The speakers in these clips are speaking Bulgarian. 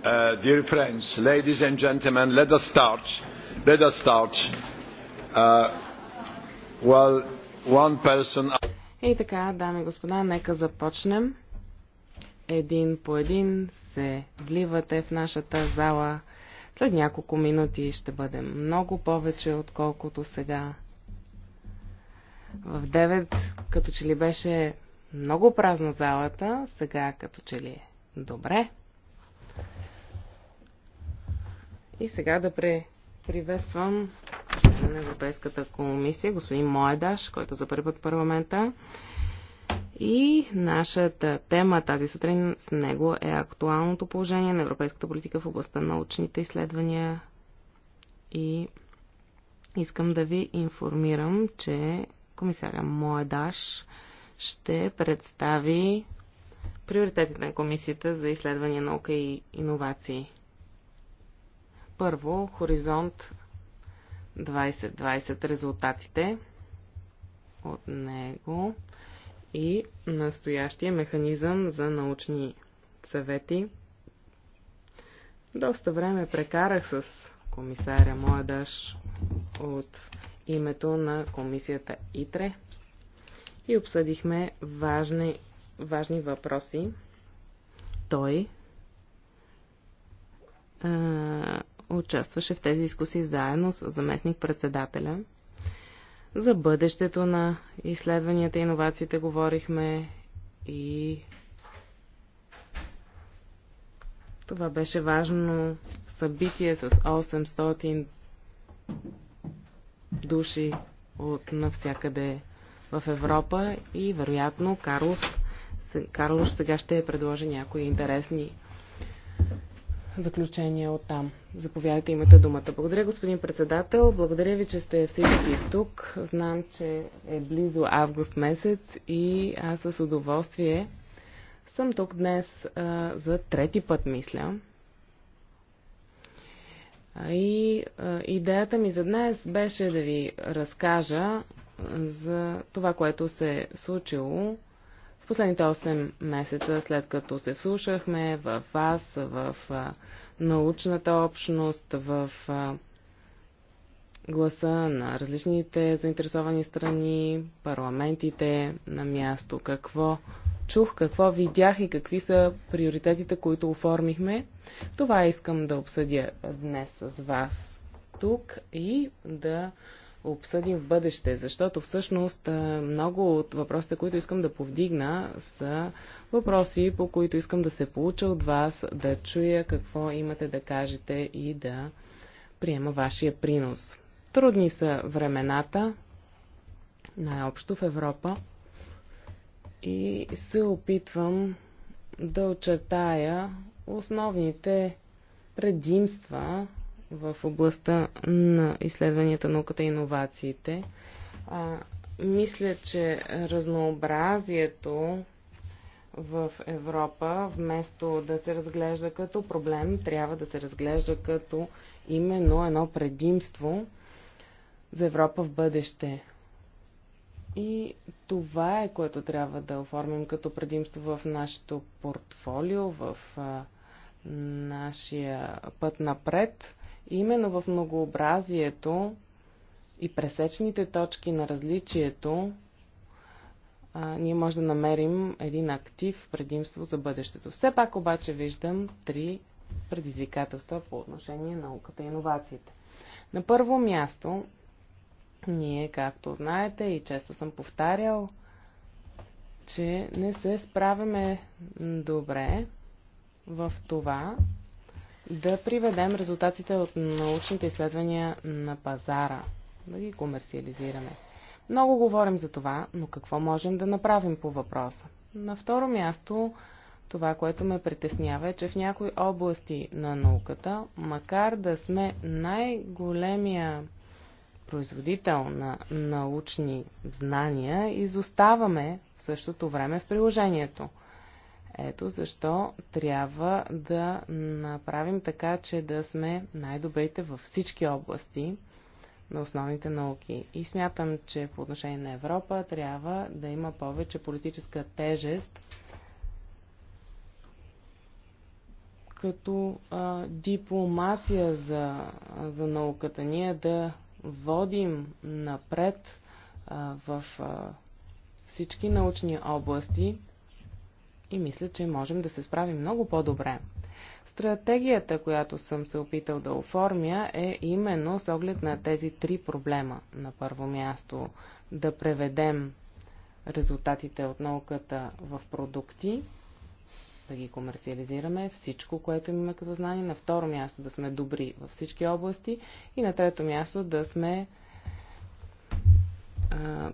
Uh, dear friends, ladies and gentlemen, let us start. Let us start. Uh, well, one person... И така, дами и господа, нека започнем. Един по един се вливате в нашата зала. След няколко минути ще бъдем много повече, отколкото сега. В 9 като че ли беше много празна залата, сега като че ли е добре. И сега да пре приветствам член на Европейската комисия, господин Моедаш, който за първи път в парламента. И нашата тема тази сутрин с него е актуалното положение на европейската политика в областта на научните изследвания. И искам да ви информирам, че комисаря Моедаш ще представи приоритетите на комисията за изследвания, наука и иновации. Първо, Хоризонт 2020 резултатите от него и настоящия механизъм за научни съвети. Доста време прекарах с комисаря Моедаш от името на комисията ИТРЕ и обсъдихме важни, важни въпроси. Той а, участваше в тези дискусии заедно с заместник-председателя. За бъдещето на изследванията и иновациите говорихме и това беше важно събитие с 800 души от навсякъде в Европа и вероятно Карлос, Карлош сега ще предложи някои интересни заключения от там. Заповядайте, имате думата. Благодаря, господин председател. Благодаря ви, че сте всички тук. Знам, че е близо август месец и аз с удоволствие съм тук днес а, за трети път, мисля. И а, идеята ми за днес беше да ви разкажа за това, което се е случило последните 8 месеца, след като се вслушахме в вас, в научната общност, в гласа на различните заинтересовани страни, парламентите на място, какво чух, какво видях и какви са приоритетите, които оформихме. Това искам да обсъдя днес с вас тук и да обсъдим в бъдеще, защото всъщност много от въпросите, които искам да повдигна, са въпроси, по които искам да се получа от вас, да чуя какво имате да кажете и да приема вашия принос. Трудни са времената, най-общо в Европа, и се опитвам да очертая основните предимства в областта на изследванията, науката и иновациите. А, мисля, че разнообразието в Европа, вместо да се разглежда като проблем, трябва да се разглежда като именно едно предимство за Европа в бъдеще. И това е което трябва да оформим като предимство в нашето портфолио, в а, нашия път напред Именно в многообразието и пресечните точки на различието а, ние може да намерим един актив предимство за бъдещето. Все пак обаче виждам три предизвикателства по отношение на науката и иновациите. На първо място, ние, както знаете и често съм повтарял, че не се справяме добре в това да приведем резултатите от научните изследвания на пазара, да ги комерциализираме. Много говорим за това, но какво можем да направим по въпроса? На второ място, това, което ме притеснява е, че в някои области на науката, макар да сме най-големия производител на научни знания, изоставаме в същото време в приложението. Ето защо трябва да направим така, че да сме най-добрите във всички области на основните науки. И смятам, че по отношение на Европа трябва да има повече политическа тежест, като а, дипломация за, за науката. Ние да водим напред а, в а, всички научни области и мисля, че можем да се справим много по-добре. Стратегията, която съм се опитал да оформя, е именно с оглед на тези три проблема. На първо място да преведем резултатите от науката в продукти, да ги комерциализираме, всичко, което имаме като знание. На второ място да сме добри във всички области. И на трето място да сме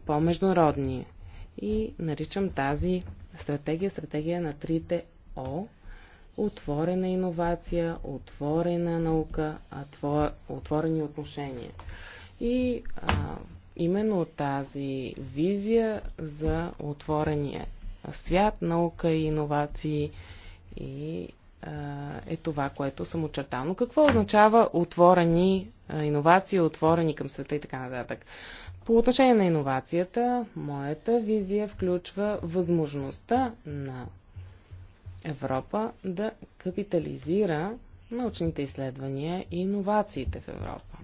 по-международни и наричам тази стратегия стратегия на трите О. Отворена иновация, отворена наука, отворени отношения. И а, именно тази визия за отворения свят, наука и иновации и е това, което съм очертал. Но какво означава отворени иновации, отворени към света и така нататък? По отношение на иновацията, моята визия включва възможността на Европа да капитализира научните изследвания и иновациите в Европа.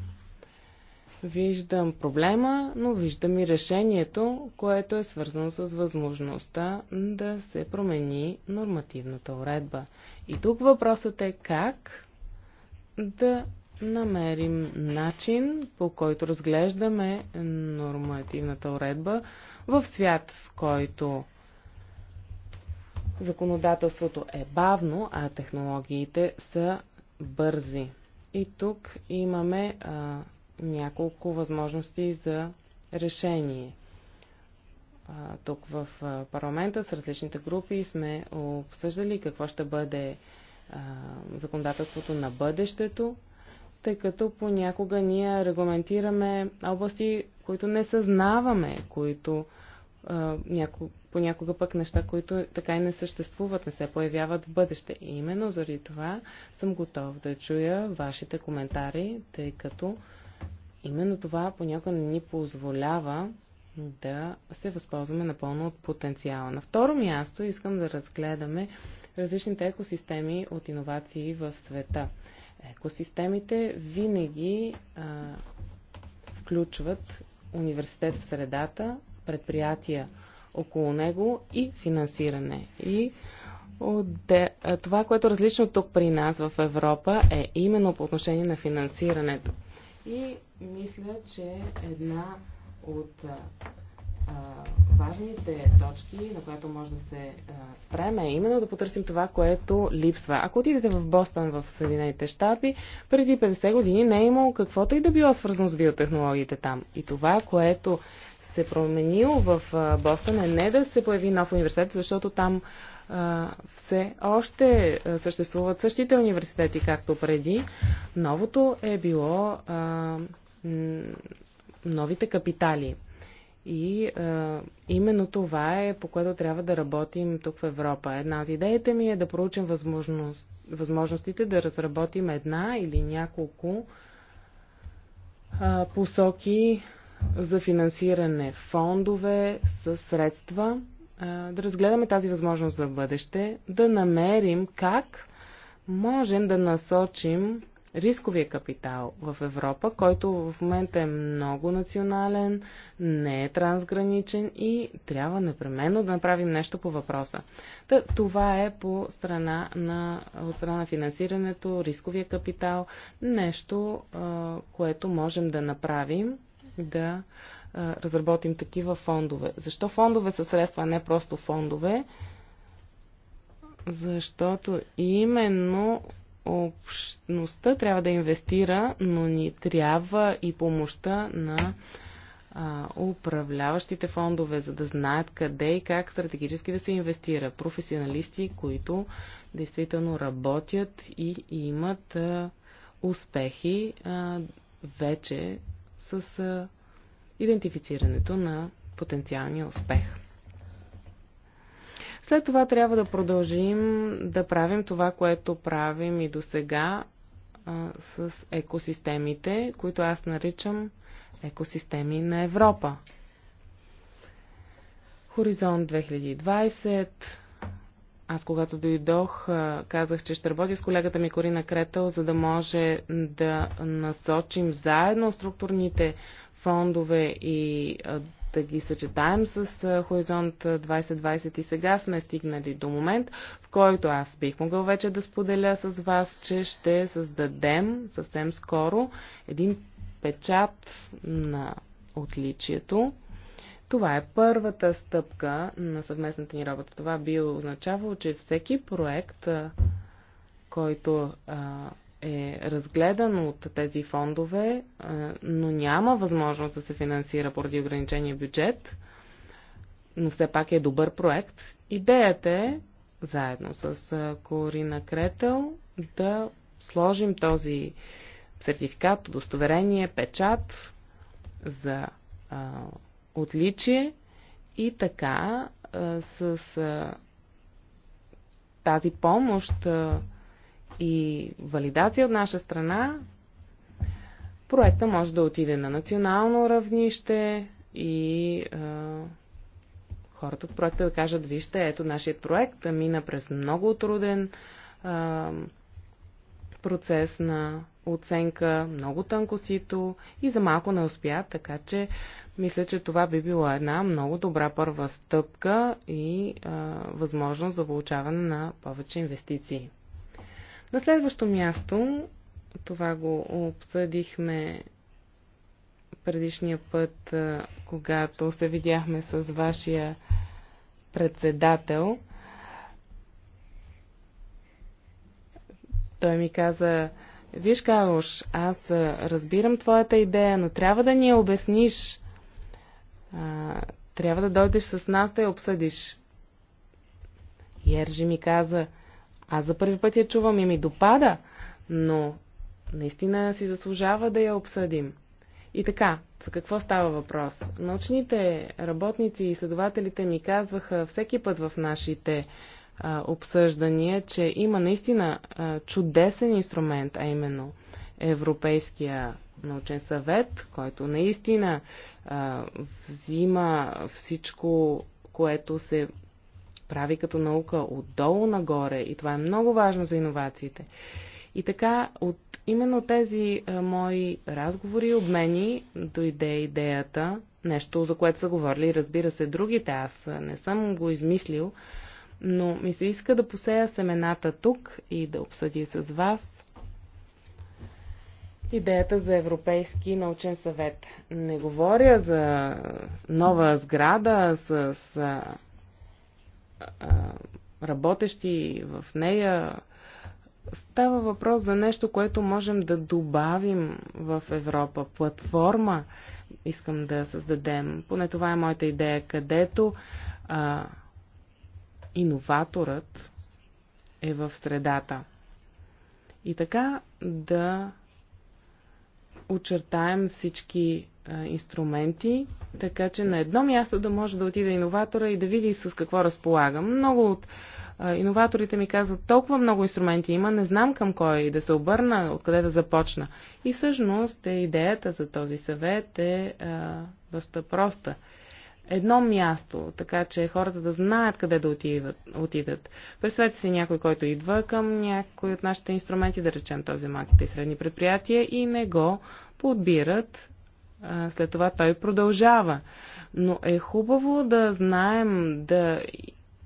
Виждам проблема, но виждам и решението, което е свързано с възможността да се промени нормативната уредба. И тук въпросът е как да намерим начин, по който разглеждаме нормативната уредба в свят, в който законодателството е бавно, а технологиите са бързи. И тук имаме а, няколко възможности за решение. Тук в парламента с различните групи сме обсъждали какво ще бъде законодателството на бъдещето, тъй като понякога ние регламентираме области, които не съзнаваме, които понякога пък неща, които така и не съществуват, не се появяват в бъдеще. И именно заради това съм готов да чуя вашите коментари, тъй като Именно това понякога не ни позволява да се възползваме напълно от потенциала. На второ място искам да разгледаме различните екосистеми от иновации в света. Екосистемите винаги а, включват университет в средата, предприятия около него и финансиране. И отде... това, което е различно тук при нас в Европа е именно по отношение на финансирането. И мисля, че една от а, важните точки, на която може да се а, спреме, е именно да потърсим това, което липсва. Ако отидете в Бостън, в Съединените щати, преди 50 години не е имало каквото и да било свързано с биотехнологиите там. И това, което се променило в Бостън е не да се появи нов университет, защото там все още съществуват същите университети, както преди. Новото е било новите капитали. И а, именно това е по което трябва да работим тук в Европа. Една от идеите ми е да проучим възможност, възможностите да разработим една или няколко а, посоки за финансиране фондове с средства да разгледаме тази възможност за бъдеще, да намерим как можем да насочим рисковия капитал в Европа, който в момента е много национален, не е трансграничен и трябва непременно да направим нещо по въпроса. Та, това е по страна на, от страна на финансирането, рисковия капитал, нещо, което можем да направим, да разработим такива фондове. Защо фондове са средства, а не просто фондове? Защото именно общността трябва да инвестира, но ни трябва и помощта на а, управляващите фондове, за да знаят къде и как стратегически да се инвестира. Професионалисти, които действително работят и имат а, успехи а, вече с. А, идентифицирането на потенциалния успех. След това трябва да продължим да правим това, което правим и до сега с екосистемите, които аз наричам екосистеми на Европа. Хоризонт 2020. Аз когато дойдох, казах, че ще работя с колегата ми Корина Кретел, за да може да насочим заедно структурните фондове и да ги съчетаем с Хоризонт 2020 и сега сме стигнали до момент, в който аз бих могъл вече да споделя с вас, че ще създадем съвсем скоро един печат на отличието. Това е първата стъпка на съвместната ни работа. Това би означавало, че всеки проект, който е разгледан от тези фондове, е, но няма възможност да се финансира поради ограничения бюджет, но все пак е добър проект. Идеята е, заедно с е, Корина Кретел, да сложим този сертификат, удостоверение, печат за а, е, отличие и така а, с а, тази помощ а, и валидация от наша страна, проекта може да отиде на национално равнище и е, хората от проекта да кажат, вижте, ето нашият проект мина през много труден е, процес на оценка, много тънко сито и за малко не успя, така че мисля, че това би била една много добра първа стъпка и е, възможност за получаване на повече инвестиции. На следващо място, това го обсъдихме предишния път, когато се видяхме с вашия председател. Той ми каза, виж, Калош, аз разбирам твоята идея, но трябва да ни я обясниш. трябва да дойдеш с нас да я обсъдиш. Ержи ми каза, аз за първи път я чувам и ми допада, но наистина си заслужава да я обсъдим. И така, за какво става въпрос? Научните работници и изследователите ми казваха всеки път в нашите а, обсъждания, че има наистина а, чудесен инструмент, а именно Европейския научен съвет, който наистина а, взима всичко, което се прави като наука отдолу нагоре и това е много важно за иновациите. И така, от именно тези а, мои разговори и обмени дойде идеята, нещо за което са говорили, разбира се, другите, аз не съм го измислил, но ми се иска да посея семената тук и да обсъди с вас идеята за Европейски научен съвет. Не говоря за нова сграда с работещи в нея. Става въпрос за нещо, което можем да добавим в Европа. Платформа искам да създадем. Поне това е моята идея, където а, иноваторът е в средата. И така да очертаем всички а, инструменти, така че на едно място да може да отиде иноватора и да види с какво разполагам. Много от а, иноваторите ми казват, толкова много инструменти има, не знам към кой да се обърна, откъде да започна. И всъщност е, идеята за този съвет е а, доста проста едно място, така че хората да знаят къде да отидат. отидат. Представете си някой, който идва към някой от нашите инструменти, да речем този малките и средни предприятия, и не го подбират. След това той продължава. Но е хубаво да знаем да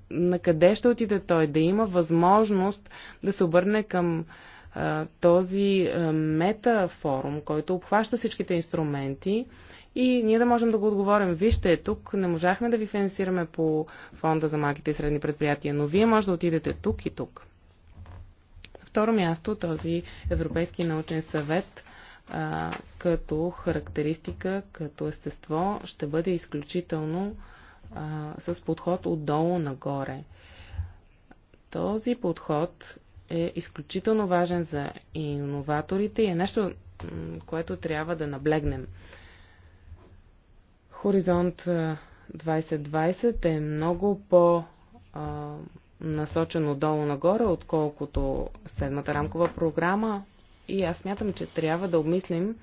на къде ще отиде той, да има възможност да се обърне към този метафорум, който обхваща всичките инструменти, и ние да можем да го отговорим. Вижте, тук не можахме да ви финансираме по фонда за малките и средни предприятия, но вие може да отидете тук и тук. На второ място, този Европейски научен съвет а, като характеристика, като естество, ще бъде изключително а, с подход отдолу нагоре. Този подход е изключително важен за иноваторите и е нещо, което трябва да наблегнем. Хоризонт 2020 е много по- насочен отдолу нагоре, отколкото седмата рамкова програма. И аз смятам, че трябва да обмислим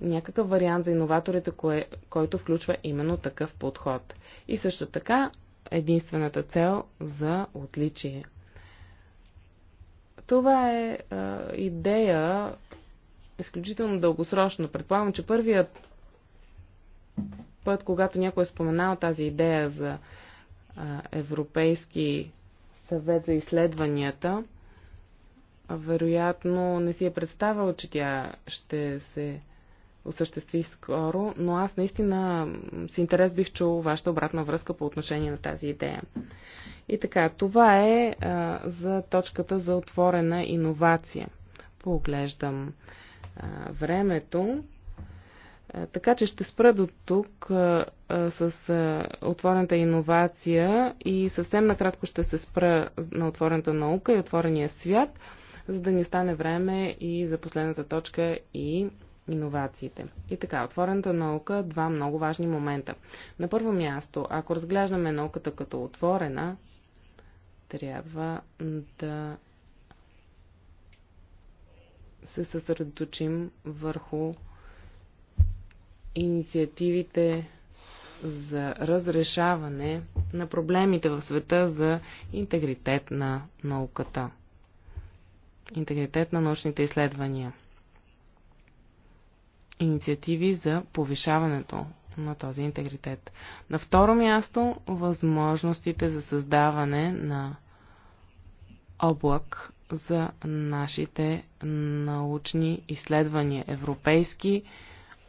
някакъв вариант за иноваторите, кое, който включва именно такъв подход. И също така единствената цел за отличие. Това е а, идея изключително дългосрочна. Предполагам, че първият път, когато някой е споменал тази идея за а, Европейски съвет за изследванията, вероятно не си е представил, че тя ще се осъществи скоро, но аз наистина с интерес бих чул вашата обратна връзка по отношение на тази идея. И така, това е а, за точката за отворена иновация. Поглеждам а, времето. Е, така че ще спра до тук а, е, а, е, с а, отворената иновация и съвсем накратко ще се спра на отворената наука и отворения свят, за да ни остане време и за последната точка и иновациите. И така, отворената наука два много важни момента. На първо място, ако разглеждаме науката като отворена, трябва да се съсредоточим върху инициативите за разрешаване на проблемите в света за интегритет на науката, интегритет на научните изследвания, инициативи за повишаването на този интегритет. На второ място, възможностите за създаване на облак за нашите научни изследвания, европейски,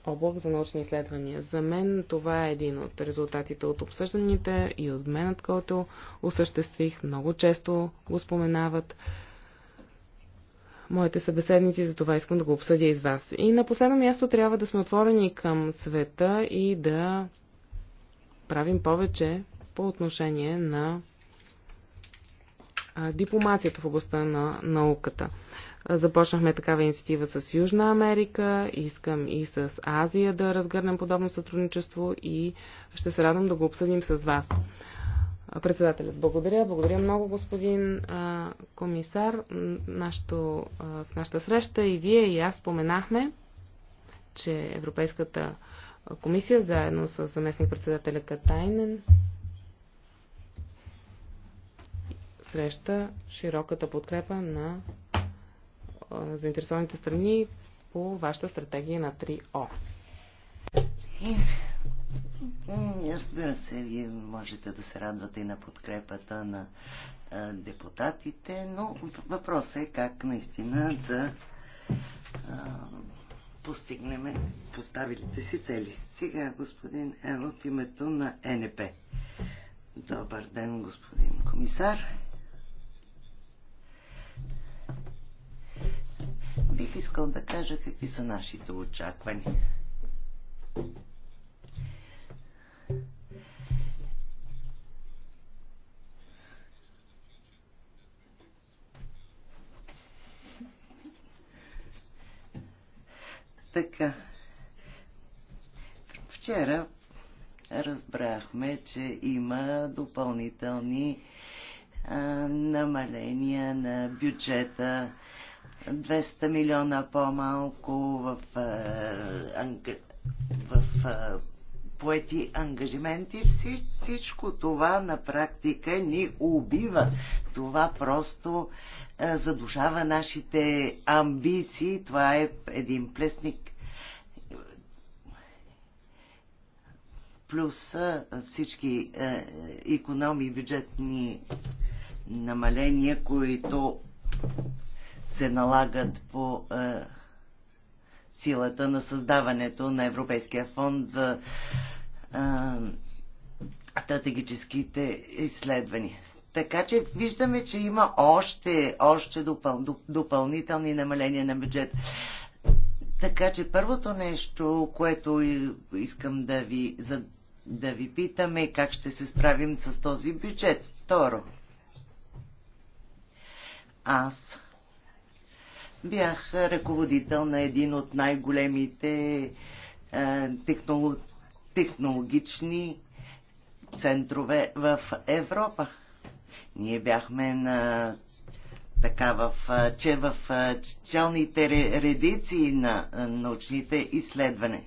облак за научни изследвания. За мен това е един от резултатите от обсъжданите и от менът, който осъществих. Много често го споменават моите събеседници, за това искам да го обсъдя и с вас. И на последно място трябва да сме отворени към света и да правим повече по отношение на дипломацията в областта на науката. Започнахме такава инициатива с Южна Америка, искам и с Азия да разгърнем подобно сътрудничество и ще се радвам да го обсъдим с вас. Председателят, благодаря. Благодаря много, господин а, комисар. Нашто, а, в нашата среща и вие, и аз споменахме, че Европейската комисия, заедно с заместник-председателя Катайнен, среща широката подкрепа на заинтересованите страни по вашата стратегия на 3О? разбира се, вие можете да се радвате и на подкрепата на депутатите, но въпросът е как наистина да постигнем поставилите си цели. Сега господин Ел от името на НП. Добър ден, господин комисар. бих искал да кажа какви са нашите очаквания. Така. Вчера разбрахме, че има допълнителни а, намаления на бюджета 200 милиона по-малко в, е, в, в е, поети ангажименти. Всичко това на практика ни убива. Това просто е, задушава нашите амбиции. Това е един плесник. Плюс всички економи, бюджетни намаления, които се налагат по е, силата на създаването на Европейския фонд за е, стратегическите изследвания. Така че виждаме, че има още, още допъл, допълнителни намаления на бюджет. Така че първото нещо, което искам да ви, за, да ви питаме е как ще се справим с този бюджет. Второ, аз Бях ръководител на един от най-големите е, технолог... технологични центрове в Европа. Ние бяхме на така в, е, че в е, челните редици на научните изследвания.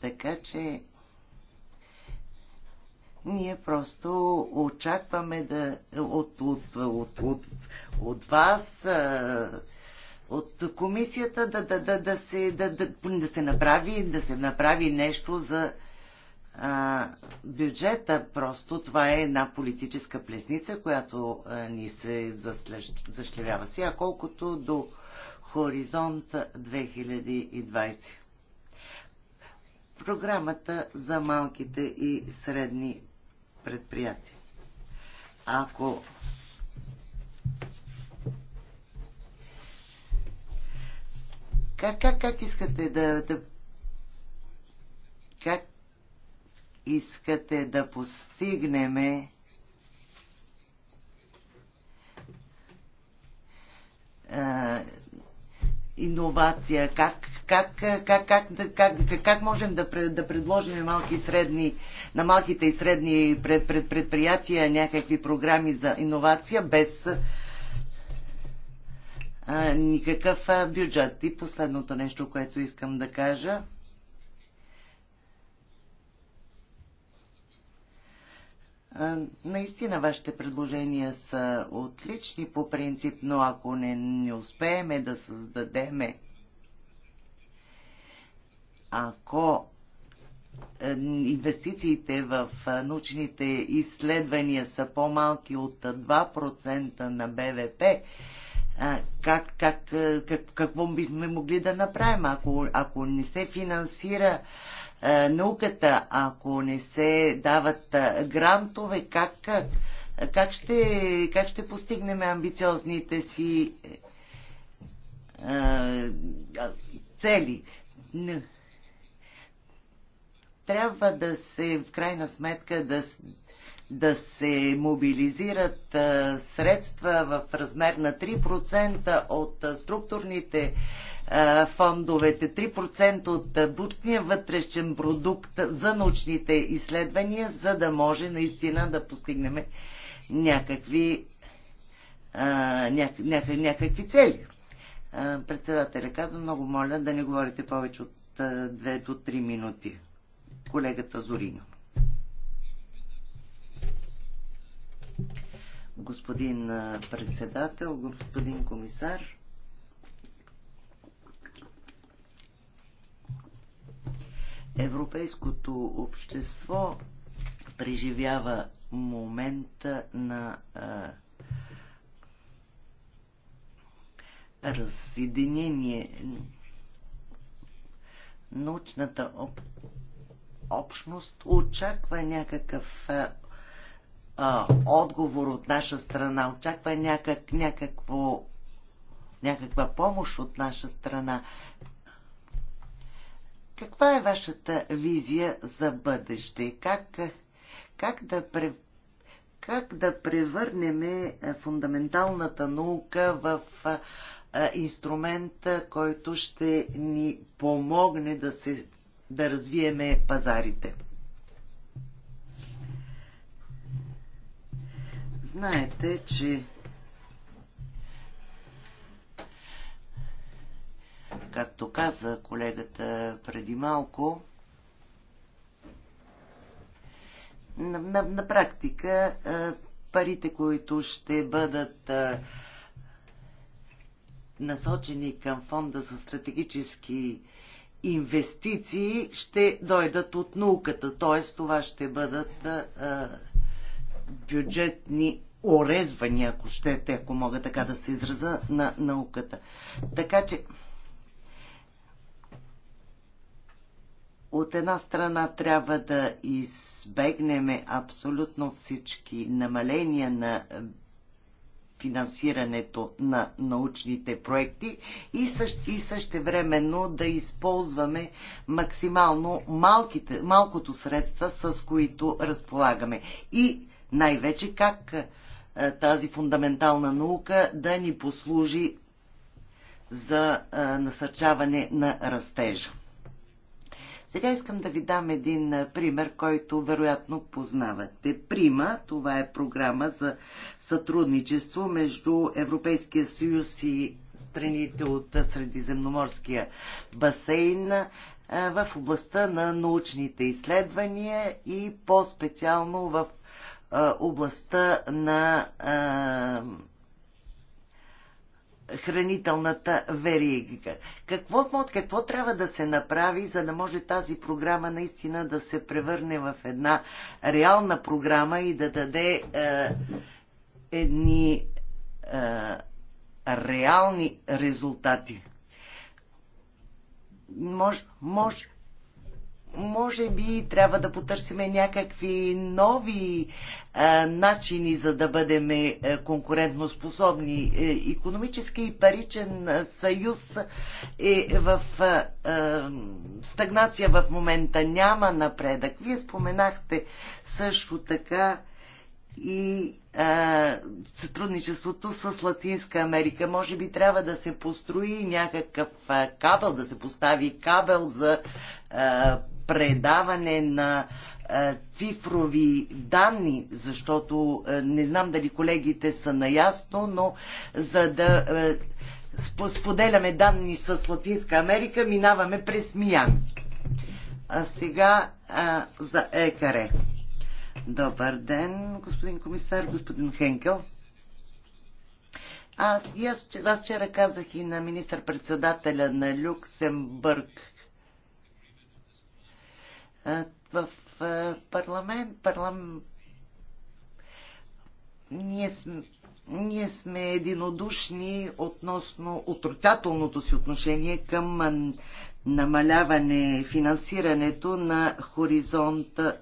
Така че ние просто очакваме да, от, от, от, от, от вас, от комисията да, да, да, да, се, да, да, да, се направи, да се направи нещо за а, бюджета. Просто това е една политическа плесница, която а, ни се зашлевява сега, колкото до хоризонта 2020. Програмата за малките и средни предприятие. Ако как, как, как искате да, да как искате да постигнеме а, иновация, как, как, как, как, как, как можем да, да предложим малки и средни, на малките и средни пред, пред, предприятия някакви програми за иновация без а, никакъв бюджет. И последното нещо, което искам да кажа – Наистина вашите предложения са отлични по принцип, но ако не, не успееме да създадеме, ако е, инвестициите в е, научните изследвания са по-малки от 2% на БВП, е, как, как, как, какво бихме могли да направим, ако, ако не се финансира е, науката, ако не се дават е, грантове, как, е, как, ще, как ще постигнем амбициозните си цели? Трябва да се, в крайна сметка, да, да се мобилизират средства в размер на 3% от структурните фондовете. 3% от брутния вътрешен продукт за научните изследвания, за да може наистина да постигнем някакви, някакви, някакви цели. Председателя казва, много моля да не говорите повече от 2 до 3 минути. Колегата Зорино. Господин председател, господин комисар, Европейското общество преживява момента на а, разединение. Научната об, общност очаква някакъв а, а, отговор от наша страна, очаква някак, някакво, някаква помощ от наша страна. Каква е вашата визия за бъдеще? Как, как, да, пре, как да превърнем фундаменталната наука в инструмента, който ще ни помогне да, се, да развиеме пазарите? Знаете, че както каза колегата преди малко, на, на, на практика е, парите, които ще бъдат е, насочени към фонда за стратегически инвестиции, ще дойдат от науката. Т.е. това ще бъдат е, бюджетни орезвания, ако щете, ако мога така да се израза, на науката. Така че От една страна трябва да избегнем абсолютно всички намаления на финансирането на научните проекти и, също, и времено да използваме максимално малките, малкото средства, с които разполагаме. И най-вече как е, тази фундаментална наука да ни послужи за е, насърчаване на растежа. Сега искам да ви дам един пример, който вероятно познавате. Прима, това е програма за сътрудничество между Европейския съюз и страните от Средиземноморския басейн в областта на научните изследвания и по-специално в областта на хранителната верига. Какво, какво трябва да се направи, за да може тази програма наистина да се превърне в една реална програма и да даде е, едни е, реални резултати? Мож, мож, може би трябва да потърсиме някакви нови а, начини, за да бъдем е, конкурентноспособни. Економически и паричен съюз е в а, а, стагнация в момента. Няма напредък. Вие споменахте също така и а, сътрудничеството с Латинска Америка. Може би трябва да се построи някакъв а, кабел, да се постави кабел за а, предаване на е, цифрови данни, защото е, не знам дали колегите са наясно, но за да е, споделяме данни с Латинска Америка, минаваме през Миян. А сега а, за ЕКАРЕ. Добър ден, господин комисар, господин Хенкел. Аз, аз, аз вчера казах и на министър-председателя на Люксембург, в парламент, парлам... ние сме ние сме единодушни относно отрицателното си отношение към намаляване финансирането на Хоризонта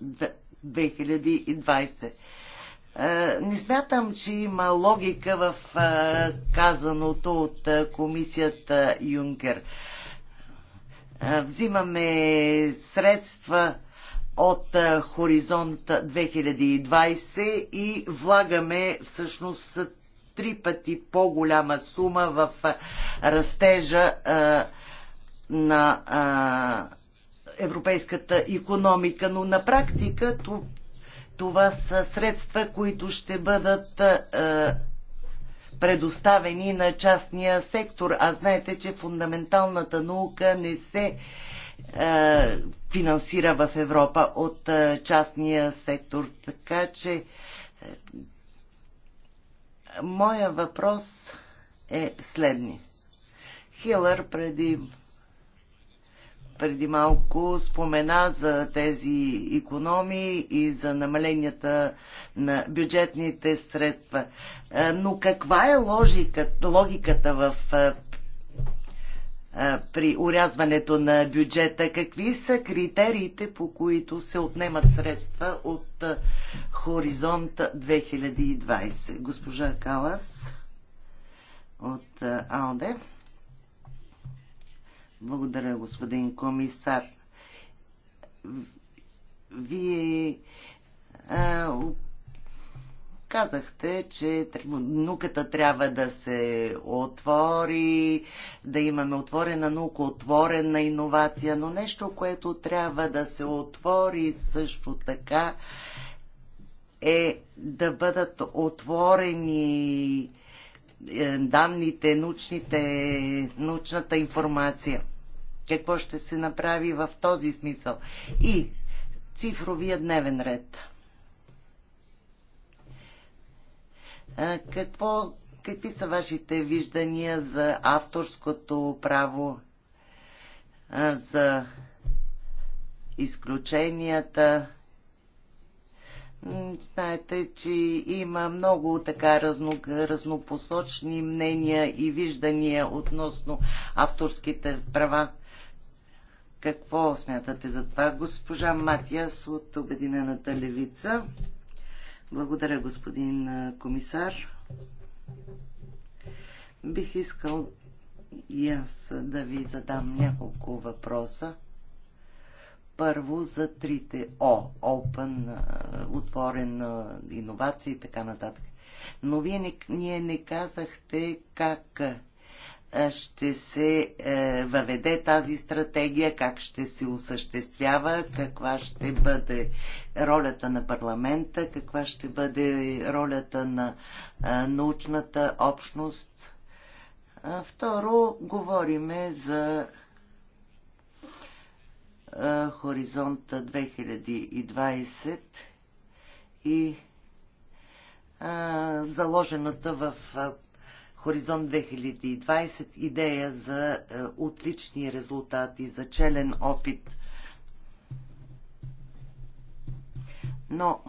2020. Не смятам, че има логика в казаното от комисията Юнкер взимаме средства от Хоризонт 2020 и влагаме всъщност три пъти по-голяма сума в растежа на европейската економика, но на практика това са средства, които ще бъдат предоставени на частния сектор. А знаете, че фундаменталната наука не се е, финансира в Европа от е, частния сектор. Така че е, моя въпрос е следния. Хилър преди преди малко спомена за тези економии и за намаленията на бюджетните средства. Е, но каква е логиката, логиката в е, е, при урязването на бюджета? Какви са критериите, по които се отнемат средства от Хоризонт 2020? Госпожа Калас от АЛДЕ. Благодаря, господин комисар. Вие а, казахте, че науката трябва да се отвори, да имаме отворена наука, отворена иновация, но нещо, което трябва да се отвори също така е да бъдат отворени е, данните, научните, научната информация какво ще се направи в този смисъл. И цифровия дневен ред. Какво, какви са вашите виждания за авторското право, за изключенията? Знаете, че има много така разно, разнопосочни мнения и виждания относно авторските права. Какво смятате за това? Госпожа Матиас от Обединената левица. Благодаря, господин комисар. Бих искал и аз да ви задам няколко въпроса. Първо за трите О, Open, отворен иновации и така нататък. Но вие не, ние не казахте как ще се е, въведе тази стратегия, как ще се осъществява, каква ще бъде ролята на парламента, каква ще бъде ролята на е, научната общност. Второ, говориме за е, хоризонта 2020 и заложената в Хоризонт 2020 идея за е, отлични резултати, за челен опит. Но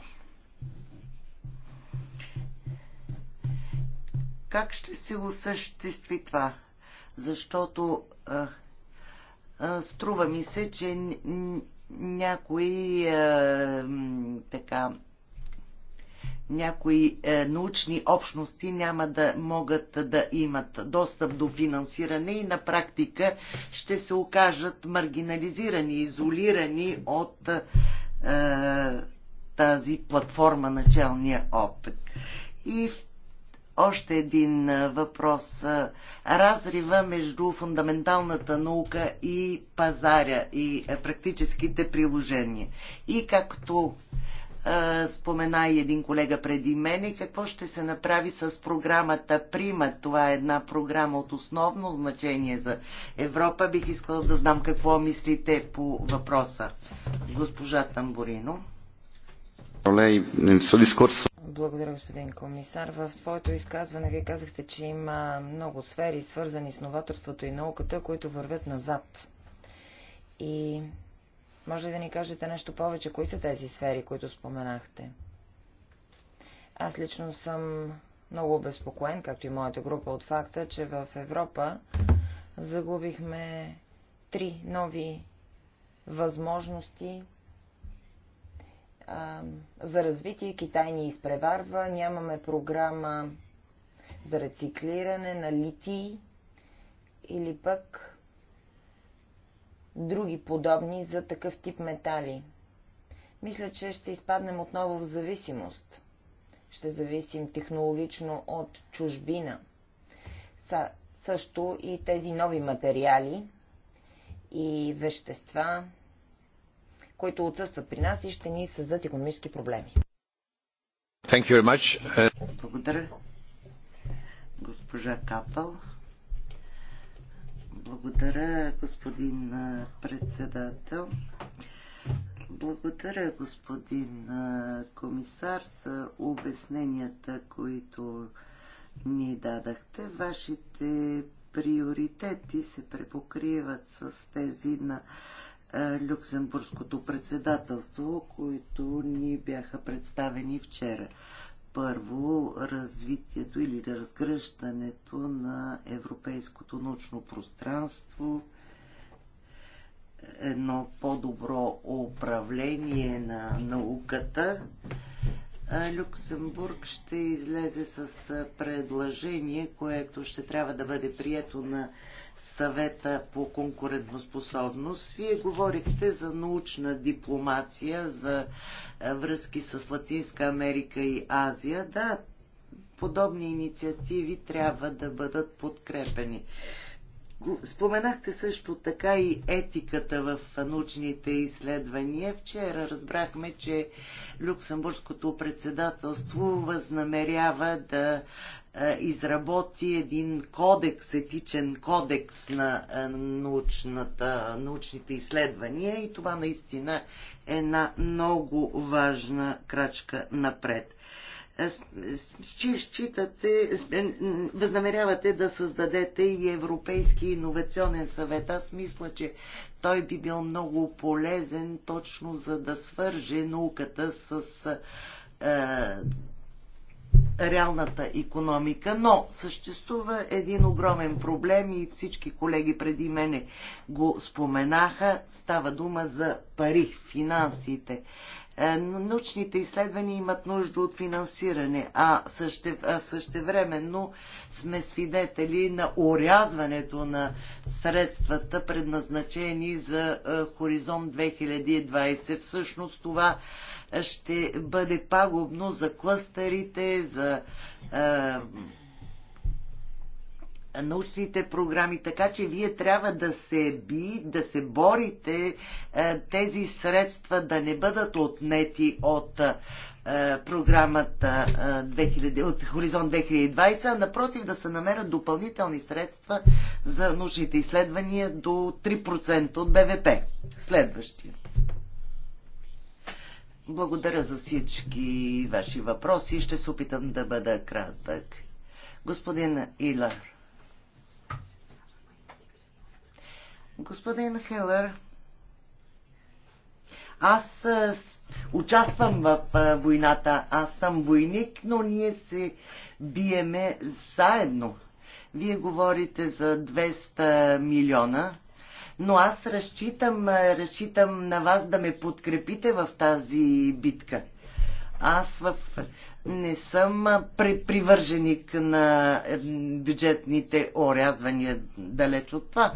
как ще се осъществи това? Защото е, е, струва ми се, че някои е, така някои е, научни общности няма да могат да имат достъп до финансиране и на практика ще се окажат маргинализирани, изолирани от е, тази платформа началния опит. И още един е, въпрос. Е, разрива между фундаменталната наука и пазаря и е, практическите приложения. И както спомена и един колега преди мен и какво ще се направи с програмата Прима. Това е една програма от основно значение за Европа. Бих искала да знам какво мислите по въпроса. Госпожа Тамбурино. Благодаря, господин комисар. В твоето изказване вие казахте, че има много сфери, свързани с новаторството и науката, които вървят назад. И може ли да ни кажете нещо повече? Кои са тези сфери, които споменахте? Аз лично съм много обезпокоен, както и моята група, от факта, че в Европа загубихме три нови възможности а, за развитие. Китай ни изпреварва. Нямаме програма за рециклиране на литий или пък други подобни за такъв тип метали. Мисля, че ще изпаднем отново в зависимост. Ще зависим технологично от чужбина. Са, също и тези нови материали и вещества, които отсъстват при нас и ще ни създадат економически проблеми. Thank you very much. Благодаря. Госпожа Капъл, благодаря, господин председател. Благодаря, господин комисар, за обясненията, които ни дадахте. Вашите приоритети се препокриват с тези на Люксембургското председателство, които ни бяха представени вчера първо развитието или разгръщането на европейското научно пространство, едно по-добро управление на науката. Люксембург ще излезе с предложение, което ще трябва да бъде прието на съвета по конкурентоспособност. Вие говорихте за научна дипломация, за е, връзки с Латинска Америка и Азия. Да, подобни инициативи трябва да бъдат подкрепени. Споменахте също така и етиката в научните изследвания. Вчера разбрахме, че Люксембургското председателство възнамерява да е, изработи един кодекс, етичен кодекс на е, научната, научните изследвания и това наистина е една много важна крачка напред. Е, считате, възнамерявате да създадете и Европейски иновационен съвет. Аз мисля, че той би бил много полезен точно за да свърже науката с реалната економика, но съществува един огромен проблем и всички колеги преди мене го споменаха. Става дума за пари, финансите. Е, научните изследвания имат нужда от финансиране, а, същевременно сме свидетели на орязването на средствата, предназначени за е, Хоризонт 2020. Всъщност това ще бъде пагубно за клъстерите, за а, е, научните програми. Така че вие трябва да се би, да се борите е, тези средства да не бъдат отнети от е, програмата 2000, от Хоризонт 2020, а напротив да се намерят допълнителни средства за научните изследвания до 3% от БВП. Следващия. Благодаря за всички ваши въпроси. Ще се опитам да бъда кратък. Господин Илар. Господин Хелър, аз участвам в войната. Аз съм войник, но ние се биеме заедно. Вие говорите за 200 милиона но аз разчитам, е, разчитам на вас да ме подкрепите в тази битка. Аз в... не съм при... привърженик на е, бюджетните орязвания, далеч от това.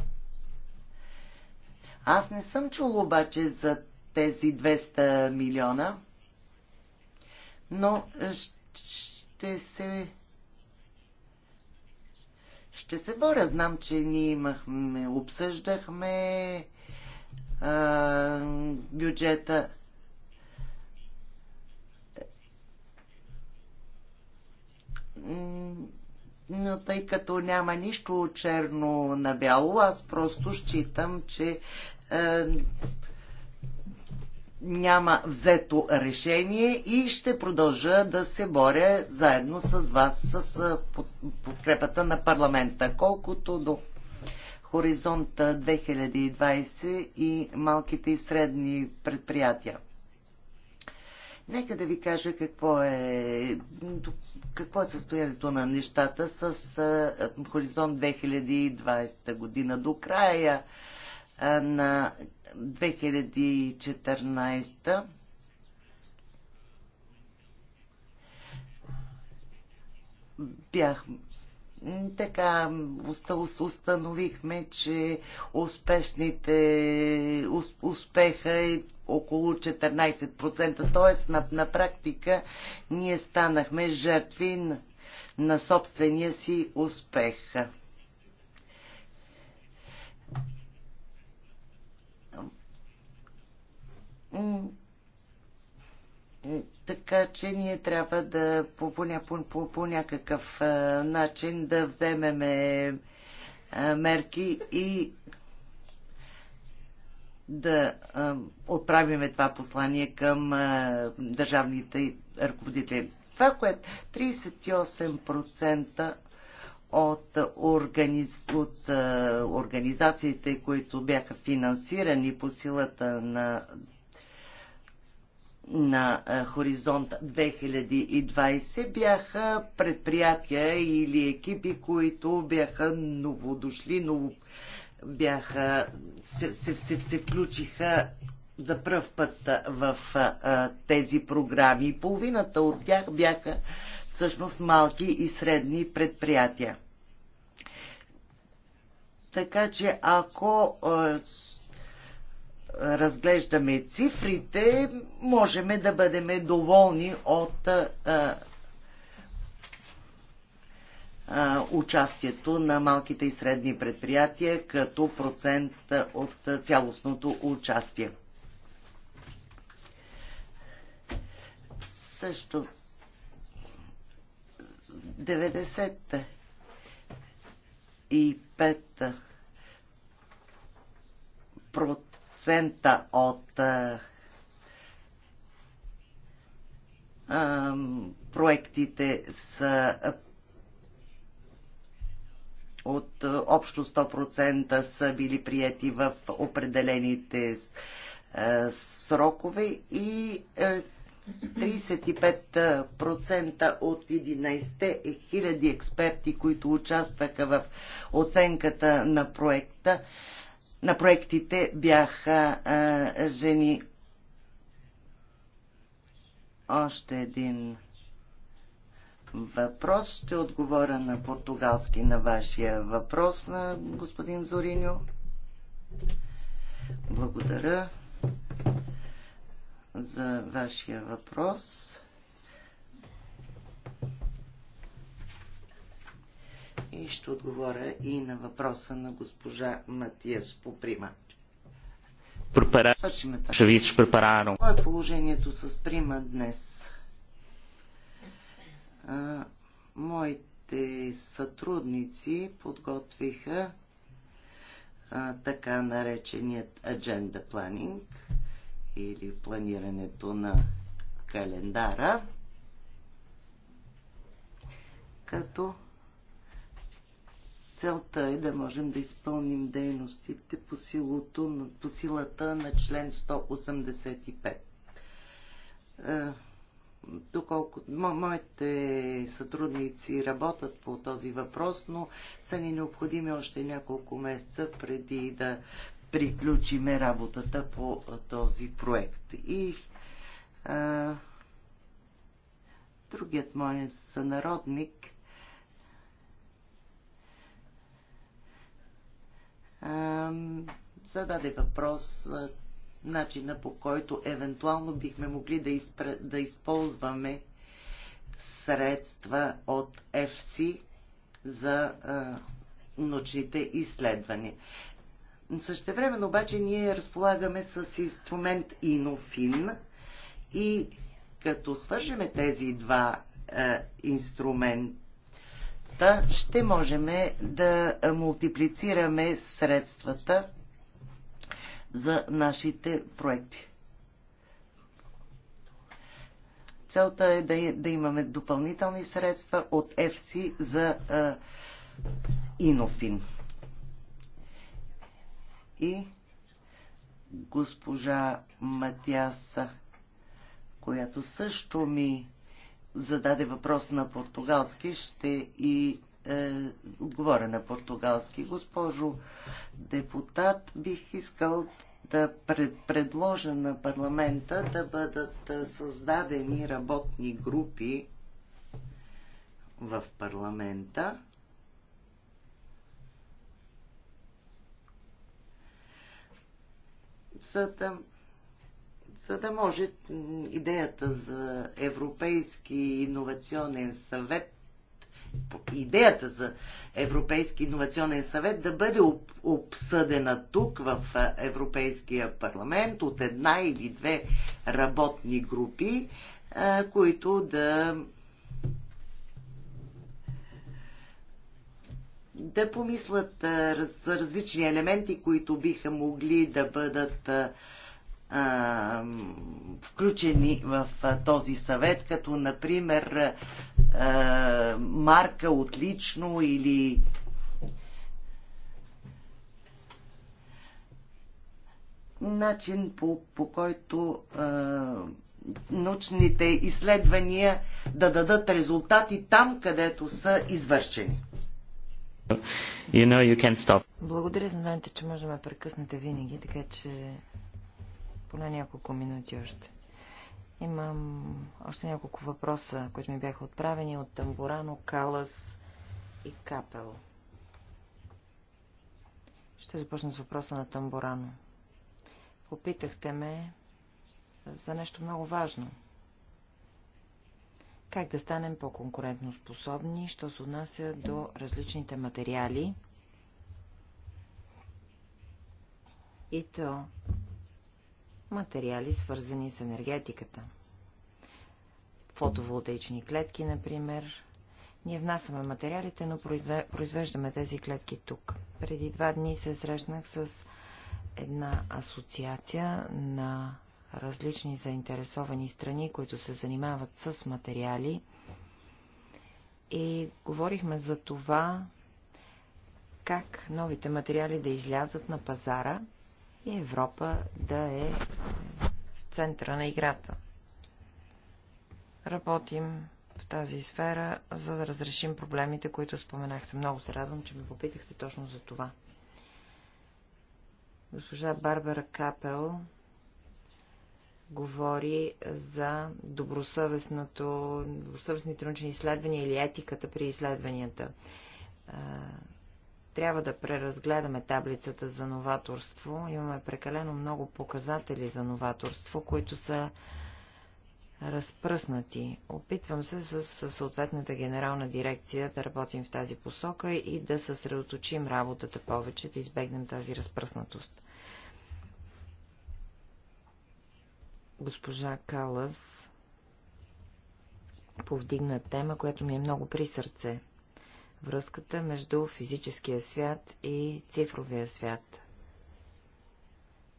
Аз не съм чул обаче за тези 200 милиона, но е, ще се ще се боря. Знам, че ние имахме, обсъждахме а, бюджета. Но тъй като няма нищо черно на бяло, аз просто считам, че а, няма взето решение и ще продължа да се боря заедно с вас, с подкрепата на парламента. Колкото до хоризонта 2020 и малките и средни предприятия. Нека да ви кажа какво е, какво е състоянието на нещата с Хоризонт 2020 година. До края на 2014 бях така установихме, че успешните успеха е около 14%, т.е. На, на практика ние станахме жертви на, на собствения си успех. така че ние трябва да по, по, по, по, по някакъв а, начин да вземеме а, мерки и да а, отправиме това послание към а, държавните ръководители. Това, което 38% от, организ... от а, организациите, които бяха финансирани по силата на на Хоризонт 2020 бяха предприятия или екипи, които бяха новодошли, но бяха, се, се, се, се включиха за пръв път в а, тези програми. Половината от тях бяха всъщност малки и средни предприятия. Така че ако а, разглеждаме цифрите, можем да бъдем доволни от а, а, участието на малките и средни предприятия като процент от цялостното участие. Също 90 и 5 процент 10% от а, е, а, проектите са е, от е, общо 100% са били прияти в определените а, срокове и а, 35% от 11 000 експерти, които участваха в оценката на проекта, на проектите бяха а, жени. Още един въпрос. Ще отговоря на португалски на вашия въпрос на господин Зориньо. Благодаря за вашия въпрос. и ще отговоря и на въпроса на госпожа Матиас Поприма. Препара... Какво е положението с Прима днес? А, моите сътрудници подготвиха а, така нареченият agenda planning или планирането на календара като целта е да можем да изпълним дейностите по, силото, по силата на член 185. Е, доколко мо, моите сътрудници работят по този въпрос, но са ни необходими още няколко месеца преди да приключиме работата по този проект. И а, е, другият мой сънародник – зададе въпрос начина по който евентуално бихме могли да, изпре, да използваме средства от FC за а, научните изследвания. време, обаче ние разполагаме с инструмент Инофин и като свържеме тези два а, инструмента, помощта ще можем да мултиплицираме средствата за нашите проекти. Целта е да, да имаме допълнителни средства от FC за а, Инофин. И госпожа Матяса, която също ми зададе въпрос на португалски, ще и е, отговоря на португалски. Госпожо депутат, бих искал да пред, предложа на парламента да бъдат е, създадени работни групи в парламента. За да за да може идеята за Европейски иновационен съвет идеята за Европейски инновационен съвет да бъде обсъдена тук в Европейския парламент от една или две работни групи, които да да помислят за различни елементи, които биха могли да бъдат а, включени в а, този съвет, като например а, марка отлично или начин по, по който а, научните изследвания да дадат резултати там, където са извършени. You know you can stop. Благодаря за знанието, че можем да прекъснете винаги, така че поне няколко минути още. Имам още няколко въпроса, които ми бяха отправени от Тамбурано, Калас и Капел. Ще започна с въпроса на Тамбурано. Попитахте ме за нещо много важно. Как да станем по-конкурентно способни, що се отнася до различните материали и то материали, свързани с енергетиката. Фотоволтаични клетки, например. Ние внасяме материалите, но произвеждаме тези клетки тук. Преди два дни се срещнах с една асоциация на различни заинтересовани страни, които се занимават с материали. И говорихме за това, как новите материали да излязат на пазара – и Европа да е в центъра на играта. Работим в тази сфера, за да разрешим проблемите, които споменахте. Много се радвам, че ме попитахте точно за това. Госпожа Барбара Капел говори за добросъвестното, добросъвестните научни изследвания или етиката при изследванията трябва да преразгледаме таблицата за новаторство. Имаме прекалено много показатели за новаторство, които са разпръснати. Опитвам се с съответната генерална дирекция да работим в тази посока и да съсредоточим работата повече, да избегнем тази разпръснатост. Госпожа Калас повдигна тема, която ми е много при сърце – връзката между физическия свят и цифровия свят.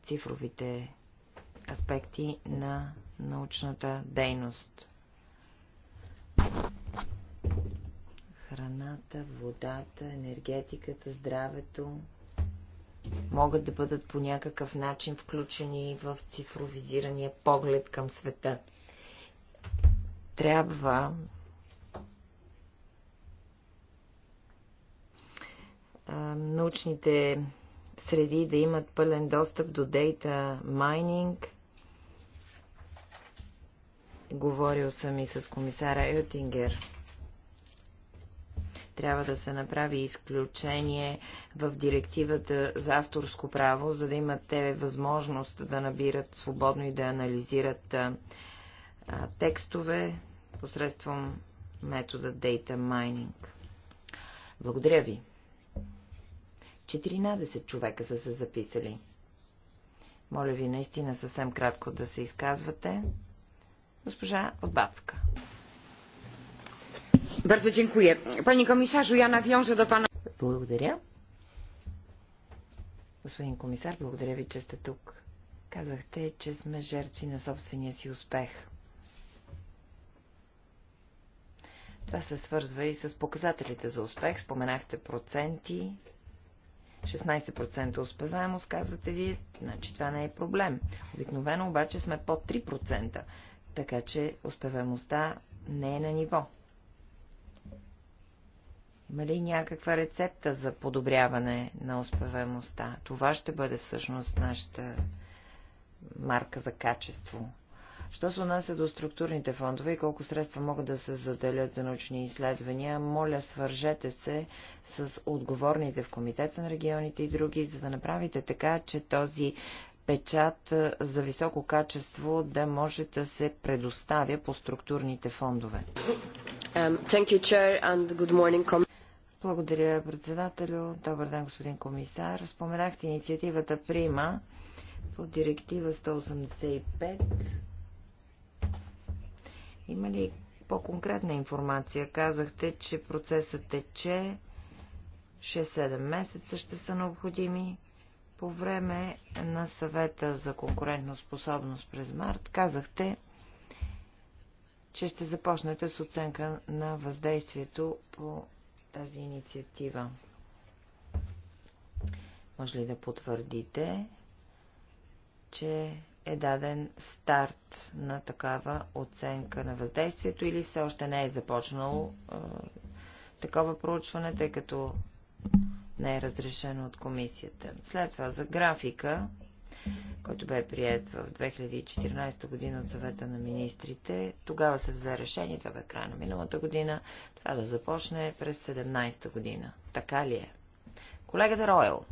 Цифровите аспекти на научната дейност. Храната, водата, енергетиката, здравето могат да бъдат по някакъв начин включени в цифровизирания поглед към света. Трябва научните среди да имат пълен достъп до дейта майнинг. Говорил съм и с комисара Ютингер. Трябва да се направи изключение в директивата за авторско право, за да имат те възможност да набират свободно и да анализират а, текстове посредством метода Data Mining. Благодаря ви! 14 човека са се записали. Моля ви наистина съвсем кратко да се изказвате. Госпожа Отбацка. Бързо дякуя. Пани komisarzu, я навяжа до пана... Благодаря. Господин комисар, благодаря ви, че сте тук. Казахте, че сме жертви на собствения си успех. Това се свързва и с показателите за успех. Споменахте проценти, 16% успеваемост, казвате вие, значи това не е проблем. Обикновено обаче сме под 3%, така че успеваемостта не е на ниво. Има ли някаква рецепта за подобряване на успеваемостта? Това ще бъде всъщност нашата марка за качество. Що се отнася до структурните фондове и колко средства могат да се заделят за научни изследвания, моля свържете се с отговорните в Комитета на регионите и други, за да направите така, че този печат за високо качество да може да се предоставя по структурните фондове. Um, Благодаря, председателю. Добър ден, господин комисар. Споменахте инициативата Прима по директива 185 има ли по-конкретна информация? Казахте, че процесът тече 6-7 месеца ще са необходими. По време на съвета за способност през март казахте, че ще започнете с оценка на въздействието по тази инициатива. Може ли да потвърдите, че е даден старт на такава оценка на въздействието или все още не е започнало е, такова проучване, тъй като не е разрешено от комисията. След това за графика, който бе прият в 2014 година от съвета на министрите, тогава се взе решение, това бе края на миналата година, това да започне през 17 година. Така ли е? Колегата Ройл.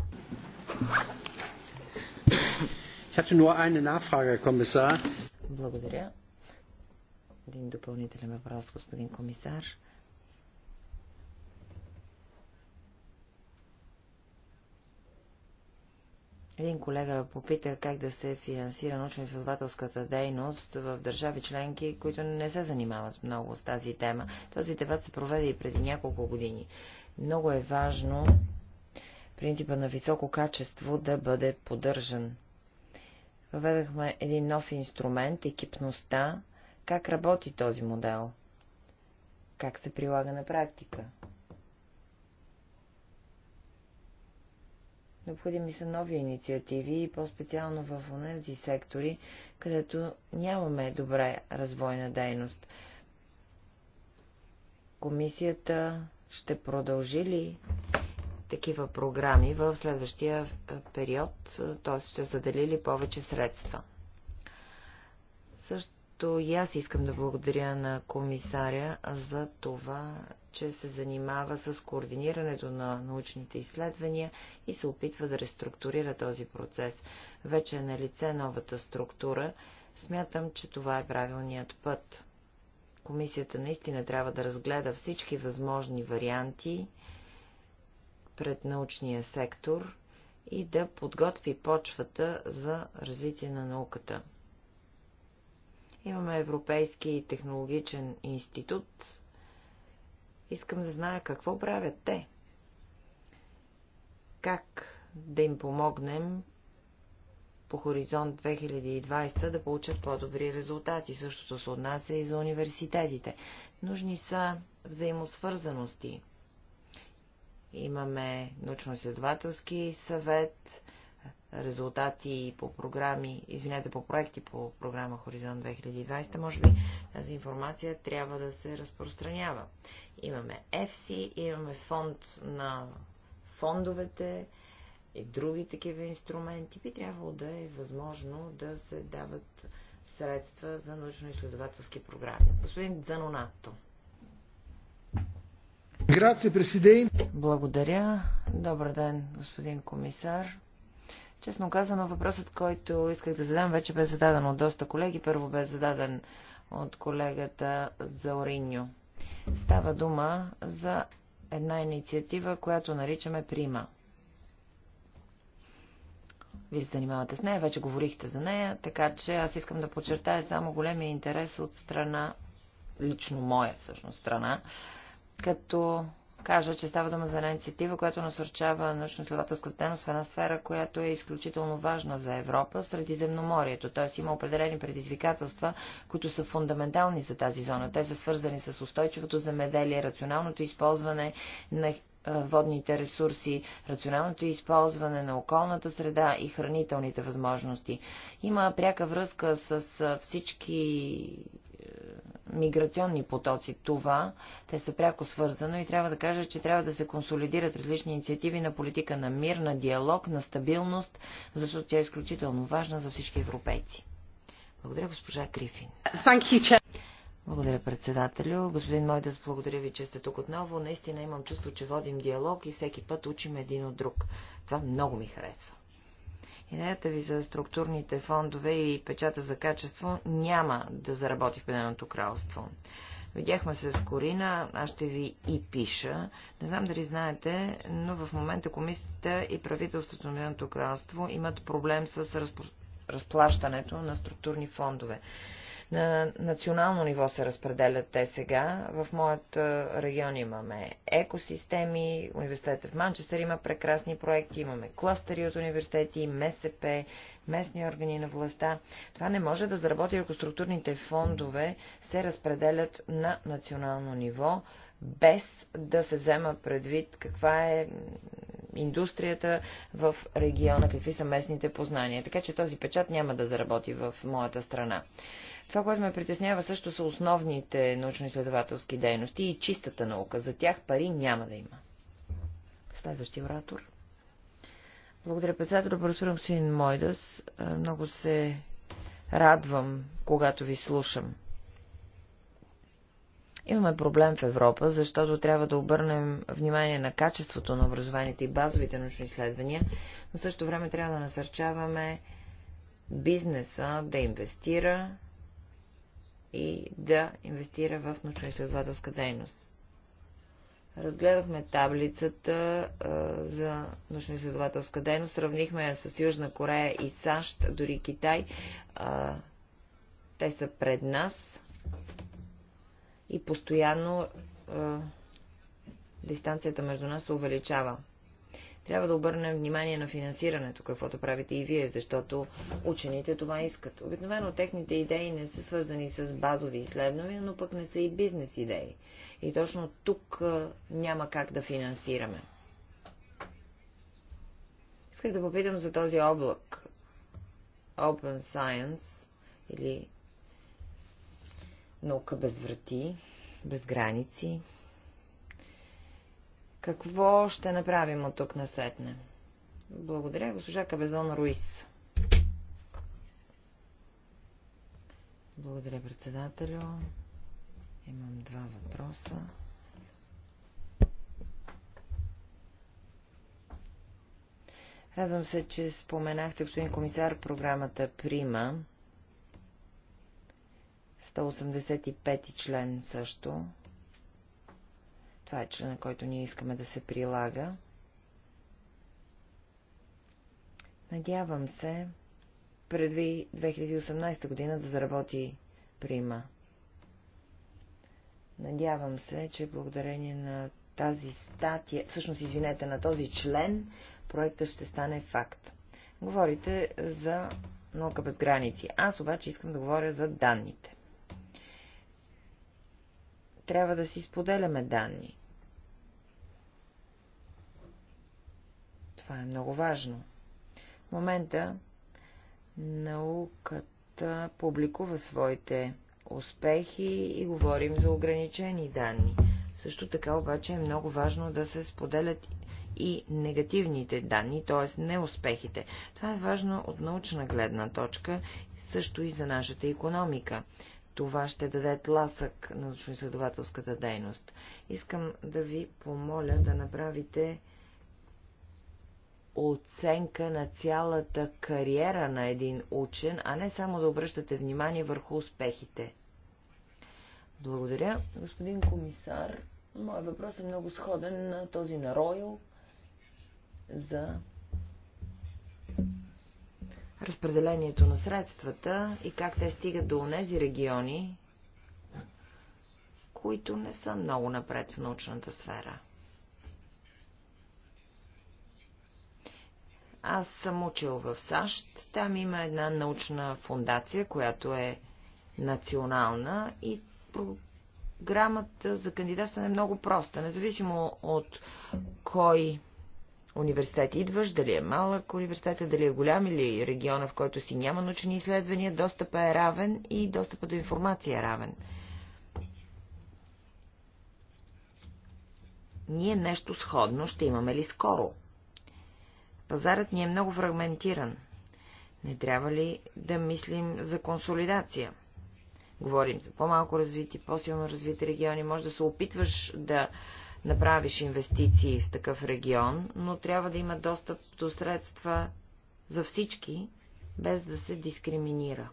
Благодаря. Един допълнителен въпрос, господин комисар. Един колега попита как да се финансира научно-изследователската дейност в държави членки, които не се занимават много с тази тема. Този дебат се проведе и преди няколко години. Много е важно принципа на високо качество да бъде поддържан. Въведахме един нов инструмент, екипността. Как работи този модел? Как се прилага на практика? Необходими са нови инициативи и по-специално в тези сектори, където нямаме добре развойна дейност. Комисията ще продължи ли такива програми в следващия е, период, е, т.е. ще заделили повече средства. Също и аз искам да благодаря на комисаря за това, че се занимава с координирането на научните изследвания и се опитва да реструктурира този процес. Вече е на лице новата структура. Смятам, че това е правилният път. Комисията наистина трябва да разгледа всички възможни варианти пред научния сектор и да подготви почвата за развитие на науката. Имаме Европейски технологичен институт. Искам да зная какво правят те. Как да им помогнем по Хоризонт 2020 да получат по-добри резултати. Същото се отнася и за университетите. Нужни са взаимосвързаности. Имаме научно-изследователски съвет, резултати по програми, извинете, по проекти по програма Хоризонт 2020, може би тази информация трябва да се разпространява. Имаме FC, имаме фонд на фондовете и други такива инструменти. Би трябвало да е възможно да се дават средства за научно-изследователски програми. Господин Занонато. Грация, президент. Благодаря. Добър ден, господин комисар. Честно казано, въпросът, който исках да задам, вече бе зададен от доста колеги. Първо бе зададен от колегата Зауриньо. Става дума за една инициатива, която наричаме Прима. Вие се занимавате с нея, вече говорихте за нея, така че аз искам да подчертая само големия интерес от страна, лично моя всъщност страна, като кажа, че става дума за една инициатива, която насърчава научно изследователската дейност в една сфера, която е изключително важна за Европа, Средиземноморието. Т.е. има определени предизвикателства, които са фундаментални за тази зона. Те са свързани с устойчивото земеделие, рационалното използване на е, водните ресурси, рационалното използване на околната среда и хранителните възможности. Има пряка връзка с е, всички миграционни потоци. Това, те са пряко свързано и трябва да кажа, че трябва да се консолидират различни инициативи на политика на мир, на диалог, на стабилност, защото тя е изключително важна за всички европейци. Благодаря, госпожа Грифин. Благодаря, председателю. Господин Мойдес, благодаря ви, че сте тук отново. Наистина имам чувство, че водим диалог и всеки път учим един от друг. Това много ми харесва. Идеята ви за структурните фондове и печата за качество няма да заработи в Педеното кралство. Видяхме се с Корина, аз ще ви и пиша. Не знам дали знаете, но в момента комисията и правителството на Педеното кралство имат проблем с разплащането на структурни фондове. На национално ниво се разпределят те сега. В моят регион имаме екосистеми, университета в Манчестър има прекрасни проекти, имаме кластери от университети, МСП, местни органи на властта. Това не може да заработи, ако структурните фондове се разпределят на национално ниво, без да се взема предвид каква е индустрията в региона, какви са местните познания. Така че този печат няма да заработи в моята страна. Това, което ме притеснява също са основните научно-изследователски дейности и чистата наука. За тях пари няма да има. Следващия оратор. Благодаря, председател. Добросвървам, господин Мойдас. Е, много се радвам, когато ви слушам. Имаме проблем в Европа, защото трябва да обърнем внимание на качеството на образованието и базовите научни изследвания, но също време трябва да насърчаваме бизнеса да инвестира и да инвестира в научно-изследователска дейност. Разгледахме таблицата а, за научно-изследователска дейност, сравнихме я с Южна Корея и САЩ, дори Китай. А, те са пред нас и постоянно а, дистанцията между нас се увеличава. Трябва да обърнем внимание на финансирането, каквото правите и вие, защото учените това искат. Обикновено техните идеи не са свързани с базови изследвания, но пък не са и бизнес идеи. И точно тук няма как да финансираме. Исках да попитам за този облак. Open Science или наука без врати, без граници. Какво ще направим от тук насетне? Благодаря, госпожа Кабезон Руис. Благодаря, председателю. Имам два въпроса. Радвам се, че споменахте, господин комисар, програмата Прима. 185 член също. Това е член, който ние искаме да се прилага. Надявам се, преди 2018 година да заработи прима. Надявам се, че благодарение на тази статия, всъщност извинете, на този член, проекта ще стане факт. Говорите за наука без граници. Аз обаче искам да говоря за данните. Трябва да си споделяме данни. Това е много важно. В момента науката публикува своите успехи и говорим за ограничени данни. Също така обаче е много важно да се споделят и негативните данни, т.е. неуспехите. Това е важно от научна гледна точка, също и за нашата економика. Това ще даде тласък на научно-изследователската дейност. Искам да ви помоля да направите оценка на цялата кариера на един учен, а не само да обръщате внимание върху успехите. Благодаря, господин комисар. Моят въпрос е много сходен на този на Ройл за разпределението на средствата и как те стигат до тези региони, които не са много напред в научната сфера. Аз съм учил в САЩ. Там има една научна фундация, която е национална и програмата за кандидатстване е много проста. Независимо от кой университет идваш, дали е малък университет, дали е голям или региона, в който си няма научни изследвания, достъпа е равен и достъпа до информация е равен. Ние нещо сходно ще имаме ли скоро? Пазарът ни е много фрагментиран. Не трябва ли да мислим за консолидация? Говорим за по-малко развити, по-силно развити региони. Може да се опитваш да направиш инвестиции в такъв регион, но трябва да има достъп до средства за всички, без да се дискриминира.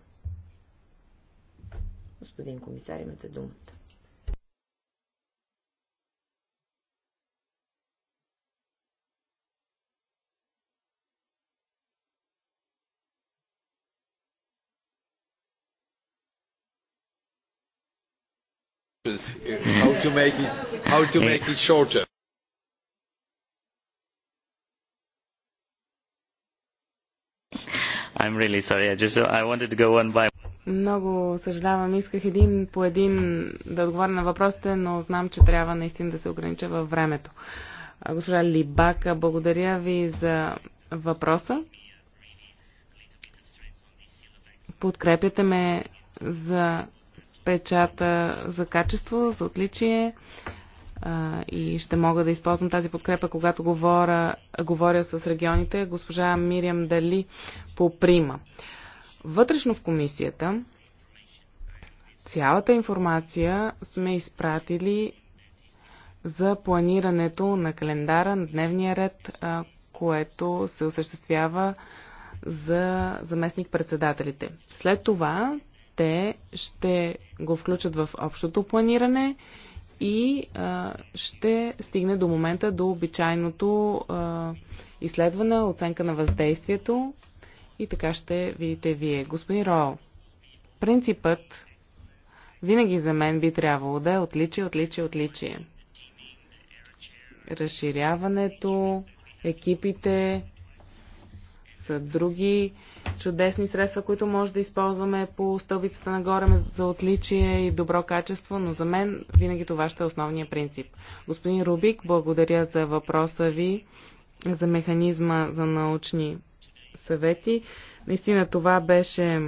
Господин комисар, имате думата. How to make it, how to mm. make it shorter. I'm really sorry. I just I wanted to go one by. Много съжалявам. Исках един по един да отговоря на въпросите, но знам, че трябва наистина да се огранича във времето. Госпожа Либака, благодаря ви за въпроса. Подкрепяте ме за печата за качество, за отличие и ще мога да използвам тази подкрепа, когато говоря, говоря с регионите, госпожа Мириам Дали по Прима. Вътрешно в комисията цялата информация сме изпратили за планирането на календара, на дневния ред, което се осъществява за заместник-председателите. След това те ще го включат в общото планиране и а, ще стигне до момента до обичайното а, изследване, оценка на въздействието и така ще видите вие. Господин Роал, принципът винаги за мен би трябвало да е отличие, отличие, отличие. Разширяването, екипите са други чудесни средства, които може да използваме по стълбицата нагоре за отличие и добро качество, но за мен винаги това ще е основният принцип. Господин Рубик, благодаря за въпроса ви за механизма за научни съвети. Наистина това беше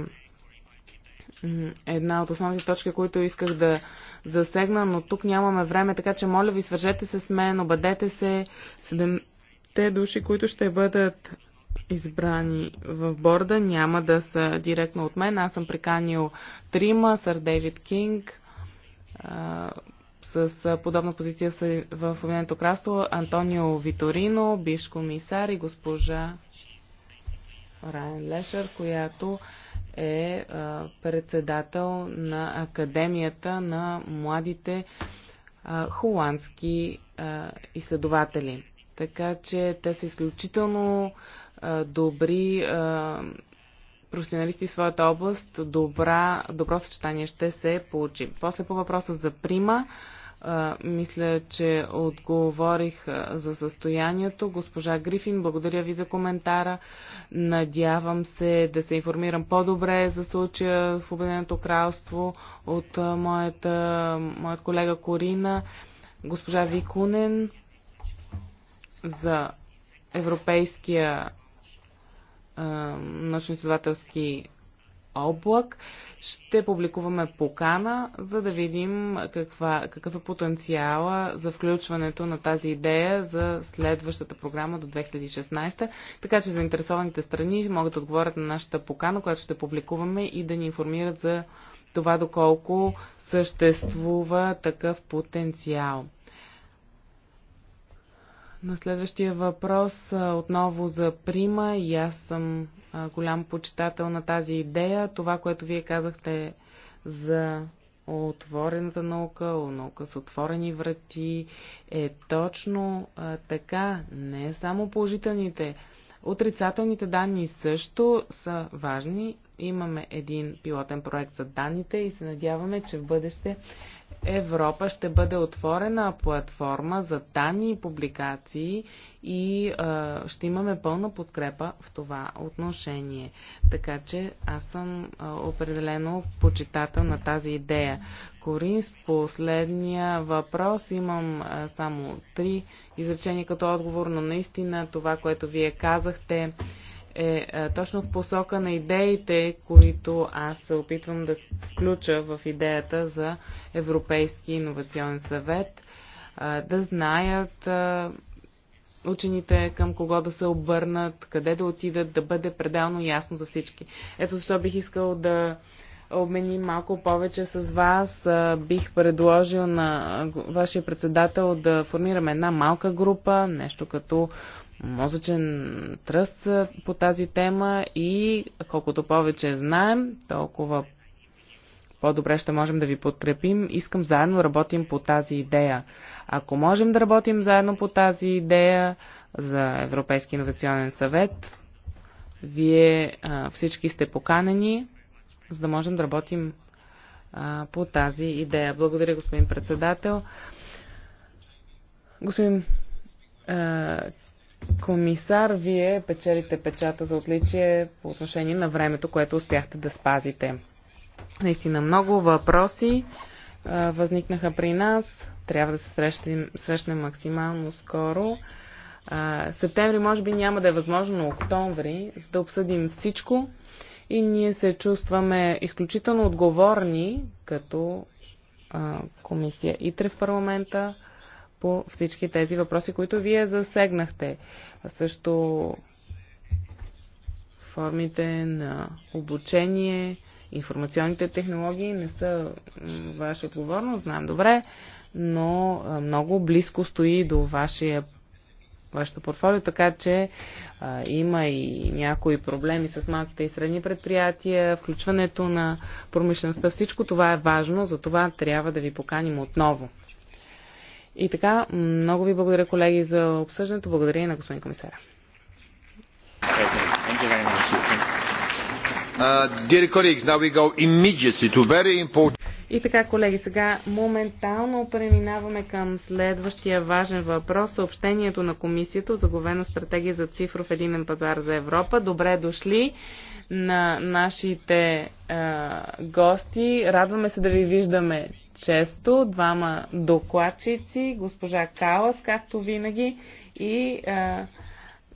една от основните точки, които исках да засегна, но тук нямаме време, така че моля ви, свържете се с мен, обадете се, седемте души, които ще бъдат избрани в борда няма да са директно от мен. Аз съм приканил трима, сър Дейвид Кинг, а, с подобна позиция са в Обединеното кралство Антонио Виторино, бивш комисар и госпожа Райан Лешер, която е а, председател на Академията на младите а, холандски а, изследователи. Така че те са изключително добри професионалисти в своята област, добра, добро съчетание ще се получи. После по въпроса за прима, мисля, че отговорих за състоянието. Госпожа Грифин, благодаря ви за коментара. Надявам се да се информирам по-добре за случая в Обединеното кралство от а, моята, моят колега Корина, госпожа Викунен за Европейския научно-изследователски облак. Ще публикуваме покана, за да видим каква, какъв е потенциала за включването на тази идея за следващата програма до 2016. Така че заинтересованите страни могат да отговорят на нашата покана, която ще публикуваме и да ни информират за това доколко съществува такъв потенциал на следващия въпрос отново за Прима и аз съм голям почитател на тази идея. Това, което вие казахте за отворената наука, наука с отворени врати, е точно така. Не само положителните. Отрицателните данни също са важни. Имаме един пилотен проект за данните и се надяваме, че в бъдеще Европа ще бъде отворена платформа за данни и публикации и а, ще имаме пълна подкрепа в това отношение. Така че аз съм а, определено почитател на тази идея. Корин, с последния въпрос имам а, само три изречения като отговор, но наистина това, което вие казахте, е, е точно в посока на идеите, които аз се опитвам да включа в идеята за Европейски инновационен съвет, е, да знаят е, учените към кого да се обърнат, къде да отидат, да бъде пределно ясно за всички. Ето защо бих искал да обменим малко повече с вас. Бих предложил на вашия председател да формираме една малка група, нещо като мозъчен тръст по тази тема и колкото повече знаем, толкова по-добре ще можем да ви подкрепим. Искам заедно работим по тази идея. Ако можем да работим заедно по тази идея за Европейски инновационен съвет, вие а, всички сте поканени, за да можем да работим а, по тази идея. Благодаря, господин председател. Господин а, комисар, вие печелите печата за отличие по отношение на времето, което успяхте да спазите. Наистина много въпроси а, възникнаха при нас. Трябва да се срещнем, срещнем максимално скоро. А, септември може би няма да е възможно, но октомври, за да обсъдим всичко. И ние се чувстваме изключително отговорни като а, комисия ИТРЕ в парламента по всички тези въпроси, които вие засегнахте. Също формите на обучение, информационните технологии не са ваша отговорност, знам добре, но много близко стои до вашия вашето портфолио, така че а, има и някои проблеми с малките и средни предприятия, включването на промишлеността. Всичко това е важно, за това трябва да ви поканим отново. И така, много ви благодаря, колеги, за обсъждането. Благодаря и на господин комисаря. Uh, и така, колеги, сега моментално преминаваме към следващия важен въпрос. Съобщението на комисията, заговена стратегия за цифров единен пазар за Европа. Добре дошли! на нашите а, гости. Радваме се да ви виждаме често. Двама докладчици, госпожа Калас, както винаги, и а,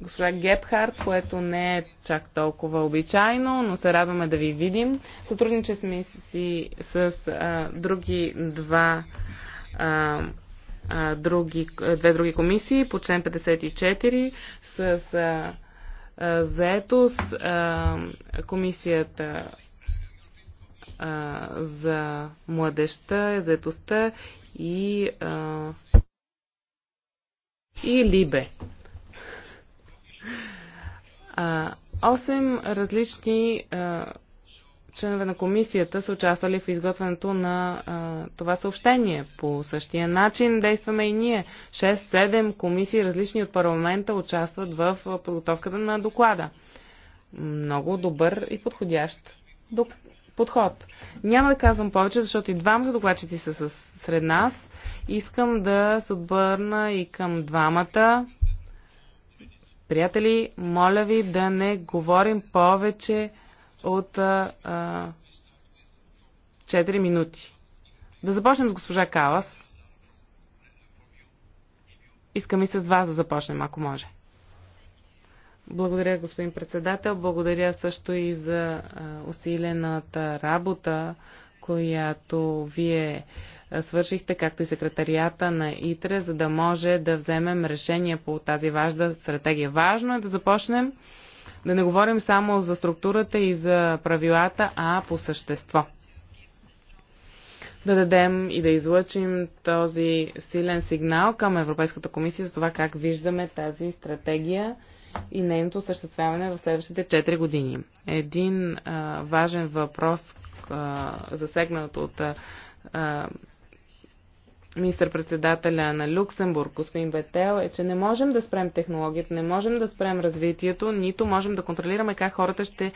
госпожа Гепхард, което не е чак толкова обичайно, но се радваме да ви видим. Сътрудниче сме си с а, други два а, а, други, две други комисии по член 54 с а, заетост, комисията за младеща, е заетостта и, и Либе. Осем различни членове на комисията са участвали в изготвянето на а, това съобщение. По същия начин действаме и ние. 6-7 комисии, различни от парламента, участват в подготовката на доклада. Много добър и подходящ подход. Няма да казвам повече, защото и двамата докладчици са с, сред нас. Искам да се отбърна и към двамата. Приятели, моля ви да не говорим повече от а, а, 4 минути. Да започнем с госпожа Калас. Искам и с вас да започнем, ако може. Благодаря, господин председател. Благодаря също и за усилената работа, която вие свършихте, както и секретарията на ИТРЕ, за да може да вземем решение по тази важна стратегия. Важно е да започнем да не говорим само за структурата и за правилата, а по същество. Да дадем и да излъчим този силен сигнал към Европейската комисия за това как виждаме тази стратегия и нейното съществяване в следващите 4 години. Един а, важен въпрос, а, засегнат от а, министър-председателя на Люксембург, господин Бетел, е, че не можем да спрем технологията, не можем да спрем развитието, нито можем да контролираме как хората ще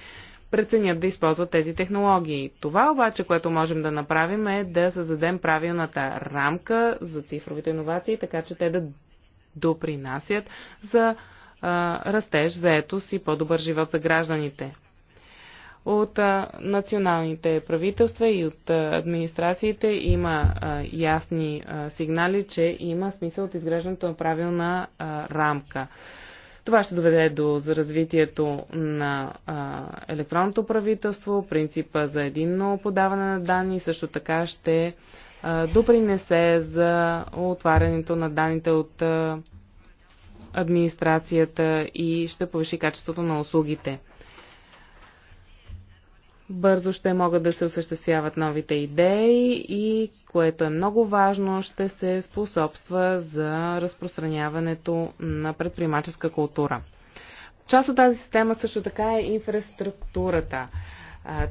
преценят да използват тези технологии. Това обаче, което можем да направим е да създадем правилната рамка за цифровите иновации, така че те да допринасят за а, растеж, заетост и по-добър живот за гражданите от а, националните правителства и от а, администрациите има а, ясни а, сигнали, че има смисъл от изграждането на правилна а, рамка. Това ще доведе до за развитието на а, електронното правителство, принципа за единно подаване на данни, също така ще а, допринесе за отварянето на данните от а, администрацията и ще повиши качеството на услугите бързо ще могат да се осъществяват новите идеи и, което е много важно, ще се способства за разпространяването на предприемаческа култура. Част от тази система също така е инфраструктурата.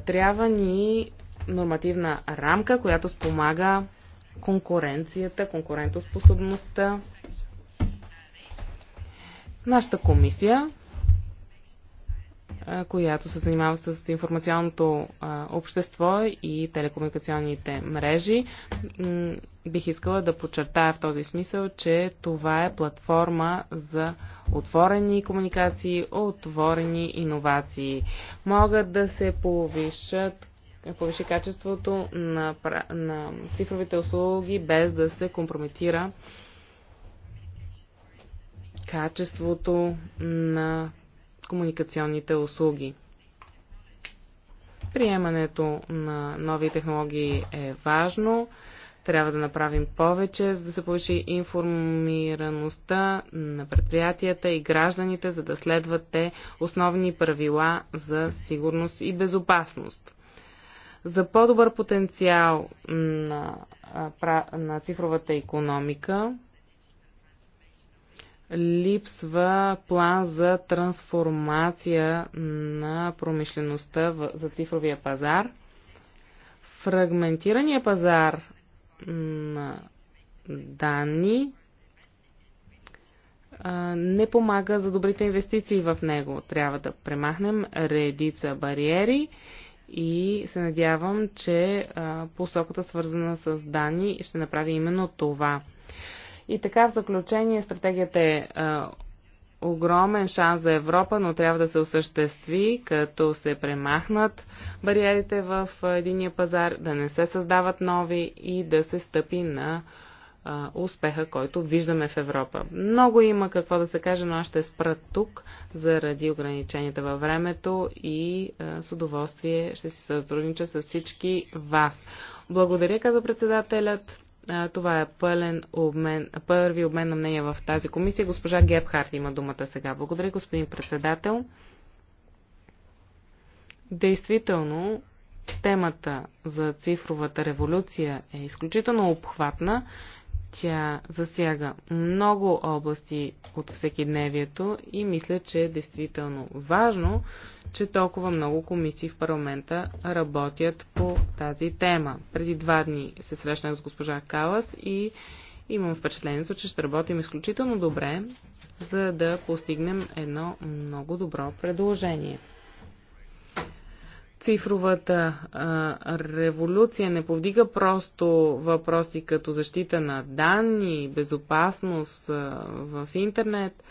Трябва ни нормативна рамка, която спомага конкуренцията, конкурентоспособността. Нашата комисия която се занимава с информационното общество и телекомуникационните мрежи. Бих искала да подчертая в този смисъл, че това е платформа за отворени комуникации, отворени иновации. Могат да се повишат повиши качеството на, на цифровите услуги, без да се компрометира качеството на комуникационните услуги. Приемането на нови технологии е важно. Трябва да направим повече, за да се повиши информираността на предприятията и гражданите, за да следват те основни правила за сигурност и безопасност. За по-добър потенциал на, на цифровата економика липсва план за трансформация на промишлеността за цифровия пазар. Фрагментирания пазар на данни не помага за добрите инвестиции в него. Трябва да премахнем редица бариери и се надявам, че посоката свързана с данни ще направи именно това. И така в заключение стратегията е а, огромен шанс за Европа, но трябва да се осъществи, като се премахнат бариерите в единия пазар, да не се създават нови и да се стъпи на а, успеха, който виждаме в Европа. Много има какво да се каже, но аз ще спра тук заради ограниченията във времето и а, с удоволствие ще си сътруднича с всички вас. Благодаря, каза председателят. Това е пълен обмен, първи обмен на мнение в тази комисия. Госпожа Гебхарт има думата сега. Благодаря, господин председател. Действително, темата за цифровата революция е изключително обхватна тя засяга много области от всекидневието и мисля, че е действително важно, че толкова много комисии в парламента работят по тази тема. Преди два дни се срещнах с госпожа Калас и имам впечатлението, че ще работим изключително добре, за да постигнем едно много добро предложение цифровата а, революция не повдига просто въпроси като защита на данни, безопасност а, в интернет.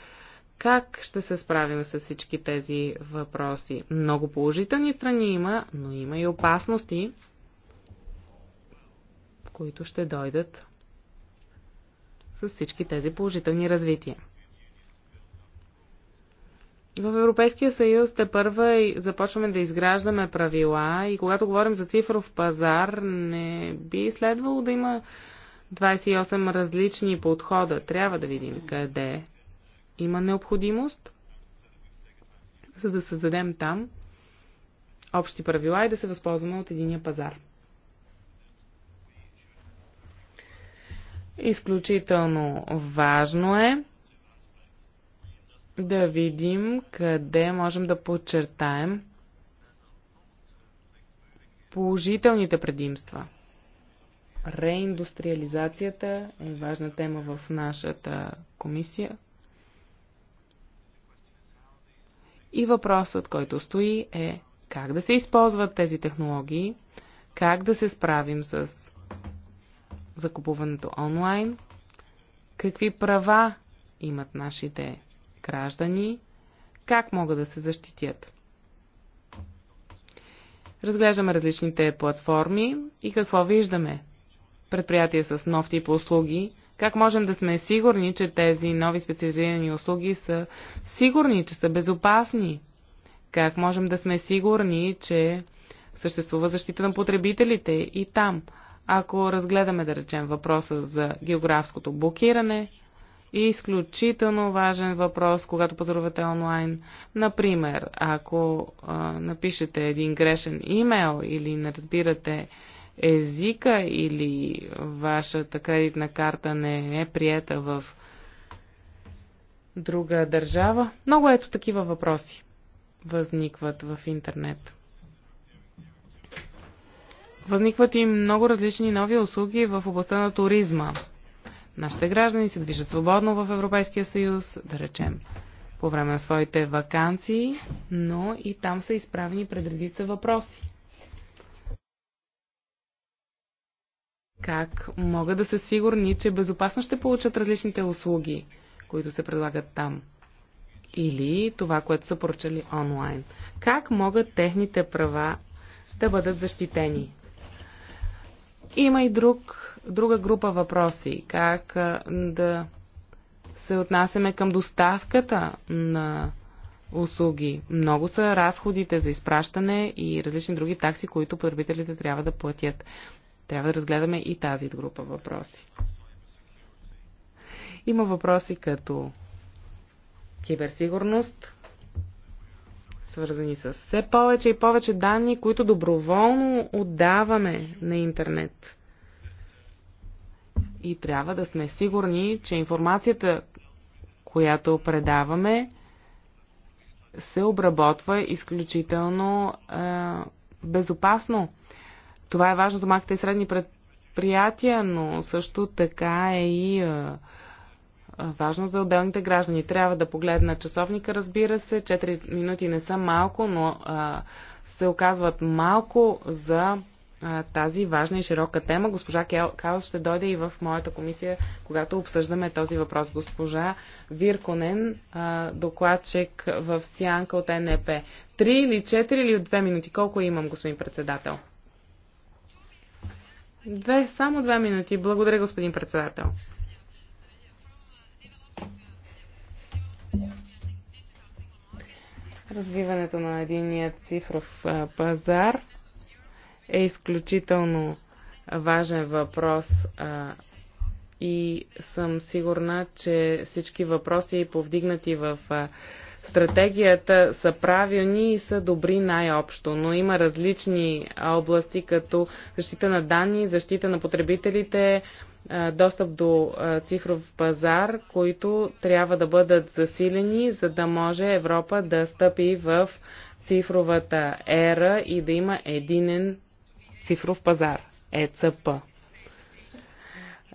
Как ще се справим с всички тези въпроси? Много положителни страни има, но има и опасности, които ще дойдат с всички тези положителни развития. В Европейския съюз те първа и започваме да изграждаме правила и когато говорим за цифров пазар, не би следвало да има 28 различни подхода. Трябва да видим къде има необходимост, за да създадем там общи правила и да се възползваме от единия пазар. Изключително важно е да видим къде можем да подчертаем положителните предимства. Реиндустриализацията е важна тема в нашата комисия. И въпросът, който стои е как да се използват тези технологии, как да се справим с закупуването онлайн, какви права имат нашите граждани, как могат да се защитят. Разглеждаме различните платформи и какво виждаме. Предприятия с нов тип услуги, как можем да сме сигурни, че тези нови специализирани услуги са сигурни, че са безопасни? Как можем да сме сигурни, че съществува защита на потребителите и там? Ако разгледаме, да речем, въпроса за географското блокиране, и изключително важен въпрос, когато пазарувате онлайн. Например, ако а, напишете един грешен имейл или не разбирате езика или вашата кредитна карта не е приета в друга държава. Много ето такива въпроси възникват в интернет. Възникват и много различни нови услуги в областта на туризма нашите граждани се движат свободно в Европейския съюз, да речем, по време на своите вакансии, но и там са изправени пред редица въпроси. Как могат да са сигурни, че безопасно ще получат различните услуги, които се предлагат там? Или това, което са поръчали онлайн? Как могат техните права да бъдат защитени? Има и друг друга група въпроси. Как да се отнасяме към доставката на услуги. Много са разходите за изпращане и различни други такси, които потребителите трябва да платят. Трябва да разгледаме и тази група въпроси. Има въпроси като киберсигурност, свързани с все повече и повече данни, които доброволно отдаваме на интернет и трябва да сме сигурни, че информацията, която предаваме, се обработва изключително е, безопасно. Това е важно за малките и средни предприятия, но също така е и е, важно за отделните граждани. Трябва да погледна часовника, разбира се. 4 минути не са малко, но е, се оказват малко за тази важна и широка тема. Госпожа Калас ще дойде и в моята комисия, когато обсъждаме този въпрос. Госпожа Вирконен, докладчик в Сянка от НЕП. Три или четири или от две минути? Колко имам, господин председател? Две, само две минути. Благодаря, господин председател. Развиването на единия цифров пазар – е изключително важен въпрос а, и съм сигурна, че всички въпроси, повдигнати в а, стратегията, са правилни и са добри най-общо, но има различни области, като защита на данни, защита на потребителите, а, достъп до а, цифров пазар, които трябва да бъдат засилени, за да може Европа да стъпи в цифровата ера и да има единен цифров пазар, ЕЦП.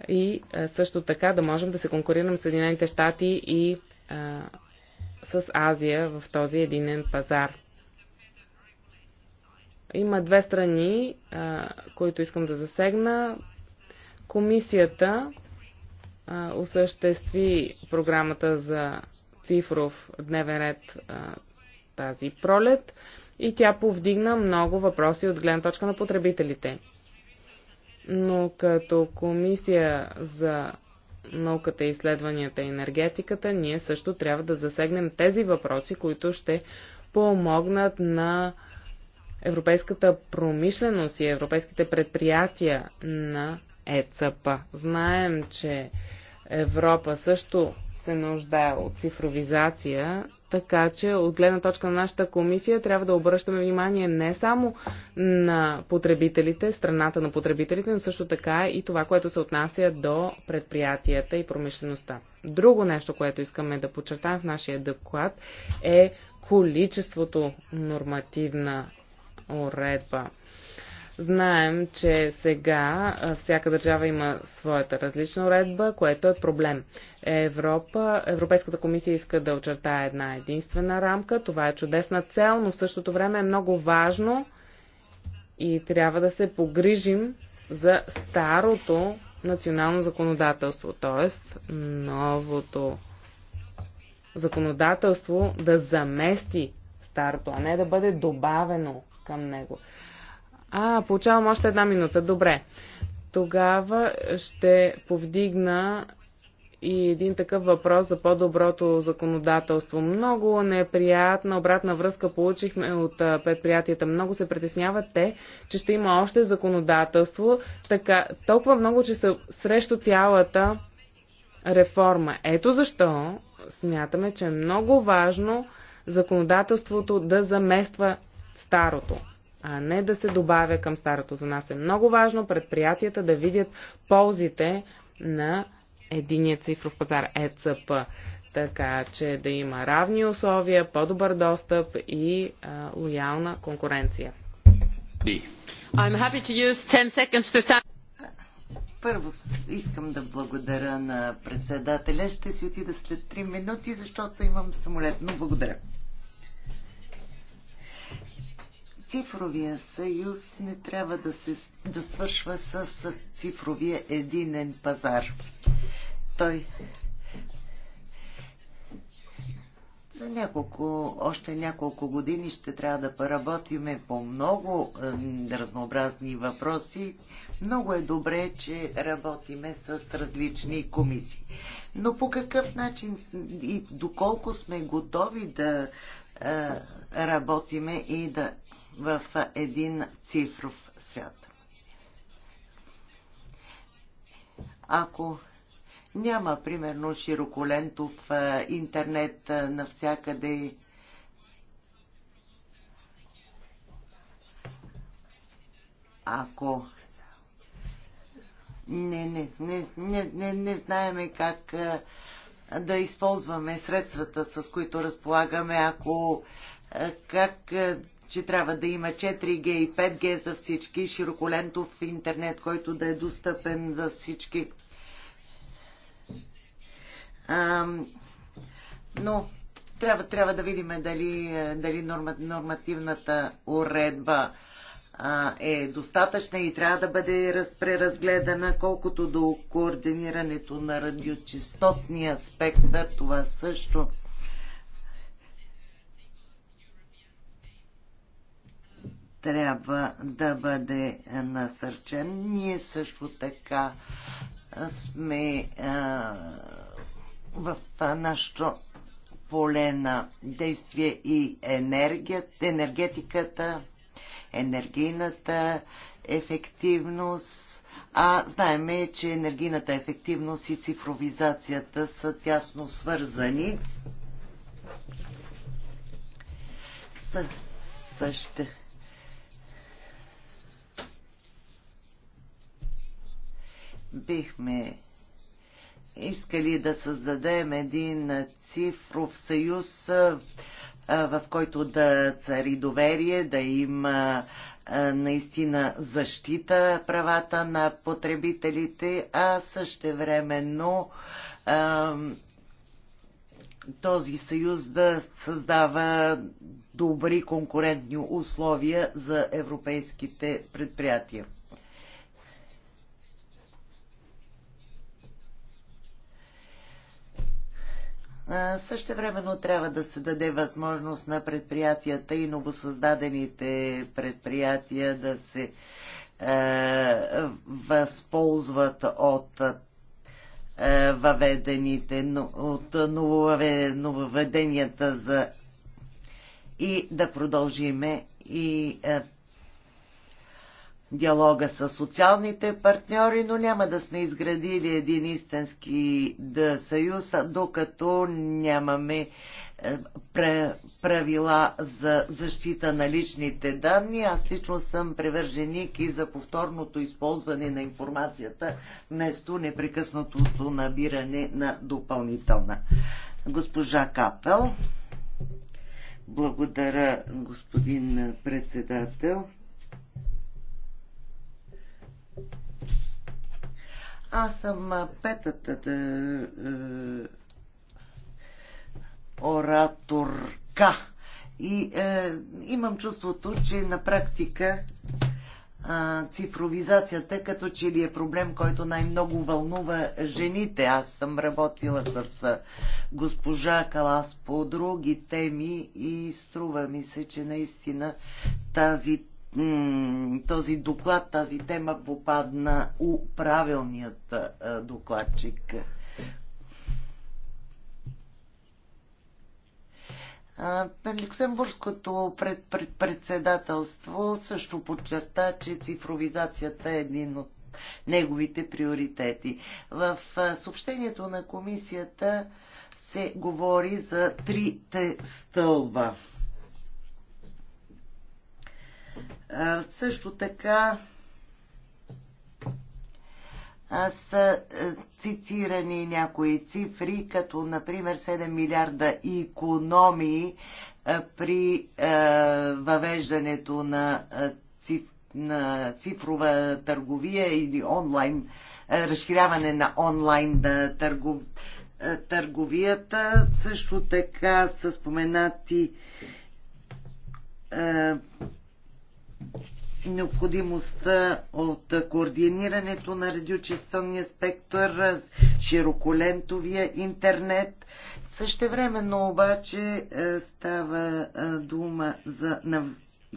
И също така да можем да се конкурираме с Съединените щати и а, с Азия в този единен пазар. Има две страни, а, които искам да засегна. Комисията а, осъществи програмата за цифров дневен ред а, тази пролет и тя повдигна много въпроси от гледна точка на потребителите. Но като комисия за науката, изследванията и енергетиката, ние също трябва да засегнем тези въпроси, които ще помогнат на европейската промишленост и европейските предприятия на ЕЦП. Знаем, че Европа също се нуждае от цифровизация така че от гледна точка на нашата комисия трябва да обръщаме внимание не само на потребителите, страната на потребителите, но също така и това, което се отнася до предприятията и промишлеността. Друго нещо, което искаме да подчертаем в нашия доклад е количеството нормативна уредба. Знаем, че сега всяка държава има своята различна уредба, което е проблем. Европа, Европейската комисия иска да очертае една единствена рамка. Това е чудесна цел, но в същото време е много важно и трябва да се погрижим за старото национално законодателство, т.е. новото законодателство да замести старото, а не да бъде добавено към него. А, получавам още една минута. Добре. Тогава ще повдигна и един такъв въпрос за по-доброто законодателство. Много неприятна обратна връзка получихме от предприятията. Много се притесняват те, че ще има още законодателство, така, толкова много, че са срещу цялата реформа. Ето защо смятаме, че е много важно законодателството да замества старото а не да се добавя към старото. За нас е много важно предприятията да видят ползите на единия цифров пазар ЕЦП, така че да има равни условия, по-добър достъп и а, лоялна конкуренция. I'm happy to use 10 seconds to thank първо искам да благодаря на председателя. Ще си отида след 3 минути, защото имам самолет, но благодаря. цифровия съюз не трябва да, се, да свършва с цифровия единен пазар. Той за няколко, още няколко години ще трябва да поработиме по много е, разнообразни въпроси. Много е добре, че работиме с различни комисии. Но по какъв начин и доколко сме готови да е, работиме и да в един цифров свят. Ако няма, примерно, широколентов интернет навсякъде, ако не, не, не, не, не, не знаеме как да използваме средствата, с които разполагаме, ако как че трябва да има 4G и 5G за всички, широколентов интернет, който да е достъпен за всички. но трябва, трябва да видим дали, дали нормативната уредба е достатъчна и трябва да бъде преразгледана, колкото до координирането на радиочастотния спектър. Това също трябва да бъде насърчен. Ние също така сме в нашето поле на действие и енергия, енергетиката, енергийната ефективност, а знаеме, че енергийната ефективност и цифровизацията са тясно свързани. Също бихме искали да създадем един цифров съюз, в който да цари доверие, да има наистина защита правата на потребителите, а същевременно този съюз да създава добри конкурентни условия за европейските предприятия. Също времено трябва да се даде възможност на предприятията и новосъздадените предприятия да се е, възползват от е, въведените, от нововъведенията за и да продължиме и е, диалога с социалните партньори, но няма да сме изградили един истински съюз, докато нямаме е, правила за защита на личните данни. Аз лично съм превърженик и за повторното използване на информацията вместо непрекъснатото набиране на допълнителна. Госпожа Капел. Благодаря, господин председател. Аз съм петата да, е, ораторка и е, имам чувството, че на практика е, цифровизацията като че ли е проблем, който най-много вълнува жените. Аз съм работила с госпожа Калас по други теми и струва ми се, че наистина тази този доклад, тази тема попадна у правилният докладчик. Люксембургското пред, пред, председателство също подчерта, че цифровизацията е един от неговите приоритети. В съобщението на комисията се говори за трите стълба – също така са е, цитирани някои цифри, като например 7 милиарда економии е, при е, въвеждането на, цифрова търговия или онлайн, разширяване на онлайн търговията. Също така са споменати необходимостта от координирането на радиочастотния спектър, широколентовия интернет. Същевременно обаче е, става е, дума за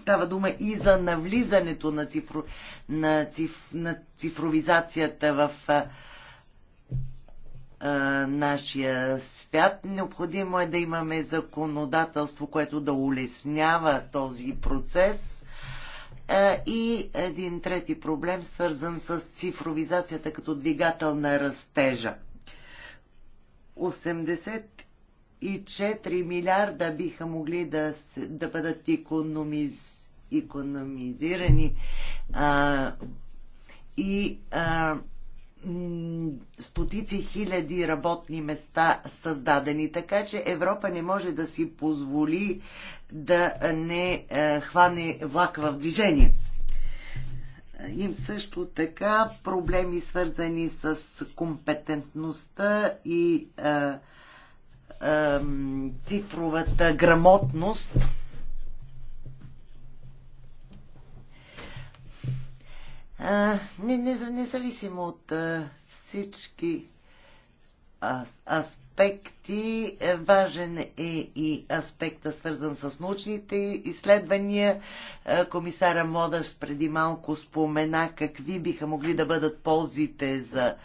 Става дума и за навлизането на, цифро, на, циф, на цифровизацията в е, нашия свят. Необходимо е да имаме законодателство, което да улеснява този процес и един трети проблем, свързан с цифровизацията като двигател на растежа. 84 милиарда биха могли да, да бъдат економиз, економизирани а, и а, стотици хиляди работни места създадени. Така че Европа не може да си позволи да не е, хване влак в движение. Им също така проблеми свързани с компетентността и е, цифровата грамотност. независимо от всички аспекти, е, важен е и аспекта свързан с научните изследвания. Е, комисара Модаш преди малко спомена какви биха могли да бъдат ползите за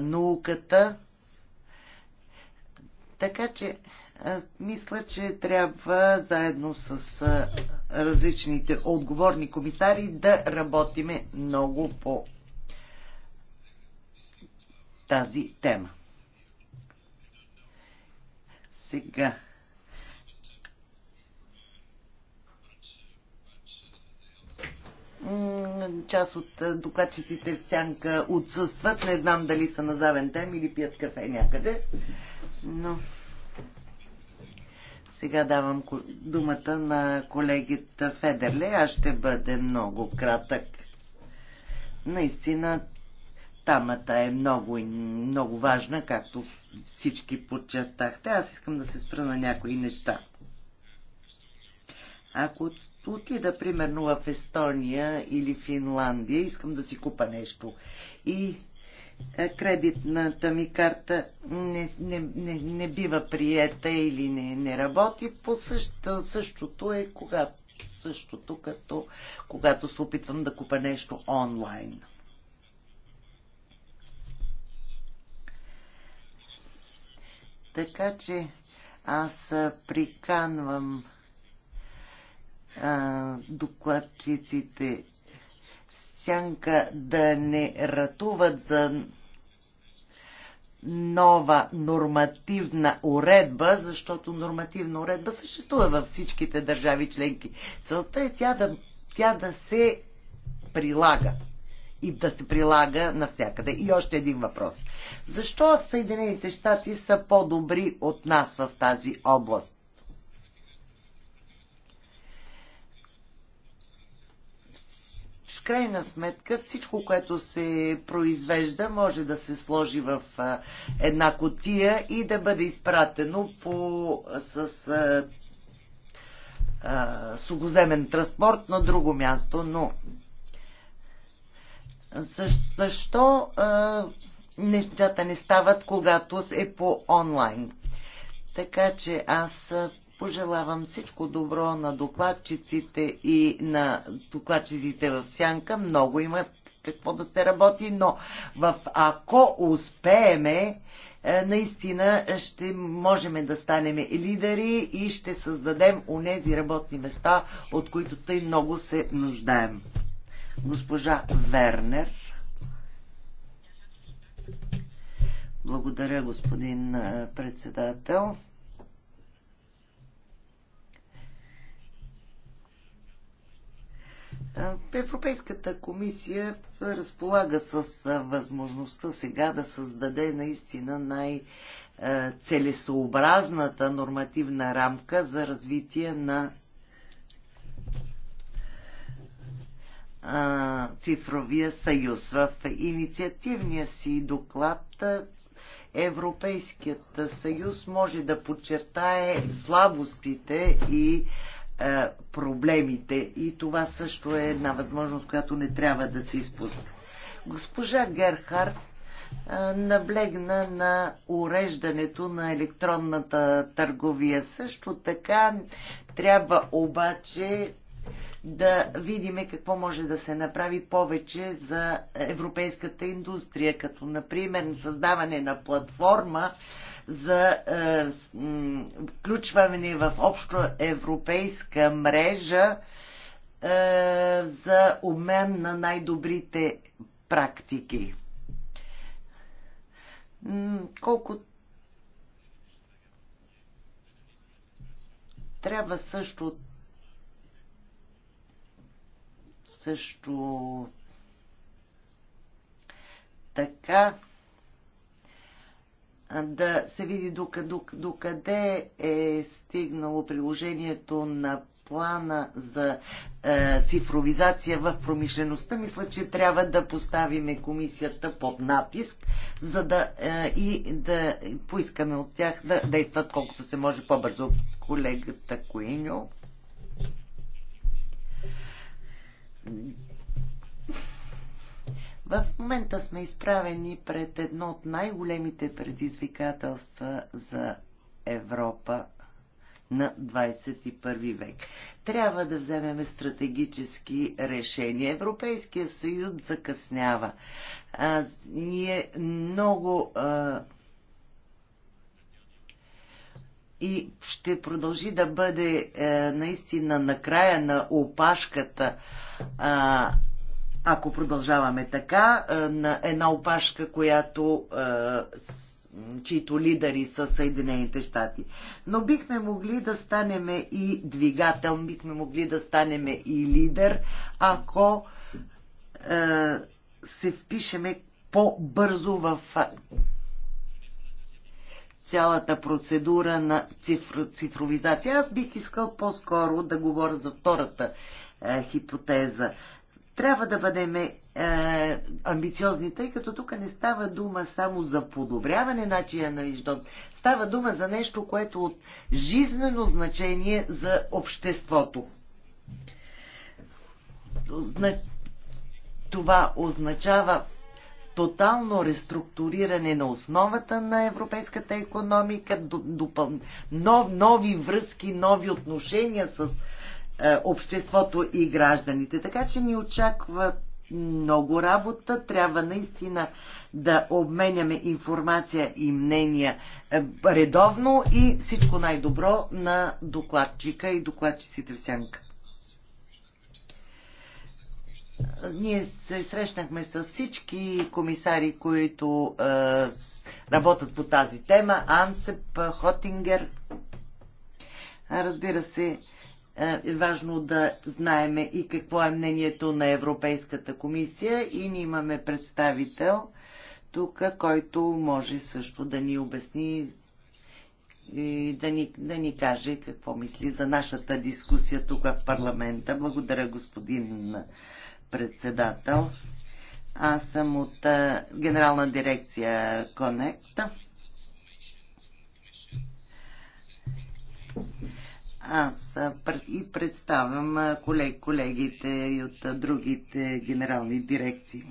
науката. Така че е, мисля, че трябва заедно с е, различните отговорни комисари да работиме много по тази тема. Сега. част от е, докачетите в сянка отсъстват. Не знам дали са на завен тем или пият кафе някъде. Но... Сега давам думата на колегите Федерле. Аз ще бъде много кратък. Наистина, тамата е много, много важна, както всички подчертахте. Аз искам да се спра на някои неща. Ако отида, примерно, в Естония или Финландия, искам да си купа нещо и е, кредитната ми карта не, не, не, не бива приета или не, не работи. По също, същото е когато, същото като когато се опитвам да купа нещо онлайн. Така че аз приканвам а, докладчиците сянка да не ратуват за нова нормативна уредба, защото нормативна уредба съществува във всичките държави членки. Целта е тя да, тя да се прилага и да се прилага навсякъде. И още един въпрос. Защо Съединените щати са по-добри от нас в тази област? в крайна сметка всичко, което се произвежда, може да се сложи в една котия и да бъде изпратено по, с а, сугоземен транспорт на друго място, но защо а, нещата не стават, когато е по онлайн? Така че аз Пожелавам всичко добро на докладчиците и на докладчиците в Сянка. Много имат какво да се работи, но в ако успееме, е, наистина ще можем да станем лидери и ще създадем нези работни места, от които тъй много се нуждаем. Госпожа Вернер. Благодаря, господин е, председател. Е, Европейската комисия разполага с възможността сега да създаде наистина най- целесообразната нормативна рамка за развитие на цифровия съюз. В инициативния си доклад Европейският съюз може да подчертае слабостите и е, проблемите и това също е една възможност, която не трябва да се изпуска. Госпожа Герхард е, наблегна на уреждането на електронната търговия. Също така трябва обаче да видим какво може да се направи повече за европейската индустрия, като например създаване на платформа за е, включване в общо европейска мрежа е, за обмен на най-добрите практики. Колко трябва също също така да се види докъде, е стигнало приложението на плана за е, цифровизация в промишлеността. Мисля, че трябва да поставиме комисията под натиск, за да е, и да поискаме от тях да действат колкото се може по-бързо. Колегата Коиньо в момента сме изправени пред едно от най-големите предизвикателства за Европа на 21 век. Трябва да вземем стратегически решения. Европейския съюз закъснява. А, ние много а, и ще продължи да бъде а, е, наистина на края на опашката а, ако продължаваме така, е, на една опашка, която е, чието лидери са Съединените щати. Но бихме могли да станем и двигател, бихме могли да станем и лидер, ако е, се впишеме по-бързо в цялата процедура на цифро, цифровизация. Аз бих искал по-скоро да говоря за втората е, хипотеза трябва да бъдем е, амбициозни, тъй като тук не става дума само за подобряване начина на живот. Става дума за нещо, което е от жизнено значение за обществото. Това означава тотално реструктуриране на основата на европейската економика, допъл... нов, нови връзки, нови отношения с е, обществото и гражданите. Така че ни очаква много работа. Трябва наистина да обменяме информация и мнения е, редовно и всичко най-добро на докладчика и докладчиците в сянка. Ние се срещнахме с всички комисари, които е, работят по тази тема. Ансеп, Хотингер. Разбира се, е важно да знаеме и какво е мнението на Европейската комисия и ние имаме представител тук, който може също да ни обясни и да ни, да ни каже какво мисли за нашата дискусия тук в парламента. Благодаря, господин председател. Аз съм от а, е, Генерална дирекция Конекта аз и представям колег, колегите и от другите генерални дирекции.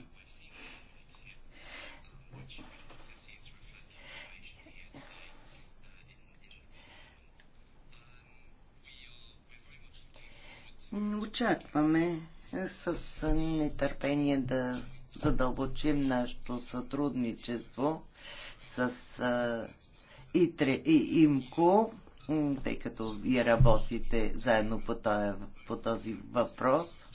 Очакваме с нетърпение да задълбочим нашето сътрудничество с ИТРЕ и ИМКО тъй като вие работите заедно по този, по този въпрос.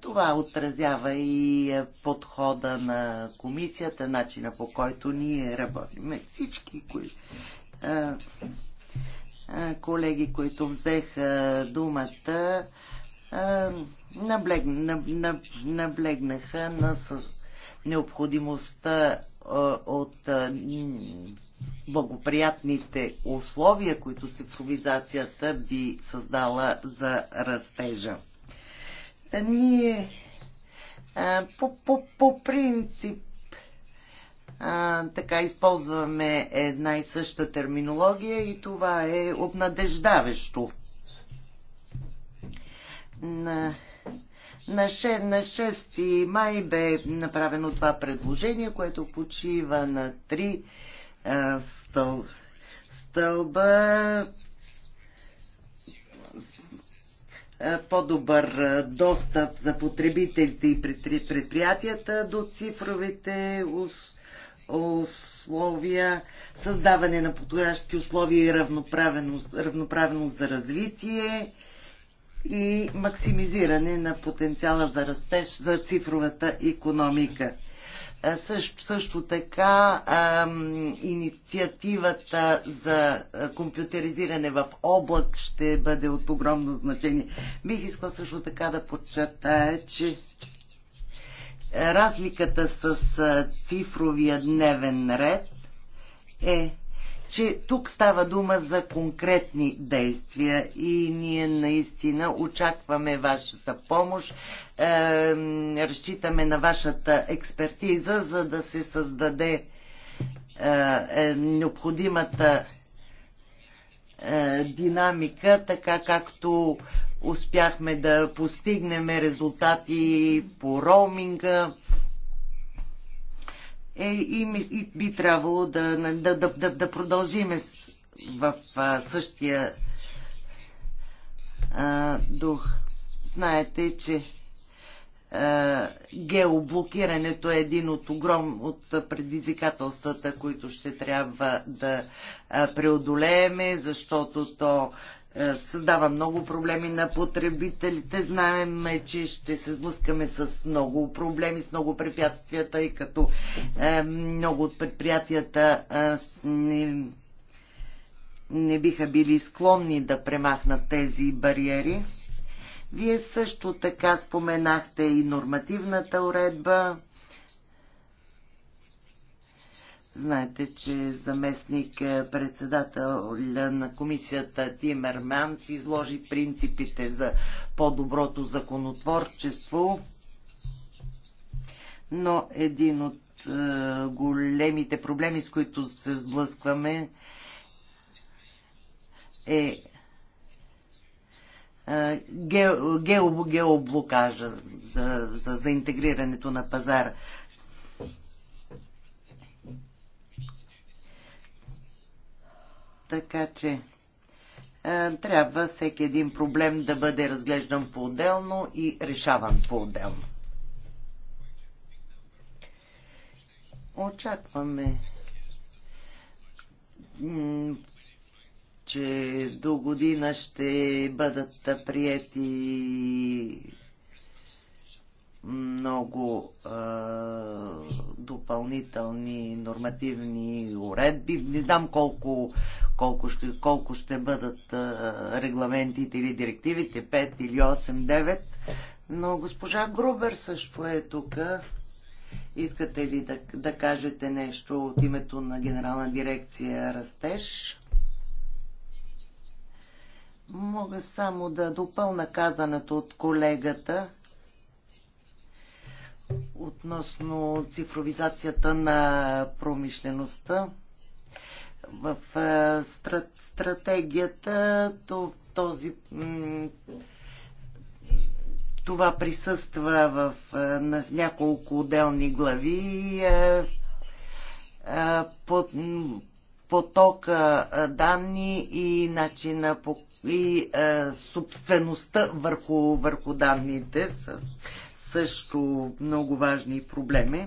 Това отразява и подхода на комисията, начина по който ние работим. Всички, кои, а, а, колеги, които взеха думата, а, наблегнаха на необходимостта от благоприятните условия, които цифровизацията би създала за растежа. Ние по, по, по принцип а, така използваме една и съща терминология и това е обнадеждаващо. На на 6, на 6 май бе направено това предложение, което почива на три а, е, стъл, стълба е, по-добър е, достъп за потребителите и предприятията до цифровите условия, създаване на подходящи условия и равноправеност, равноправеност за развитие, и максимизиране на потенциала за растеж за цифровата економика. Също, също така а, инициативата за компютеризиране в облак ще бъде от огромно значение. Бих искал също така да подчертая, че разликата с цифровия дневен ред е че тук става дума за конкретни действия и ние наистина очакваме вашата помощ, е, разчитаме на вашата експертиза, за да се създаде е, е, необходимата е, динамика, така както успяхме да постигнем резултати по роуминга, е, и, и би трябвало да, да, да, да, да продължиме в а, същия а, дух. Знаете, че а, геоблокирането е един от огром от предизвикателствата, които ще трябва да преодолееме, защото то е, създава много проблеми на потребителите. Знаем, че ще се сблъскаме с много проблеми, с много препятствия, тъй като е, много от предприятията е, не, не биха били склонни да премахнат тези бариери. Вие също така споменахте и нормативната уредба Знаете, че заместник е, председател на комисията Тимер Манс изложи принципите за по-доброто законотворчество, но един от е, големите проблеми, с които се сблъскваме, е, е геоблокажа за, за, за интегрирането на пазара. Така че е, трябва всеки един проблем да бъде разглеждан по-отделно и решаван по-отделно. Очакваме, че до година ще бъдат приети много е, допълнителни нормативни уредби. Не знам колко колко ще, колко ще бъдат регламентите или директивите, 5 или 8, 9. Но госпожа Грубер също е тук. Искате ли да, да кажете нещо от името на Генерална дирекция Растеж? Мога само да допълна казаното от колегата относно цифровизацията на промишлеността в стратегията то, този това присъства в на няколко отделни глави под потока данни и начина по и а, собствеността върху, върху данните са също много важни проблеми.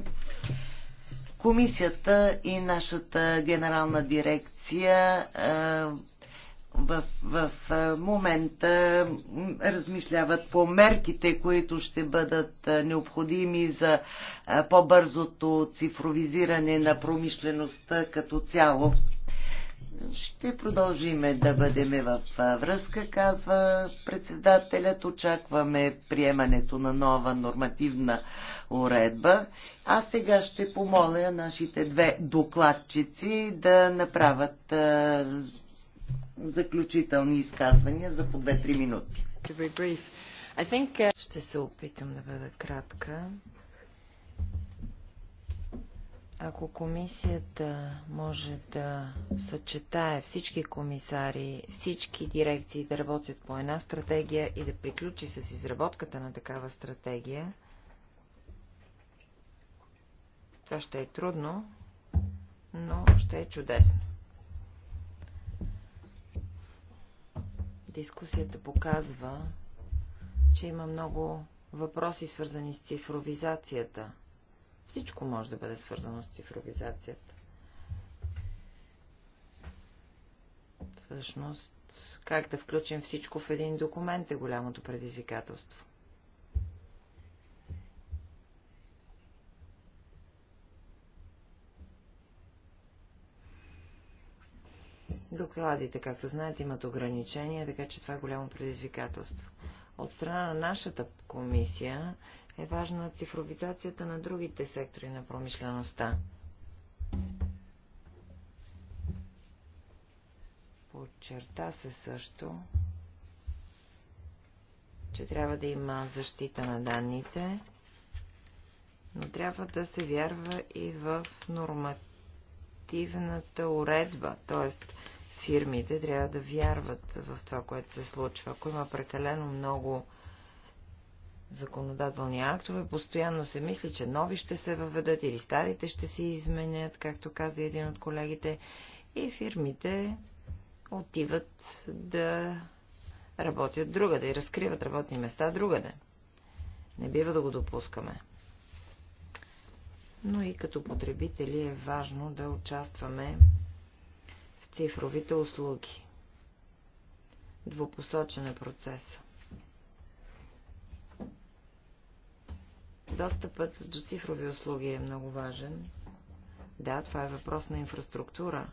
Комисията и нашата генерална дирекция в, в момента размишляват по мерките, които ще бъдат необходими за по-бързото цифровизиране на промишлеността като цяло. Ще продължиме да бъдеме в връзка, казва председателят. Очакваме приемането на нова нормативна уредба. А сега ще помоля нашите две докладчици да направят заключителни изказвания за по 2-3 минути. Uh, ще се опитам да бъда кратка. Ако комисията може да съчетае всички комисари, всички дирекции да работят по една стратегия и да приключи с изработката на такава стратегия, това ще е трудно, но ще е чудесно. Дискусията показва, че има много въпроси, свързани с цифровизацията – всичко може да бъде свързано с цифровизацията. Всъщност, как да включим всичко в един документ е голямото предизвикателство. Докладите, както знаете, имат ограничения, така че това е голямо предизвикателство. От страна на нашата комисия е важна цифровизацията на другите сектори на промишлеността. Подчерта се също, че трябва да има защита на данните, но трябва да се вярва и в нормативната уредба, т.е. фирмите трябва да вярват в това, което се случва. Ако има прекалено много законодателни актове, постоянно се мисли, че нови ще се въведат или старите ще се изменят, както каза един от колегите, и фирмите отиват да работят другаде и разкриват работни места другаде. Не бива да го допускаме. Но и като потребители е важно да участваме в цифровите услуги. Двупосочен е процеса. Достъпът до цифрови услуги е много важен. Да, това е въпрос на инфраструктура,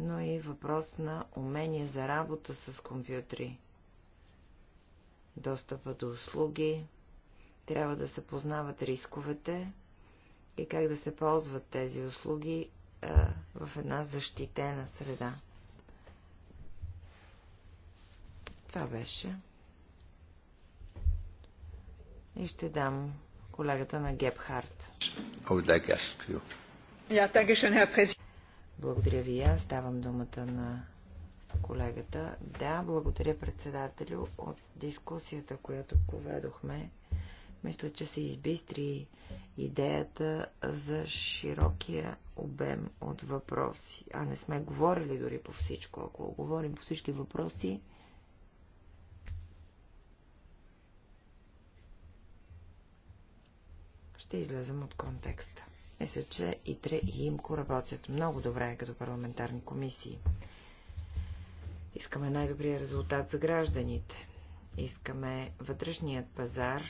но и въпрос на умение за работа с компютри. Достъпа до услуги, трябва да се познават рисковете и как да се ползват тези услуги е, в една защитена среда. Това беше. И ще дам колегата на Гепхарт. Благодаря ви. Аз давам думата на колегата. Да, благодаря председателю от дискусията, която поведохме. Мисля, че се избистри идеята за широкия обем от въпроси. А не сме говорили дори по всичко. Ако говорим по всички въпроси, ще излезем от контекста. Мисля, че ИТРЕ и ИМКО работят много добре като парламентарни комисии. Искаме най-добрия резултат за гражданите. Искаме вътрешният пазар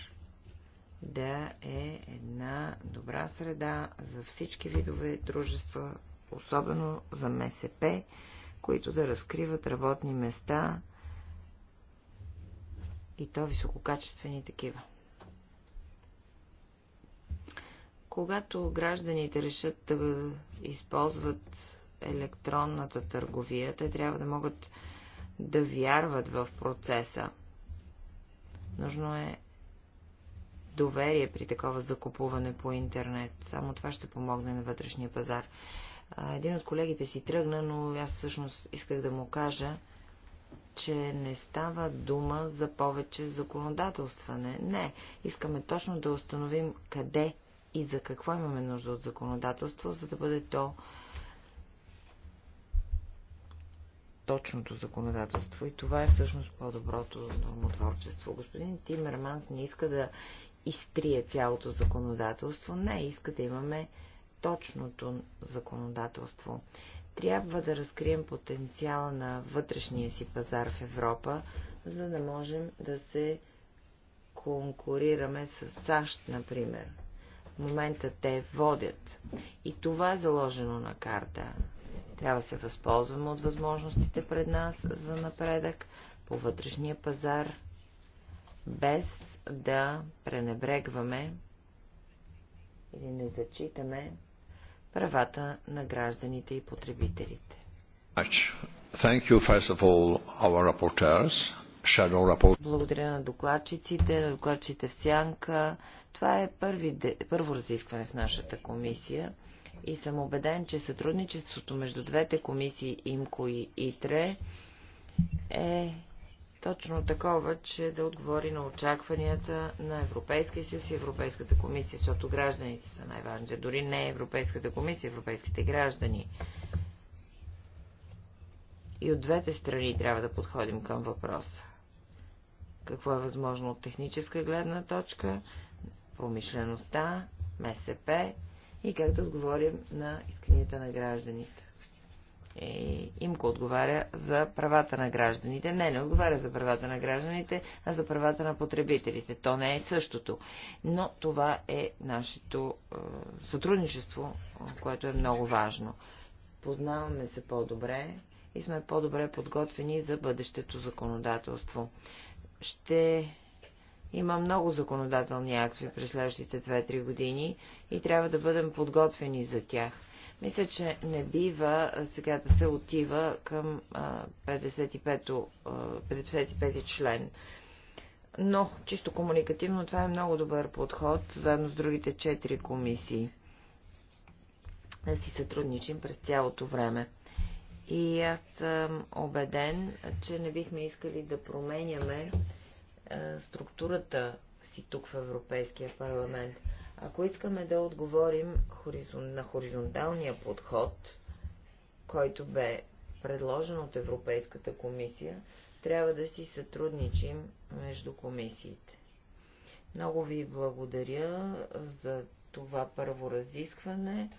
да е една добра среда за всички видове дружества, особено за МСП, които да разкриват работни места и то висококачествени такива. Когато гражданите решат да използват електронната търговия, те трябва да могат да вярват в процеса. Нужно е доверие при такова закупуване по интернет. Само това ще помогне на вътрешния пазар. Един от колегите си тръгна, но аз всъщност исках да му кажа, че не става дума за повече законодателстване. Не, искаме точно да установим къде и за какво имаме нужда от законодателство, за да бъде то точното законодателство. И това е всъщност по-доброто нормотворчество. Господин Тимерманс не иска да изтрие цялото законодателство. Не, иска да имаме точното законодателство. Трябва да разкрием потенциала на вътрешния си пазар в Европа, за да можем да се конкурираме с САЩ, например. В момента те водят. И това е заложено на карта. Трябва да се възползваме от възможностите пред нас за напредък по вътрешния пазар, без да пренебрегваме или не зачитаме правата на гражданите и потребителите. Thank you, first of all, our благодаря на докладчиците, на докладчите в Сянка. Това е първи, първо разискване в нашата комисия и съм убеден, че сътрудничеството между двете комисии ИМКО и ИТРЕ е точно такова, че да отговори на очакванията на Европейския съюз и Европейската комисия, защото гражданите са най-важните. Дори не Европейската комисия, европейските граждани. И от двете страни трябва да подходим към въпроса какво е възможно от техническа гледна точка, промишлеността, МСП и как да отговорим на исканията на гражданите. И е, имко отговаря за правата на гражданите. Не, не отговаря за правата на гражданите, а за правата на потребителите. То не е същото. Но това е нашето е, сътрудничество, което е много важно. Познаваме се по-добре и сме по-добре подготвени за бъдещето законодателство ще има много законодателни акции през следващите 2-3 години и трябва да бъдем подготвени за тях. Мисля, че не бива сега да се отива към 55-ти 55 член. Но, чисто комуникативно, това е много добър подход, заедно с другите 4 комисии. Да си сътрудничим през цялото време. И аз съм убеден, че не бихме искали да променяме е, структурата си тук в Европейския парламент. Ако искаме да отговорим на хоризонталния подход, който бе предложен от Европейската комисия, трябва да си сътрудничим между комисиите. Много ви благодаря за това първо разискване.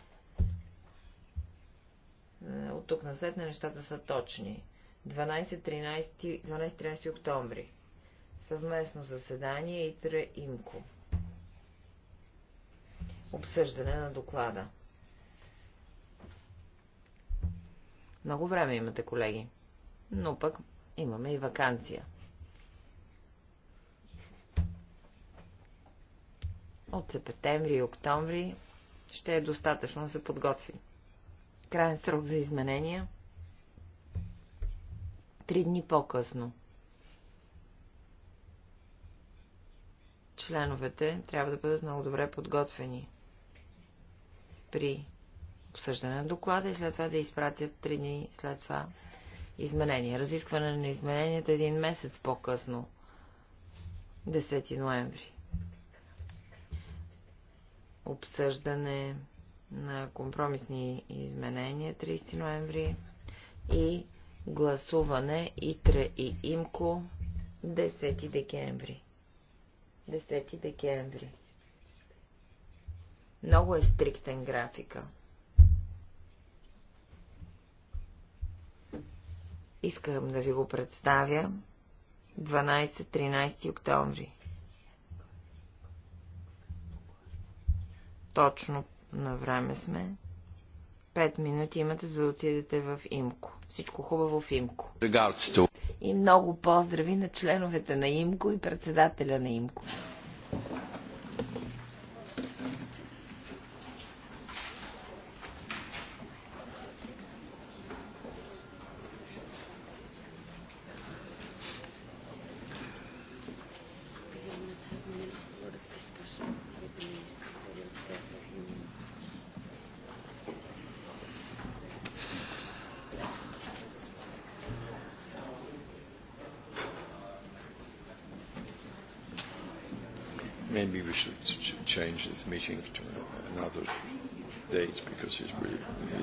Е, от тук на след на нещата са точни. 12-13 октомври. Съвместно заседание тре ИМКО. Обсъждане на доклада. Много време имате, колеги. Но пък имаме и вакансия. От септември и октомври ще е достатъчно да се подготви. Крайен срок за изменения. Три дни по-късно. Членовете трябва да бъдат много добре подготвени при обсъждане на доклада и след това да изпратят три дни след това изменения. Разискване на измененията един месец по-късно, 10 ноември. Обсъждане на компромисни изменения 30 ноември и гласуване ИТРА и ИМКО 10 декември. 10 декември. Много е стриктен графика. Искам да ви го представя 12-13 октомври. Точно на време сме. Пет минути имате за да отидете в Имко. Всичко хубаво в Имко. И много поздрави на членовете на Имко и председателя на Имко.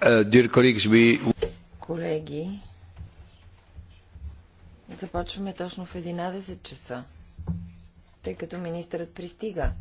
Uh, Колеги, започваме точно в 11 часа, тъй като министърът пристига.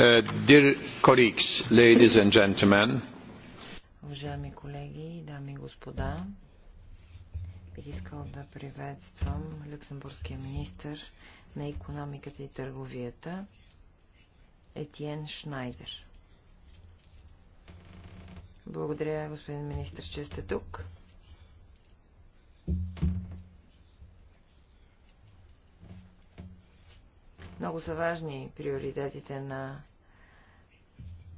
Uh, dear colleagues, ladies and gentlemen. Уважаеми колеги, дами и господа, бих искал да приветствам люксембургския министр на економиката и търговията Етиен Шнайдер. Благодаря, господин министр, че сте тук. Много са важни приоритетите на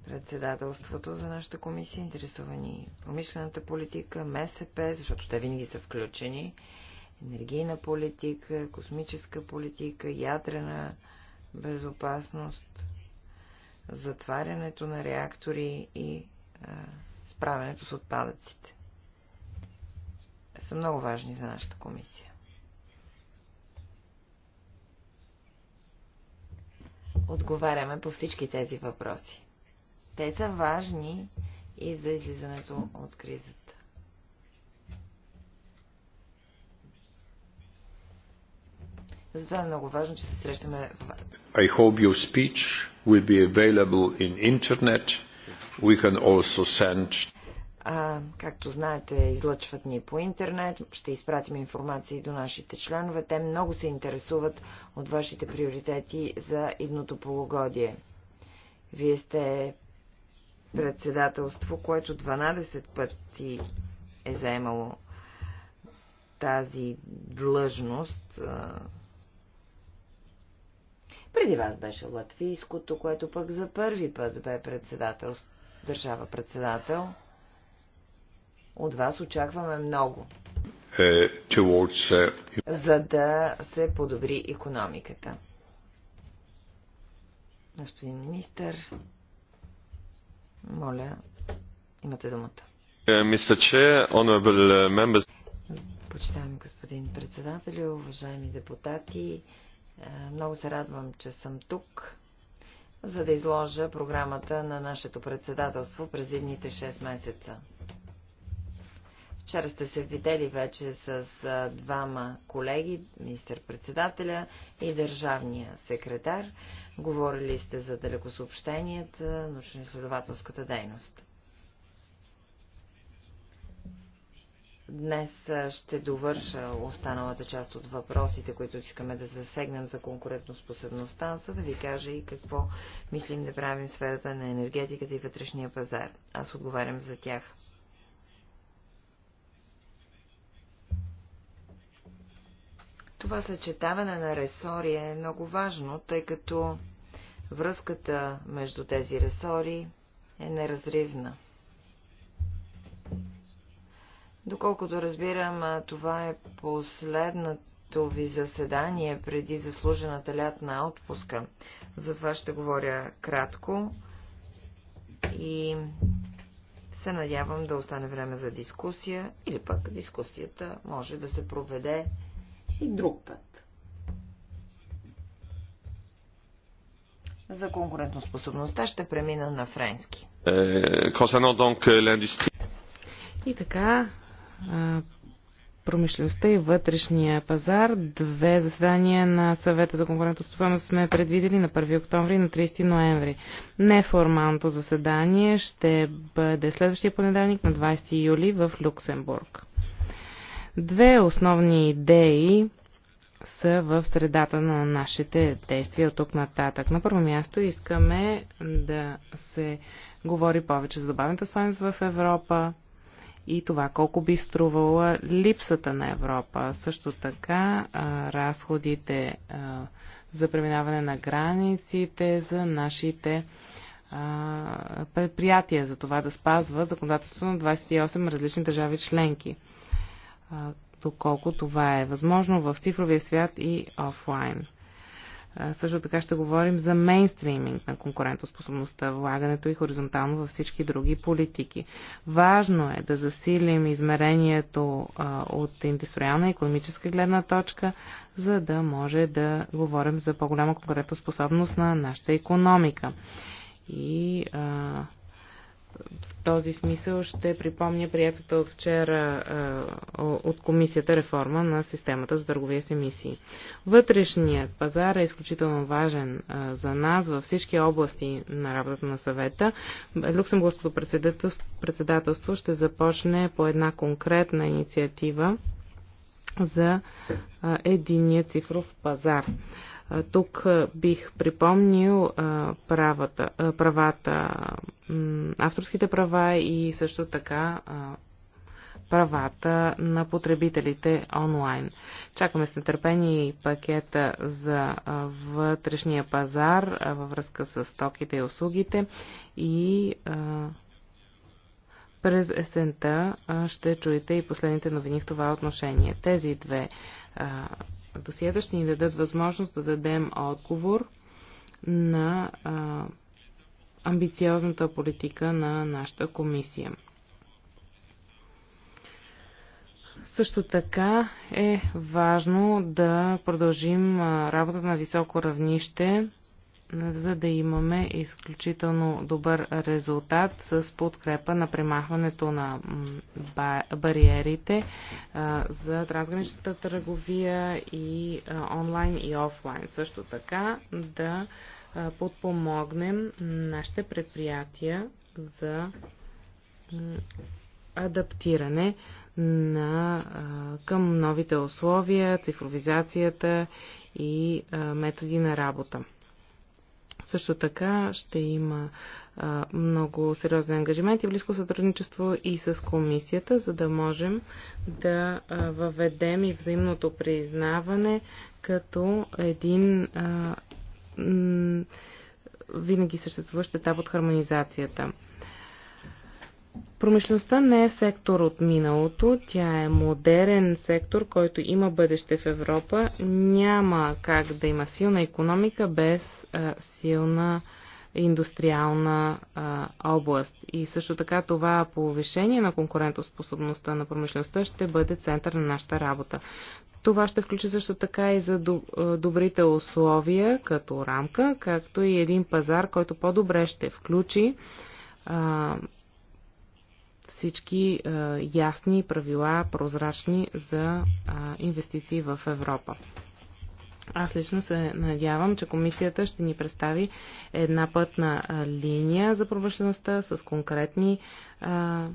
председателството за нашата комисия, интересувани промишлената политика, МСП, защото те винаги са включени, енергийна политика, космическа политика, ядрена безопасност, затварянето на реактори и а, справянето с отпадъците. Са много важни за нашата комисия. отговаряме по всички тези въпроси. Те са важни и за излизането от кризата. Затова е много важно, че се срещаме в... I hope your speech will be available in internet. We can also send а, както знаете, излъчват ни по интернет, ще изпратим информация и до нашите членове. Те много се интересуват от вашите приоритети за идното полугодие. Вие сте председателство, което 12 пъти е заемало тази длъжност. Преди вас беше латвийското, което пък за първи път бе председател, държава председател. От вас очакваме много. Е, е, за да се подобри економиката. Господин министр, моля, имате думата. Е, Мисля, че Почитаеми господин председател, уважаеми депутати, много се радвам, че съм тук, за да изложа програмата на нашето председателство през едните 6 месеца. Вчера сте се видели вече с двама колеги, министър-председателя и държавния секретар. Говорили сте за далекосъобщенията, научно-изследователската дейност. Днес ще довърша останалата част от въпросите, които искаме да засегнем за конкурентоспособността, за да ви кажа и какво мислим да правим в сферата на енергетиката и вътрешния пазар. Аз отговарям за тях. Това съчетаване на ресори е много важно, тъй като връзката между тези ресори е неразривна. Доколкото разбирам, това е последното ви заседание преди заслужената лятна отпуска. Затова ще говоря кратко и се надявам да остане време за дискусия или пък дискусията може да се проведе и друг път. За конкурентоспособността ще премина на френски. Е, е, и така, промишлеността и вътрешния пазар. Две заседания на съвета за конкурентоспособност сме предвидели на 1 октомври и на 30 ноември. Неформалното заседание ще бъде следващия понеделник на 20 юли в Люксембург. Две основни идеи са в средата на нашите действия от тук нататък. На първо място искаме да се говори повече за добавената стоеност в Европа и това колко би струвала липсата на Европа. Също така разходите за преминаване на границите за нашите предприятия, за това да спазва законодателство на 28 различни държави членки доколко това е възможно в цифровия свят и офлайн. Също така ще говорим за мейнстриминг на конкурентоспособността, влагането и хоризонтално във всички други политики. Важно е да засилим измерението от индустриална и економическа гледна точка, за да може да говорим за по-голяма конкурентоспособност на нашата економика. И а, в този смисъл ще припомня приятата от вчера от комисията реформа на системата за търговия с емисии. Вътрешният пазар е изключително важен за нас във всички области на работата на съвета. Люксембургското председателство ще започне по една конкретна инициатива за единия цифров пазар. Тук бих припомнил правата, правата, авторските права и също така правата на потребителите онлайн. Чакаме с нетърпение пакета за вътрешния пазар във връзка с стоките и услугите и през есента ще чуете и последните новини в това отношение. Тези две досиета ще ни дадат възможност да дадем отговор на а, амбициозната политика на нашата комисия. Също така е важно да продължим работата на високо равнище за да имаме изключително добър резултат с подкрепа на премахването на бариерите за трансграничната търговия и онлайн и офлайн. Също така да подпомогнем нашите предприятия за адаптиране на, към новите условия, цифровизацията и методи на работа. Също така ще има а, много сериозен ангажимент и близко сътрудничество и с комисията, за да можем да а, въведем и взаимното признаване като един а, винаги съществуващ етап от хармонизацията. Промишлеността не е сектор от миналото, тя е модерен сектор, който има бъдеще в Европа. Няма как да има силна економика без а, силна индустриална а, област. И също така това повишение на конкурентоспособността на промишлеността ще бъде център на нашата работа. Това ще включи също така и за добрите условия като рамка, както и един пазар, който по-добре ще включи а, всички а, е, ясни правила, прозрачни за а, инвестиции в Европа. Аз лично се надявам, че комисията ще ни представи една пътна линия за промишлеността с конкретни а,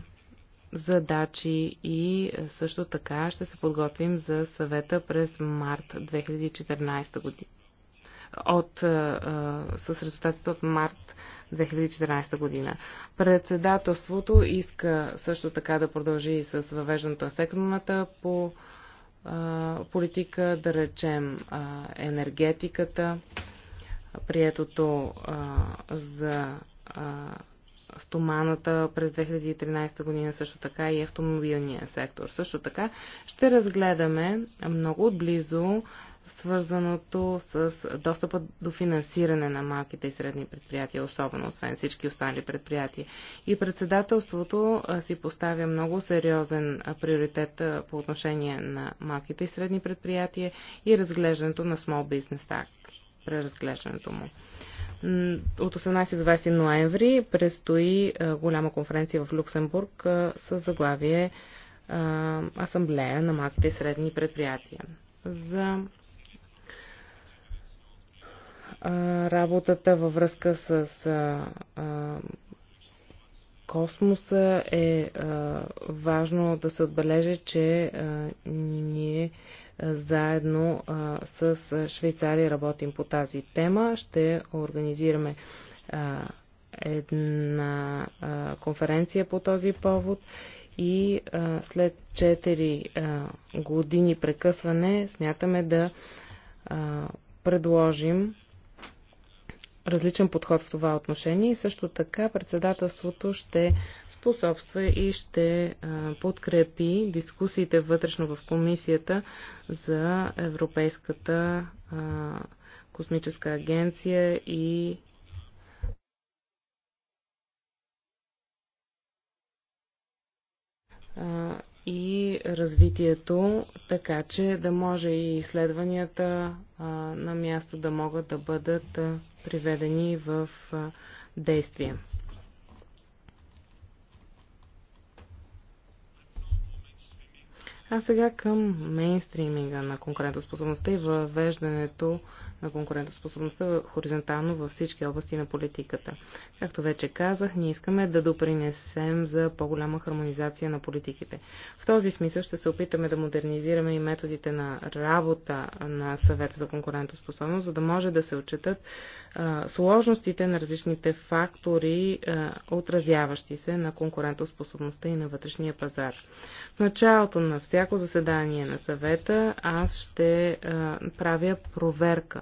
задачи и също така ще се подготвим за съвета през март 2014 година. От, а, с резултатите от март 2014 година. Председателството иска също така да продължи с въвеждането на секторната по а, политика, да речем а, енергетиката, приетото а, за стоманата през 2013 година, също така и автомобилния сектор. Също така ще разгледаме много отблизо свързаното с достъпа до финансиране на малките и средни предприятия, особено освен всички останали предприятия. И председателството си поставя много сериозен приоритет по отношение на малките и средни предприятия и разглеждането на Small Business Act, преразглеждането му. От 18 до 20 ноември предстои голяма конференция в Люксембург с заглавие Асамблея на малките и средни предприятия. За работата във връзка с космоса е важно да се отбележи, че ние заедно с Швейцария работим по тази тема. Ще организираме една конференция по този повод и а, след 4 а, години прекъсване смятаме да а, предложим различен подход в това отношение и също така председателството ще способства и ще подкрепи дискусиите вътрешно в комисията за Европейската космическа агенция и и развитието, така че да може и изследванията а, на място да могат да бъдат а, приведени в а, действие. А сега към мейнстриминга на конкурентоспособността и въвеждането на конкурентоспособността хоризонтално във всички области на политиката. Както вече казах, ние искаме да допринесем за по-голяма хармонизация на политиките. В този смисъл ще се опитаме да модернизираме и методите на работа на съвета за конкурентоспособност, за да може да се отчитат сложностите на различните фактори, отразяващи се на конкурентоспособността и на вътрешния пазар. В началото на всяко заседание на съвета аз ще правя проверка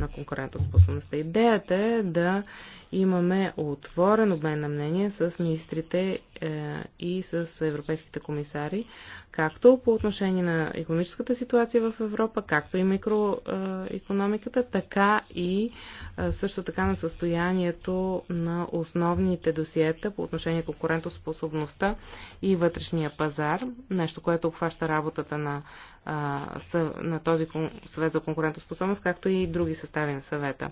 на конкурентоспособността. Идеята е да имаме отворен обмен на мнение с министрите е, и с европейските комисари, както по отношение на економическата ситуация в Европа, както и микроекономиката, така и е, също така на състоянието на основните досиета по отношение на конкурентоспособността и вътрешния пазар, нещо, което обхваща работата на, е, на този съвет за конкурентоспособност, както и други състояния предостави съвета.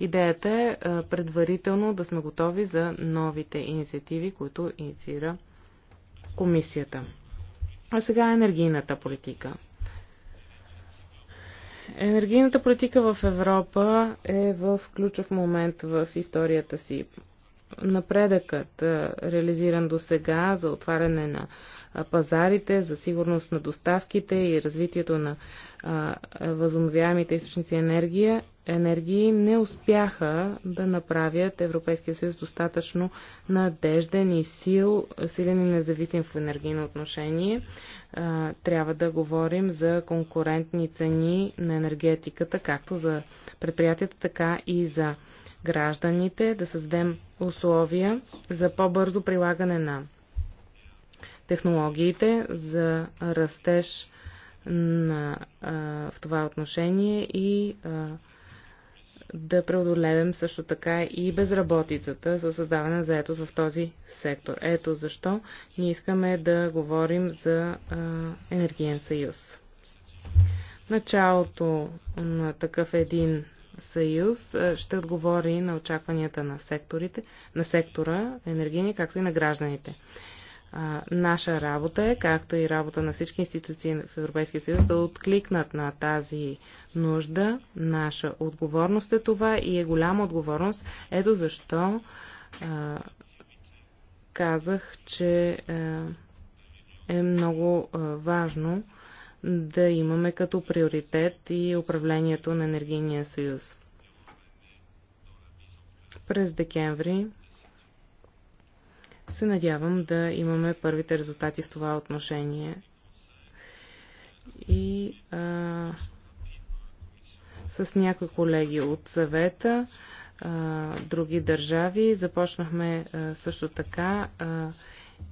Идеята е, е предварително да сме готови за новите инициативи, които инициира комисията. А сега енергийната политика. Енергийната политика в Европа е в ключов момент в историята си. Напредъкът, е, реализиран до сега за отваряне на пазарите, за сигурност на доставките и развитието на възобновяемите източници енергия, енергии не успяха да направят Европейския съюз достатъчно надежден и сил, силен и независим в енергийно отношение. Трябва да говорим за конкурентни цени на енергетиката, както за предприятията, така и за гражданите, да създадем условия за по-бързо прилагане на технологиите за растеж на, а, в това отношение и а, да преодолеем също така и безработицата за създаване на заетост в този сектор. Ето защо ние искаме да говорим за а, енергиен съюз. Началото на такъв един съюз ще отговори на очакванията на, секторите, на сектора енергийни, както и на гражданите наша работа е, както и работа на всички институции в Европейския съюз, да откликнат на тази нужда. Наша отговорност е това и е голяма отговорност. Ето защо а, казах, че а, е много а, важно да имаме като приоритет и управлението на енергийния съюз. През декември се надявам да имаме първите резултати в това отношение. И а, с някои колеги от съвета, а, други държави, започнахме а, също така а,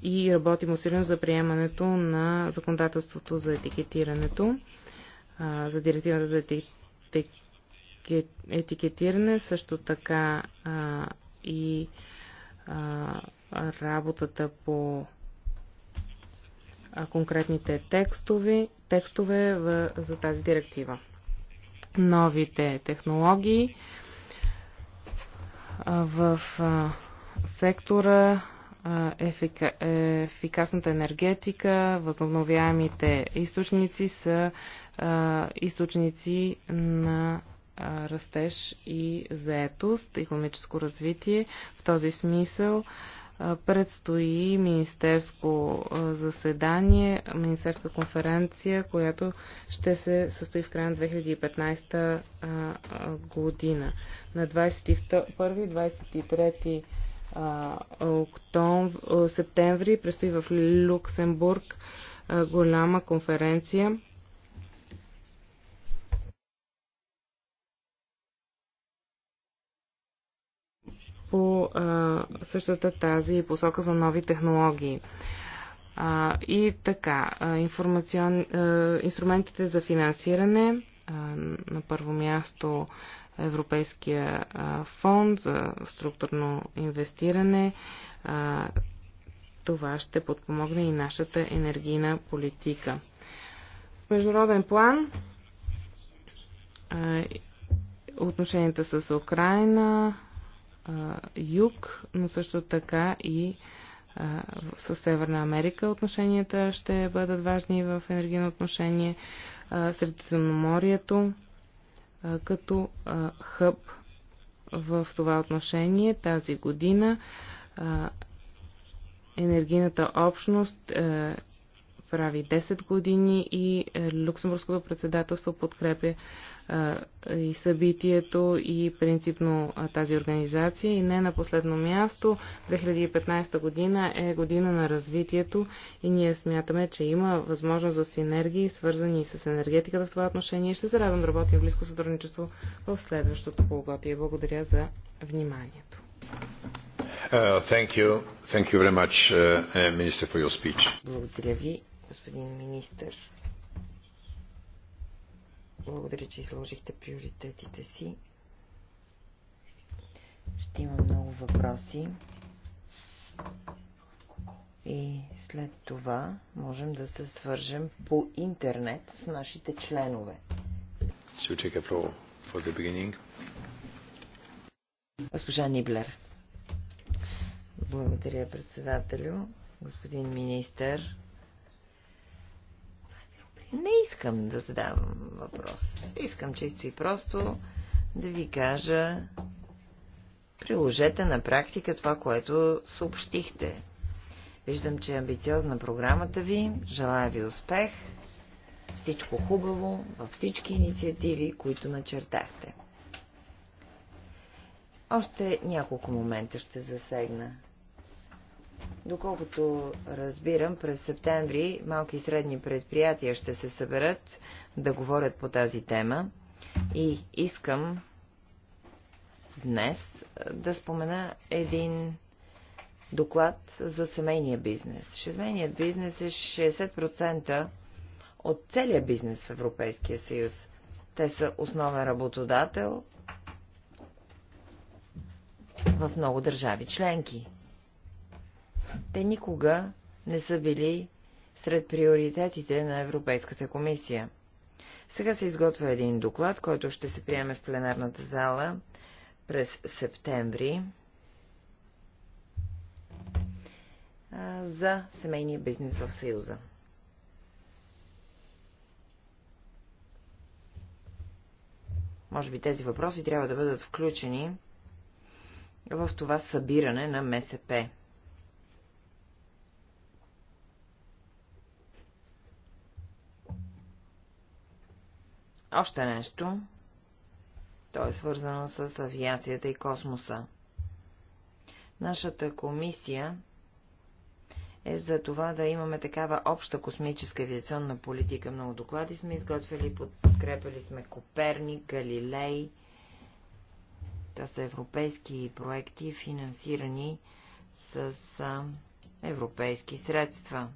и работим усилено за приемането на законодателството за етикетирането, а, за директивата за етикетиране, също така а, и а, работата по конкретните текстови, текстове в, за тази директива. Новите технологии в сектора ефика, ефикасната енергетика, възобновяемите източници са източници на растеж и заетост, економическо развитие. В този смисъл предстои министерско заседание, министерска конференция, която ще се състои в края на 2015 година. На 21-23 септември предстои в Люксембург голяма конференция по а, същата тази посока за нови технологии. А, и така, информацион, а, инструментите за финансиране, а, на първо място Европейския а, фонд за структурно инвестиране, а, това ще подпомогне и нашата енергийна политика. В международен план а, отношенията с Украина, а, юг, но също така и а, с Северна Америка отношенията ще бъдат важни в енергийно отношение. Средиземноморието като а, хъб в това отношение тази година а, енергийната общност а, прави 10 години и е, Люксембургското председателство подкрепя и събитието и принципно тази организация. И не на последно място, 2015 година е година на развитието и ние смятаме, че има възможност за синергии, свързани с енергетиката в това отношение. Ще се радвам да работим в близко сътрудничество в следващото полугодие. Благодаря за вниманието. Uh, uh, uh, Благодаря ви, господин министър. Благодаря, че изложихте приоритетите си. Ще има много въпроси. И след това можем да се свържем по интернет с нашите членове. Госпожа Ниблер. Благодаря, председателю. Господин министър, не искам да задавам въпрос. Искам чисто и просто да ви кажа, приложете на практика това, което съобщихте. Виждам, че е амбициозна програмата ви. Желая ви успех. Всичко хубаво във всички инициативи, които начертахте. Още няколко момента ще засегна. Доколкото разбирам, през септември малки и средни предприятия ще се съберат да говорят по тази тема и искам днес да спомена един доклад за семейния бизнес. Семейният бизнес е 60% от целия бизнес в Европейския съюз. Те са основен работодател в много държави членки. Те никога не са били сред приоритетите на Европейската комисия. Сега се изготвя един доклад, който ще се приеме в пленарната зала през септември за семейния бизнес в Съюза. Може би тези въпроси трябва да бъдат включени в това събиране на МСП. Още нещо. То е свързано с авиацията и космоса. Нашата комисия е за това да имаме такава обща космическа авиационна политика. Много доклади сме изготвили, подкрепили сме Коперник, Галилей. Това са европейски проекти, финансирани с европейски средства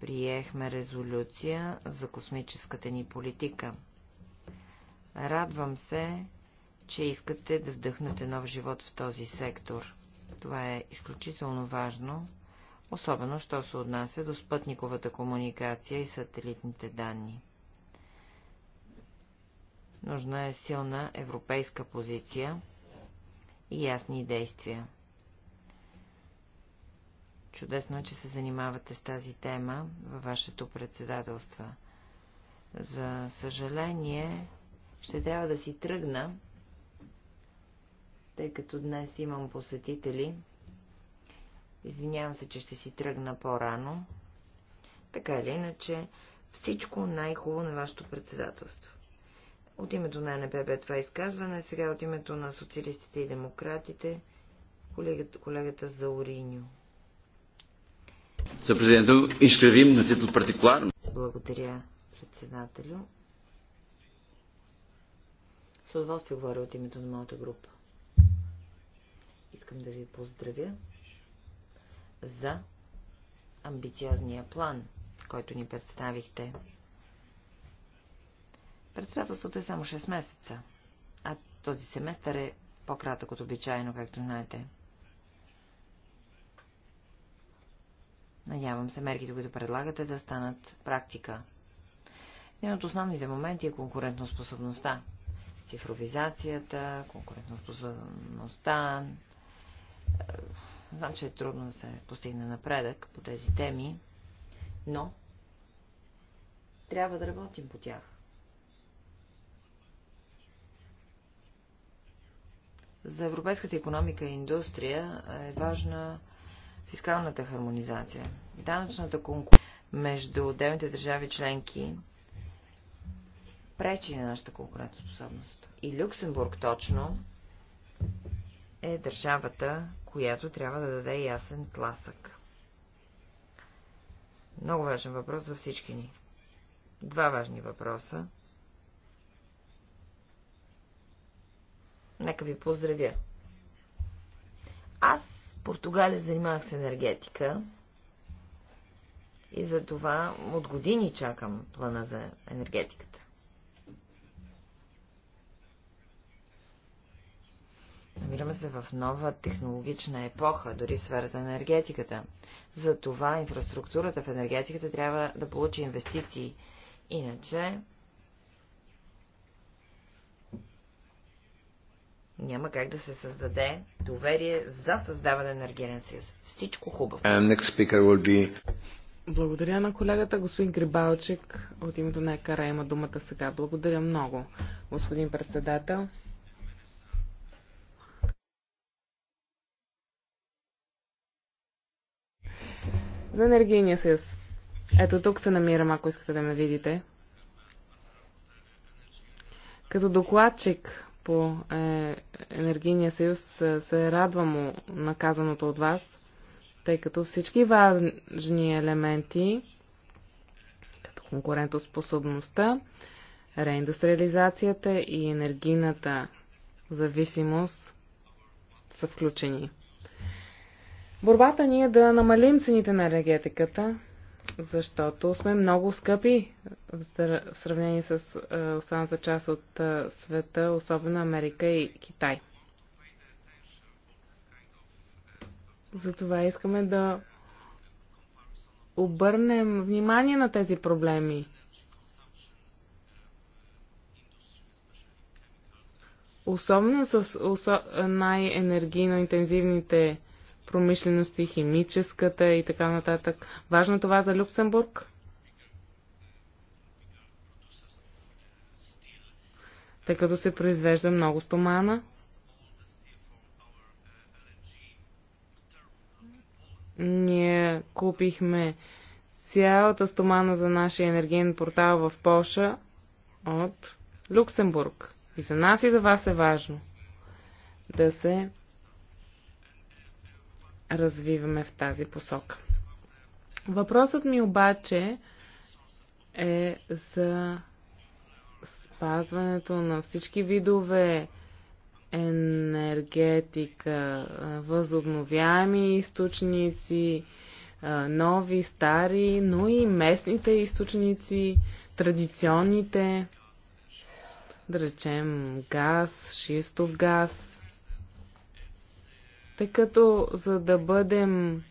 приехме резолюция за космическата ни политика. Радвам се, че искате да вдъхнете нов живот в този сектор. Това е изключително важно, особено, що се отнася до спътниковата комуникация и сателитните данни. Нужна е силна европейска позиция и ясни действия. Чудесно е, че се занимавате с тази тема във вашето председателство. За съжаление, ще трябва да си тръгна, тъй като днес имам посетители. Извинявам се, че ще си тръгна по-рано. Така или иначе, всичко най-хубаво на вашето председателство. От името на НПБ това изказване, сега от името на социалистите и демократите, колегата, колегата Зауриньо. Сър президенту, изкривим на титул партикулар. Благодаря, председателю. С удоволствие говоря от името на моята група. Искам да ви поздравя за амбициозния план, който ни представихте. Председателството е само 6 месеца, а този семестър е по-кратък от обичайно, както знаете. Надявам се мерките, които предлагате, да станат практика. Един от основните моменти е конкурентоспособността. Цифровизацията, конкурентоспособността. Е, знам, че е трудно да се постигне напредък по тези теми, но трябва да работим по тях. За европейската економика и индустрия е важна фискалната хармонизация, данъчната конкуренция между отделните държави членки пречи на нашата конкурентоспособност. И Люксембург точно е държавата, която трябва да даде ясен тласък. Много важен въпрос за всички ни. Два важни въпроса. Нека ви поздравя. Аз Португалия занимавах с енергетика и за това от години чакам плана за енергетиката. Намираме се в нова технологична епоха, дори в сферата на енергетиката. За това инфраструктурата в енергетиката трябва да получи инвестиции. Иначе няма как да се създаде доверие за създаване на енергиен съюз. Всичко хубаво. Be... Благодаря на колегата господин Грибалчик от името на ЕКАРА има думата сега. Благодаря много, господин председател. За енергийния съюз. Ето тук се намирам, ако искате да ме видите. Като докладчик по е, Енергийния съюз се радвам на казаното от вас, тъй като всички важни елементи, като конкурентоспособността, реиндустриализацията и енергийната зависимост, са включени. Борбата ни е да намалим цените на енергетиката, защото сме много скъпи в сравнение с е, останата част от е, света, особено Америка и Китай. Затова искаме да обърнем внимание на тези проблеми. Особено с най-енергийно интензивните промишленост и химическата и така нататък. Важно е това за Люксембург? Тъй като се произвежда много стомана. Ние купихме цялата стомана за нашия енергиен портал в Польша от Люксембург. И за нас и за вас е важно да се развиваме в тази посока. Въпросът ми обаче е за спазването на всички видове енергетика, възобновяеми източници, нови, стари, но и местните източници, традиционните, да речем газ, шистов газ, тъй като за да бъдем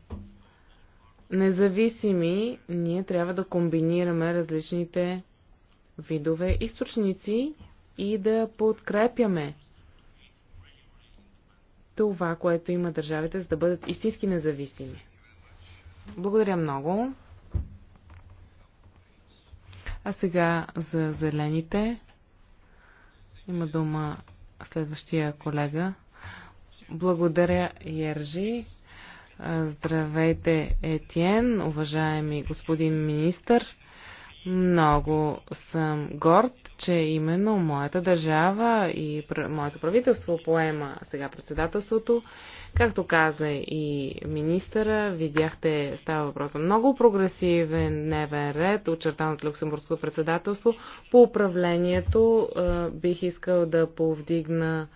независими, ние трябва да комбинираме различните видове източници и да подкрепяме това, което има държавите, за да бъдат истински независими. Благодаря много. А сега за зелените. Има дума следващия колега. Благодаря, Ержи. Здравейте, Етиен, уважаеми господин министър. Много съм горд, че именно моята държава и моето правителство поема сега председателството. Както каза и министъра, видяхте, става въпрос за много прогресивен дневен ред, очертан от Люксембургското председателство. По управлението бих искал да повдигна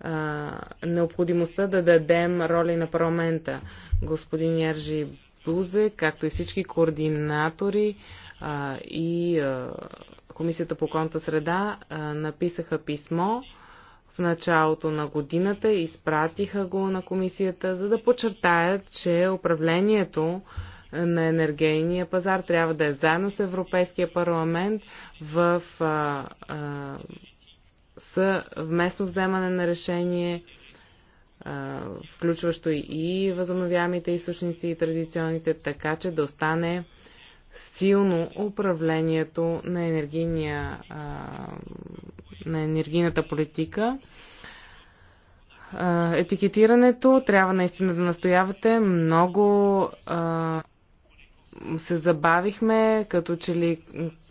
а, необходимостта да дадем роли на парламента. Господин Ержи Бузе, както и всички координатори а, и а, Комисията по конта среда а, написаха писмо в началото на годината, и изпратиха го на комисията, за да подчертаят, че управлението на енергийния пазар трябва да е заедно с Европейския парламент в а, а, Вместо вземане на решение, включващо и възобновяемите източници и традиционните, така че да остане силно управлението на, енергийния, на енергийната политика. Етикетирането трябва наистина да настоявате. Много се забавихме, като че ли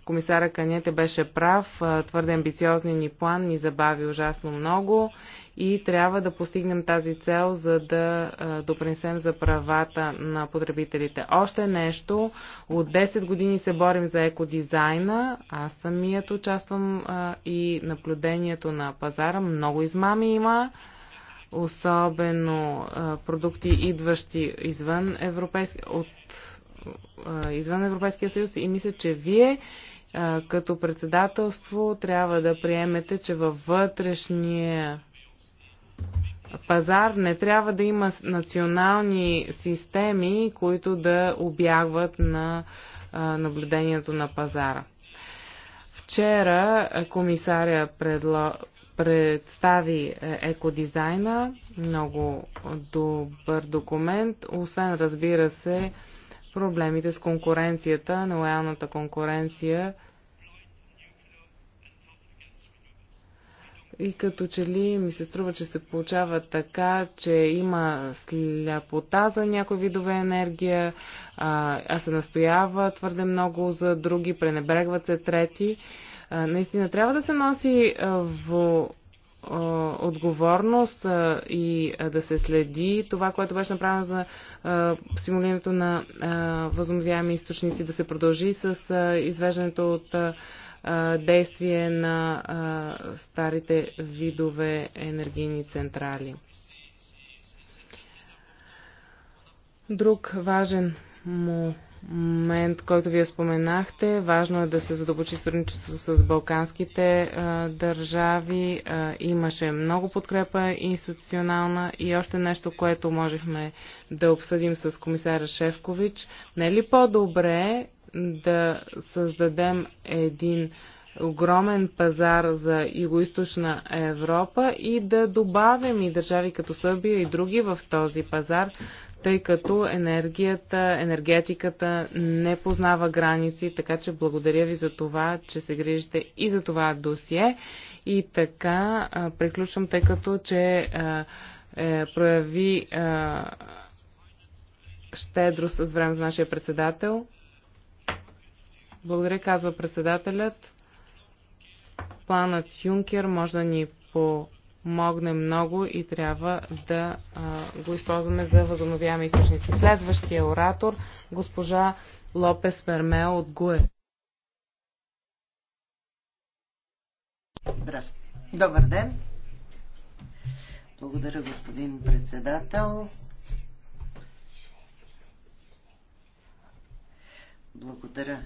комисара Канете беше прав. Твърде амбициозни ни план ни забави ужасно много и трябва да постигнем тази цел, за да допринесем за правата на потребителите. Още нещо. От 10 години се борим за екодизайна. Аз самият участвам и наблюдението на пазара. Много измами има особено продукти, идващи извън Европейския, от, извън Европейския съюз и мисля, че вие като председателство трябва да приемете, че във вътрешния пазар не трябва да има национални системи, които да обягват на наблюдението на пазара. Вчера комисаря предло... представи е, екодизайна, много добър документ, освен разбира се, проблемите с конкуренцията, нелоялната конкуренция И като че ли ми се струва, че се получава така, че има сляпота за някои видове енергия, а, а се настоява твърде много за други, пренебрегват се трети. А, наистина трябва да се носи а, в отговорност и да се следи това, което беше направено за а, стимулирането на възобновяеми източници, да се продължи с извеждането от действие на старите видове енергийни централи. Друг важен момент момент, който вие споменахте. Важно е да се задълбочи сътрудничество с балканските а, държави. А, имаше много подкрепа институционална и още нещо, което можехме да обсъдим с комисаря Шевкович. Не е ли по-добре да създадем един огромен пазар за Юго-Источна Европа и да добавим и държави като Сърбия и други в този пазар, тъй като енергията, енергетиката не познава граници, така че благодаря ви за това, че се грижите и за това досие. И така а, приключвам, тъй като, че а, е, прояви а, щедро с времето нашия председател. Благодаря, казва председателят. Планът Юнкер може да ни по Могне много и трябва да а, го използваме за възобновяеми източници. Следващия оратор, госпожа Лопес Мермел от ГУЕ. Здрасти. Добър ден. Благодаря, господин председател. Благодаря.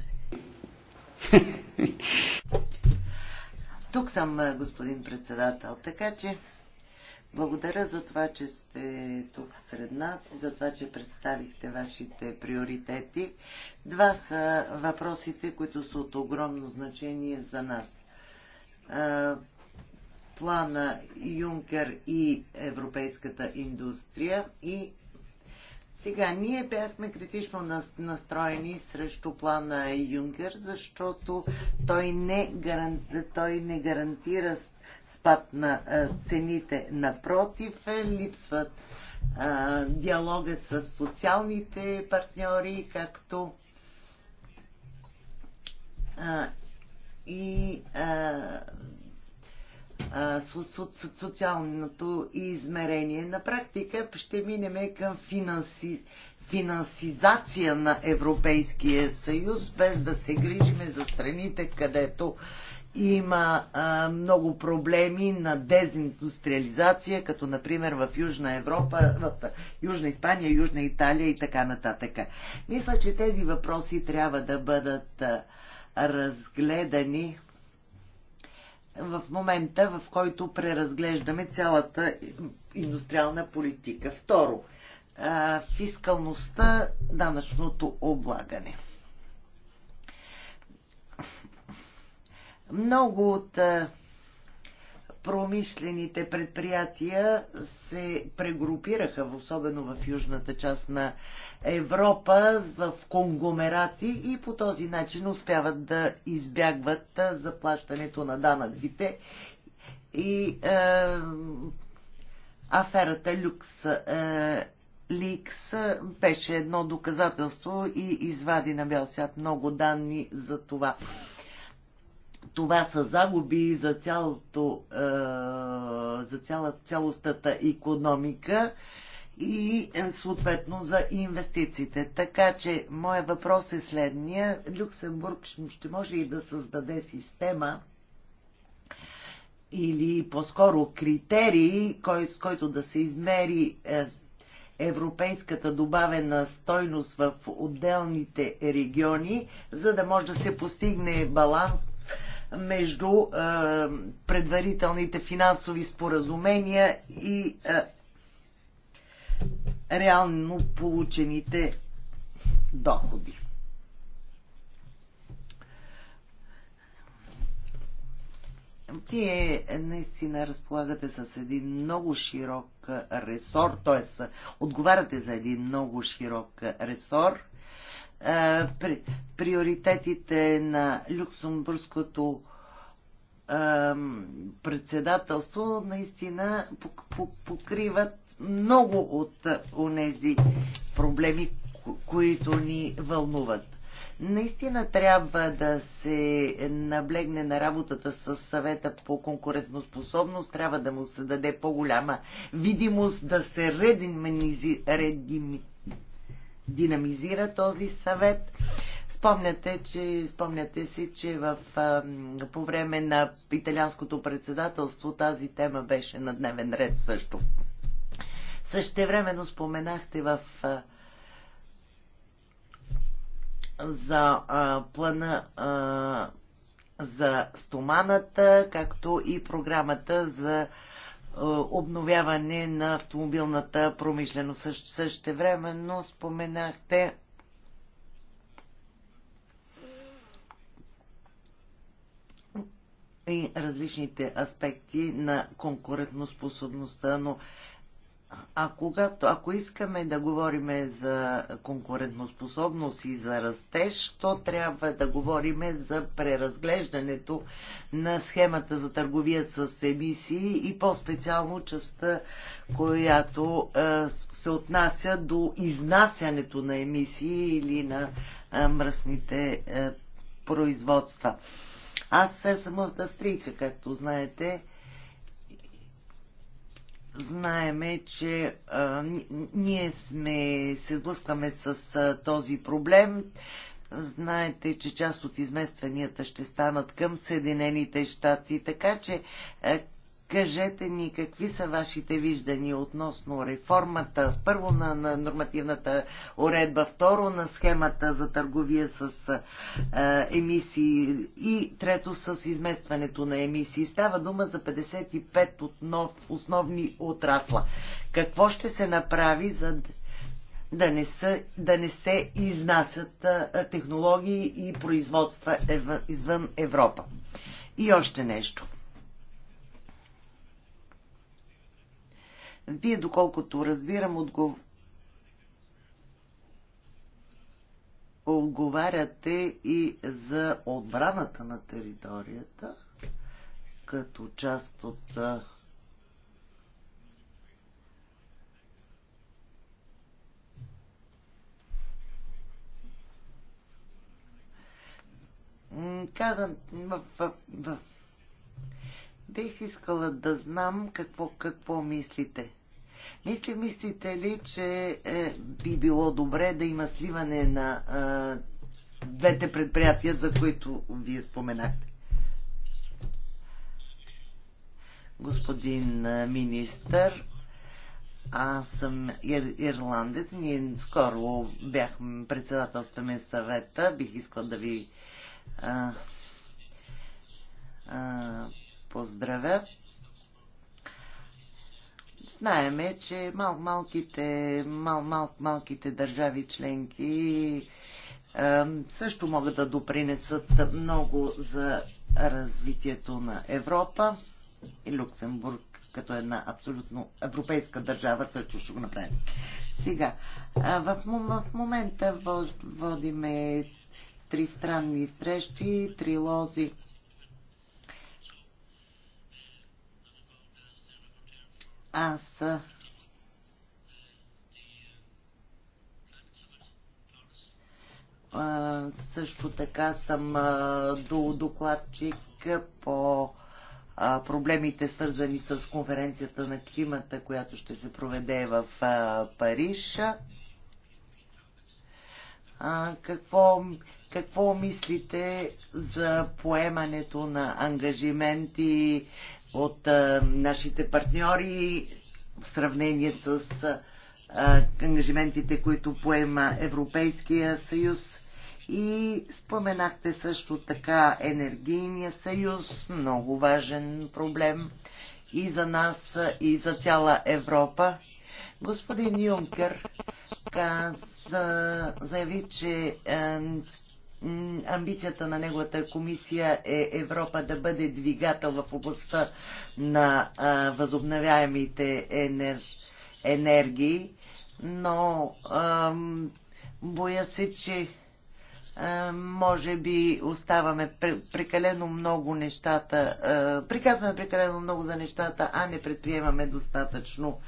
Тук съм, е, господин председател. Така че благодаря за това, че сте тук сред нас и за това, че представихте вашите приоритети. Два са въпросите, които са от огромно значение за нас. Е, плана Юнкер и европейската индустрия и сега, ние бяхме критично настроени срещу плана Юнкер, защото той не, гаранти, той не гарантира спад на цените. Напротив, е, липсват диалога с социалните партньори, както и социалното измерение. На практика ще минеме към финанси, финансизация на Европейския съюз, без да се грижиме за страните, където има а, много проблеми на дезиндустриализация, като например в Южна Европа, в Южна Испания, Южна Италия и така нататък. Мисля, че тези въпроси трябва да бъдат а, разгледани в момента, в който преразглеждаме цялата индустриална политика. Второ, фискалността, данъчното облагане. Много от промишлените предприятия се прегрупираха, особено в южната част на Европа, в конгломерати и по този начин успяват да избягват заплащането на данъците и е, аферата Люкс е, Ликс беше едно доказателство и извади на бял свят много данни за това това са загуби за, цялото, е, за цяла, цялостата економика и е, съответно за инвестициите. Така че, моят въпрос е следния. Люксембург ще може и да създаде система или по-скоро критерии, кой, с който да се измери е, европейската добавена стойност в отделните региони, за да може да се постигне баланс между е, предварителните финансови споразумения и е, реално получените доходи. Вие наистина разполагате с един много широк е, ресор, т.е. отговаряте за един много широк ресор – е, при, приоритетите на Люксембургското е, председателство наистина покриват много от е, онези проблеми, които ни вълнуват. Наистина трябва да се наблегне на работата с съвета по конкурентоспособност, трябва да му се даде по-голяма видимост, да се редиминизира, редим, динамизира този съвет. Спомняте, че, спомняте си, че в, по време на италианското председателство тази тема беше на дневен ред също. Същевременно споменахте в за а, плана а, за стоманата, както и програмата за е, обновяване на автомобилната промишленост. Също, също време, но споменахте и различните аспекти на конкурентоспособността, но а когато, ако искаме да говорим за конкурентоспособност и за растеж, то трябва да говорим за преразглеждането на схемата за търговия с емисии и по-специално частта, която е, се отнася до изнасянето на емисии или на е, мръсните е, производства. Аз съм австрийка, както знаете знаеме, че а, ние сме, се сблъскваме с а, този проблем. Знаете, че част от изместванията ще станат към Съединените щати, така че Кажете ни какви са вашите виждания относно реформата, първо на, на нормативната уредба, второ на схемата за търговия с а, емисии и трето с изместването на емисии. Става дума за 55 отнов, основни отрасла. Какво ще се направи за да не, са, да не се изнасят а, технологии и производства ев, извън Европа? И още нещо – Вие, доколкото разбирам, отгов... отговаряте и за отбраната на територията, като част от казан в, в, в. Бих искала да знам какво, какво мислите. Мисли, мислите ли, че е, би било добре да има сливане на е, двете предприятия, за които вие споменахте? Господин е, министър, аз съм ир- ирландец. Ние скоро бяхме председателстваме съвета. Бих искал да ви а, е, а, е, поздравя знаеме, че мал, малките, мал, мал, малките държави членки е, също могат да допринесат много за развитието на Европа и Люксембург като една абсолютно европейска държава също ще го направим. Сега, в, в момента водиме тристранни срещи, трилози Аз също така съм до докладчик по проблемите свързани с конференцията на климата, която ще се проведе в Париж. Какво, какво мислите за поемането на ангажименти от а, нашите партньори в сравнение с а, ангажиментите, които поема Европейския съюз. И споменахте също така енергийния съюз, много важен проблем и за нас, и за цяла Европа. Господин Юнкер каза, заяви, че амбицията на неговата комисия е Европа да бъде двигател в областта на а, възобновяемите енер... енергии, но ам, боя се, че може би оставаме прекалено много нещата, приказваме прекалено много за нещата, а не предприемаме достатъчно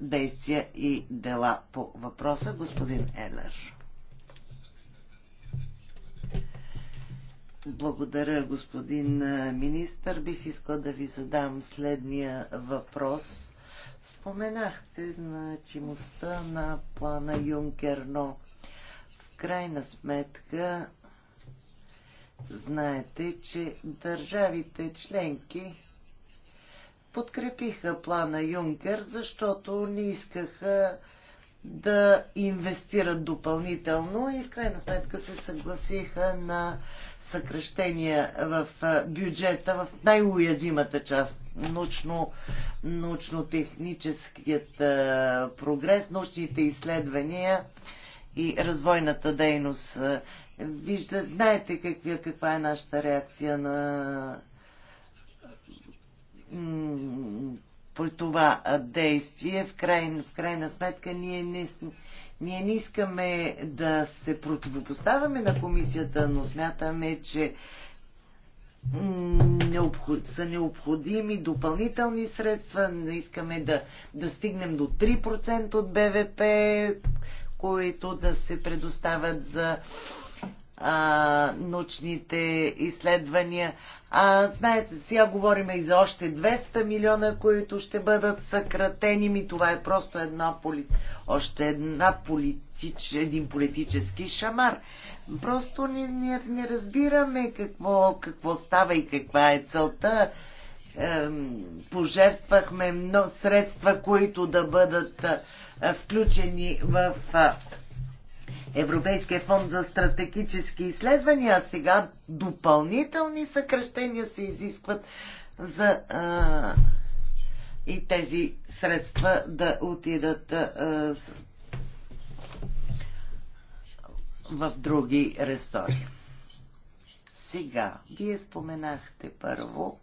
действия и дела по въпроса, господин Елер. Благодаря, господин министър. Бих искал да ви задам следния въпрос. Споменахте значимостта на плана Юнкер, но в крайна сметка знаете, че държавите членки подкрепиха плана Юнкер, защото не искаха да инвестират допълнително и в крайна сметка се съгласиха на съкръщения в бюджета в най-уязвимата част научно, научно-техническият прогрес, научните изследвания и развойната дейност. Вижда, знаете какви, каква е нашата реакция на по това действие. В, край, в крайна сметка ние не, ние не искаме да се противопоставяме на комисията, но смятаме, че са необходими допълнителни средства. Не искаме да, да стигнем до 3% от БВП, които да се предоставят за а, научните изследвания. А, знаете, сега говорим и за още 200 милиона, които ще бъдат съкратени ми. Това е просто една поли... още една политич... един политически шамар. Просто не, не, не разбираме какво, какво става и каква е целта. Ем, пожертвахме много средства, които да бъдат е, включени в е, Европейския фонд за стратегически изследвания, а сега допълнителни съкръщения се изискват за а, и тези средства да отидат а, в други ресори. Сега, вие споменахте първо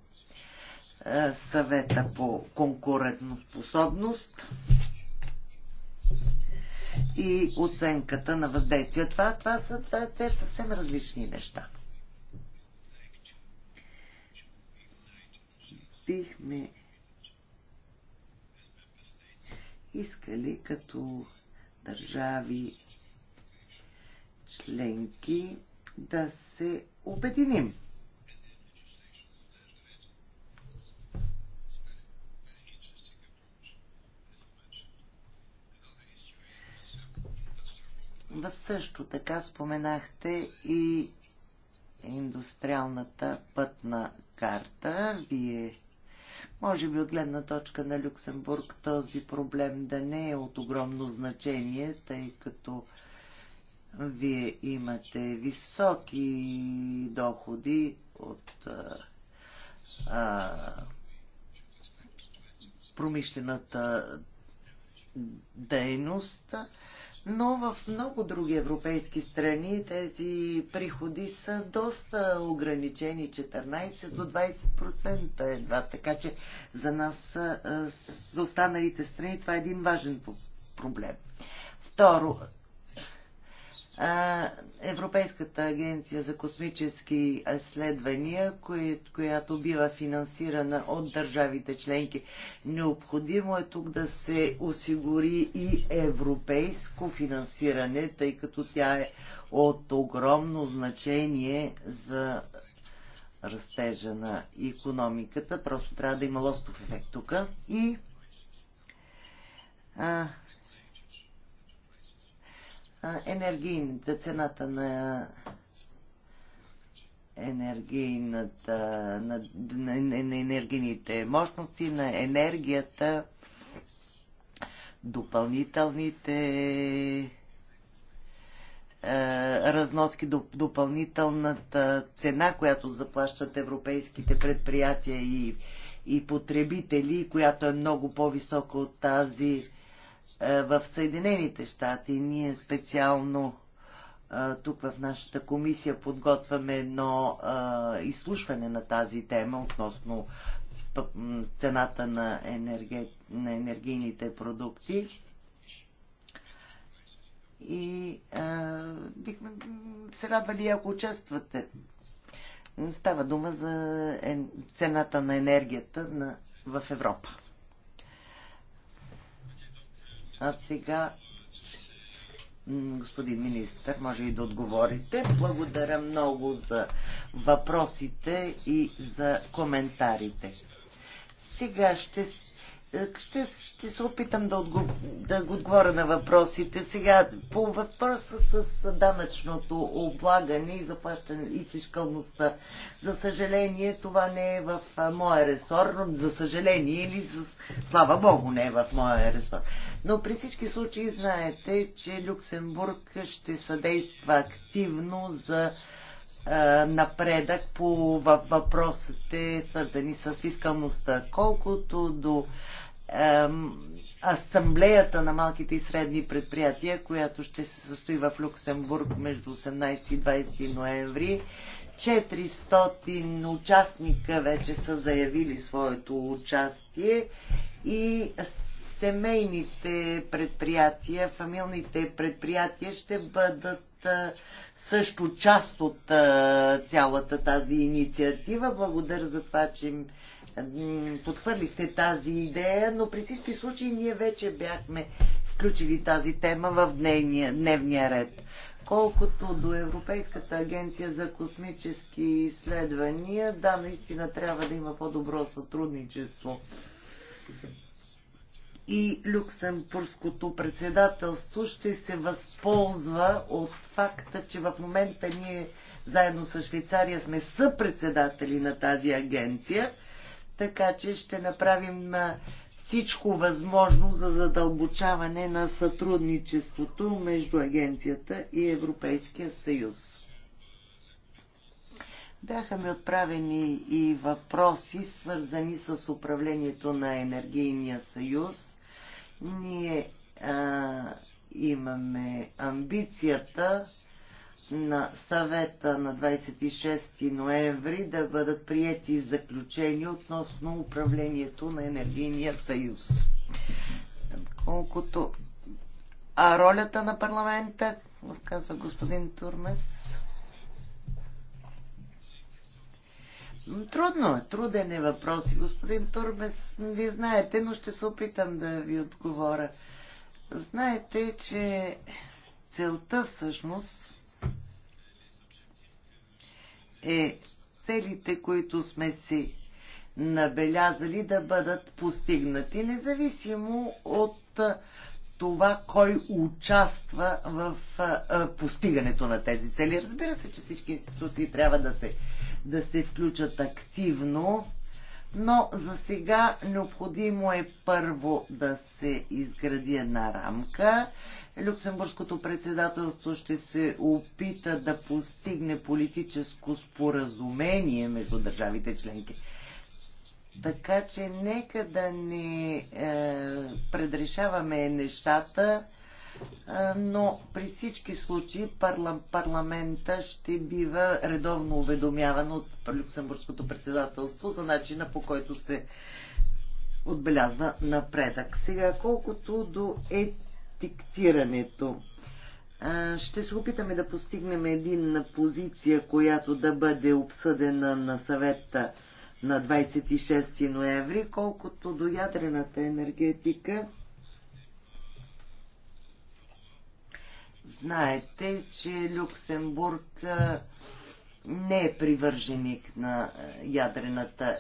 съвета по конкурентоспособност. способност и оценката на въздействие. Това, това са това, те са съвсем различни неща. Бихме искали като държави членки да се обединим също така споменахте и индустриалната пътна карта. Вие, може би от гледна точка на Люксембург, този проблем да не е от огромно значение, тъй като вие имате високи доходи от а, а, промишлената дейност но в много други европейски страни тези приходи са доста ограничени, 14 до 20% едва, така че за нас, за останалите страни, това е един важен проблем. Второ, Европейската агенция за космически изследвания, която бива финансирана от държавите членки. Необходимо е тук да се осигури и европейско финансиране, тъй като тя е от огромно значение за растежа на економиката. Просто трябва да има лостов ефект тук. И а, енергийната цената на енергийната, на, на, на, на енергийните мощности, на енергията, допълнителните разноски, допълнителната цена, която заплащат европейските предприятия и, и потребители, която е много по-висока от тази е, в Съединените щати. Ние специално е, тук в нашата комисия подготвяме едно е, изслушване на тази тема относно цената на, енерге... на енергийните продукти. И а, бихме се радвали, ако участвате. Става дума за цената на енергията на... в Европа. А сега, господин министр, може и да отговорите. Благодаря много за въпросите и за коментарите. Сега ще ще, ще се опитам да, отго, да отговоря на въпросите. Сега, по въпроса с данъчното облагане и заплащане и фискалността. За съжаление, това не е в моя ресор, но за съжаление или за слава Богу не е в моя ресор. Но при всички случаи знаете, че Люксембург ще съдейства активно за е, напредък по въпросите, свързани с фискалността. Колкото до асамблеята на малките и средни предприятия, която ще се състои в Люксембург между 18 и 20 ноември. 400 участника вече са заявили своето участие и семейните предприятия, фамилните предприятия ще бъдат е, също част от е, цялата тази инициатива. Благодаря за това, че подхвърлихте тази идея, но при всички случаи ние вече бяхме включили тази тема в дневния, дневния ред. Колкото до Европейската агенция за космически изследвания, да, наистина трябва да има по-добро сътрудничество и люксембургското председателство ще се възползва от факта, че в момента ние заедно с Швейцария сме съпредседатели на тази агенция, така че ще направим всичко възможно за задълбочаване на сътрудничеството между агенцията и Европейския съюз. Бяха ми отправени и въпроси, свързани с управлението на Енергийния съюз ние а, имаме амбицията на съвета на 26 ноември да бъдат приети заключения относно управлението на енергийния съюз. Колкото а ролята на парламента, казва господин Турмес. Трудно е, труден е въпрос. Господин Турбес, ви знаете, но ще се опитам да ви отговоря. Знаете, че целта всъщност е целите, които сме си набелязали да бъдат постигнати, независимо от това кой участва в постигането на тези цели. Разбира се, че всички институции трябва да се да се включат активно, но за сега необходимо е първо да се изгради една рамка. Люксембургското председателство ще се опита да постигне политическо споразумение между държавите членки. Така че нека да не е, предрешаваме нещата но при всички случаи парламента ще бива редовно уведомяван от Люксембургското председателство за начина по който се отбелязва напредък. Сега, колкото до етиктирането, ще се опитаме да постигнем един позиция, която да бъде обсъдена на съвета на 26 ноември, колкото до ядрената енергетика. Знаете, че Люксембург не е привърженик на ядрената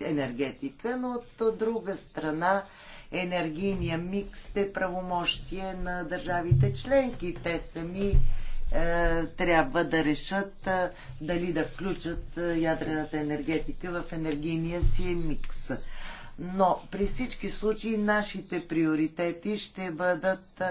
енергетика, но от друга страна енергийния микс е правомощие на държавите членки. Те сами е, трябва да решат е, дали да включат ядрената енергетика в енергийния си микс но при всички случаи нашите приоритети ще бъдат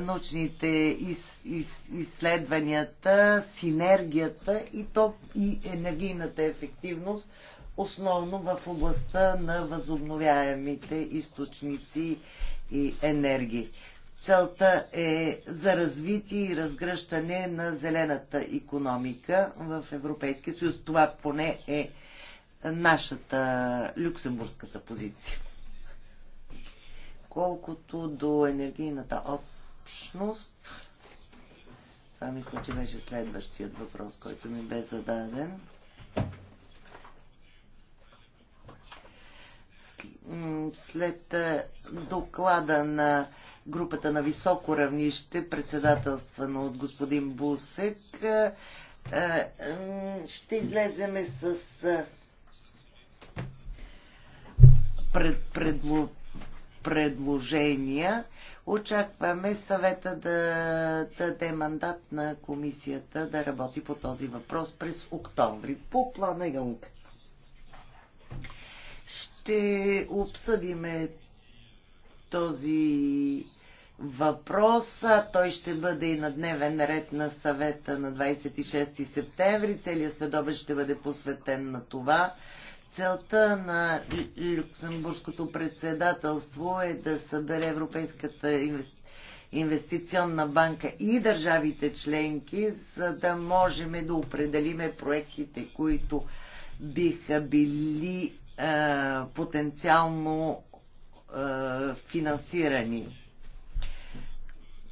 научните из, из, изследванията, синергията и, то, и енергийната ефективност, основно в областта на възобновяемите източници и енергии. Целта е за развитие и разгръщане на зелената економика в Европейския съюз. Това поне е нашата люксембургската позиция. Колкото до енергийната общност, това мисля, че беше следващият въпрос, който ми бе зададен. След доклада на групата на високо равнище, председателствана от господин Бусек, ще излеземе с пред, предло, предложения. Очакваме съвета да даде мандат на комисията да работи по този въпрос през октомври по плана Юнг. Ще обсъдиме този въпрос. Той ще бъде и на дневен ред на съвета на 26 септември. Целият следобед ще бъде посветен на това целта на Люксембургското председателство е да събере Европейската инвестиционна банка и държавите членки, за да можем да определиме проектите, които биха били е, потенциално е, финансирани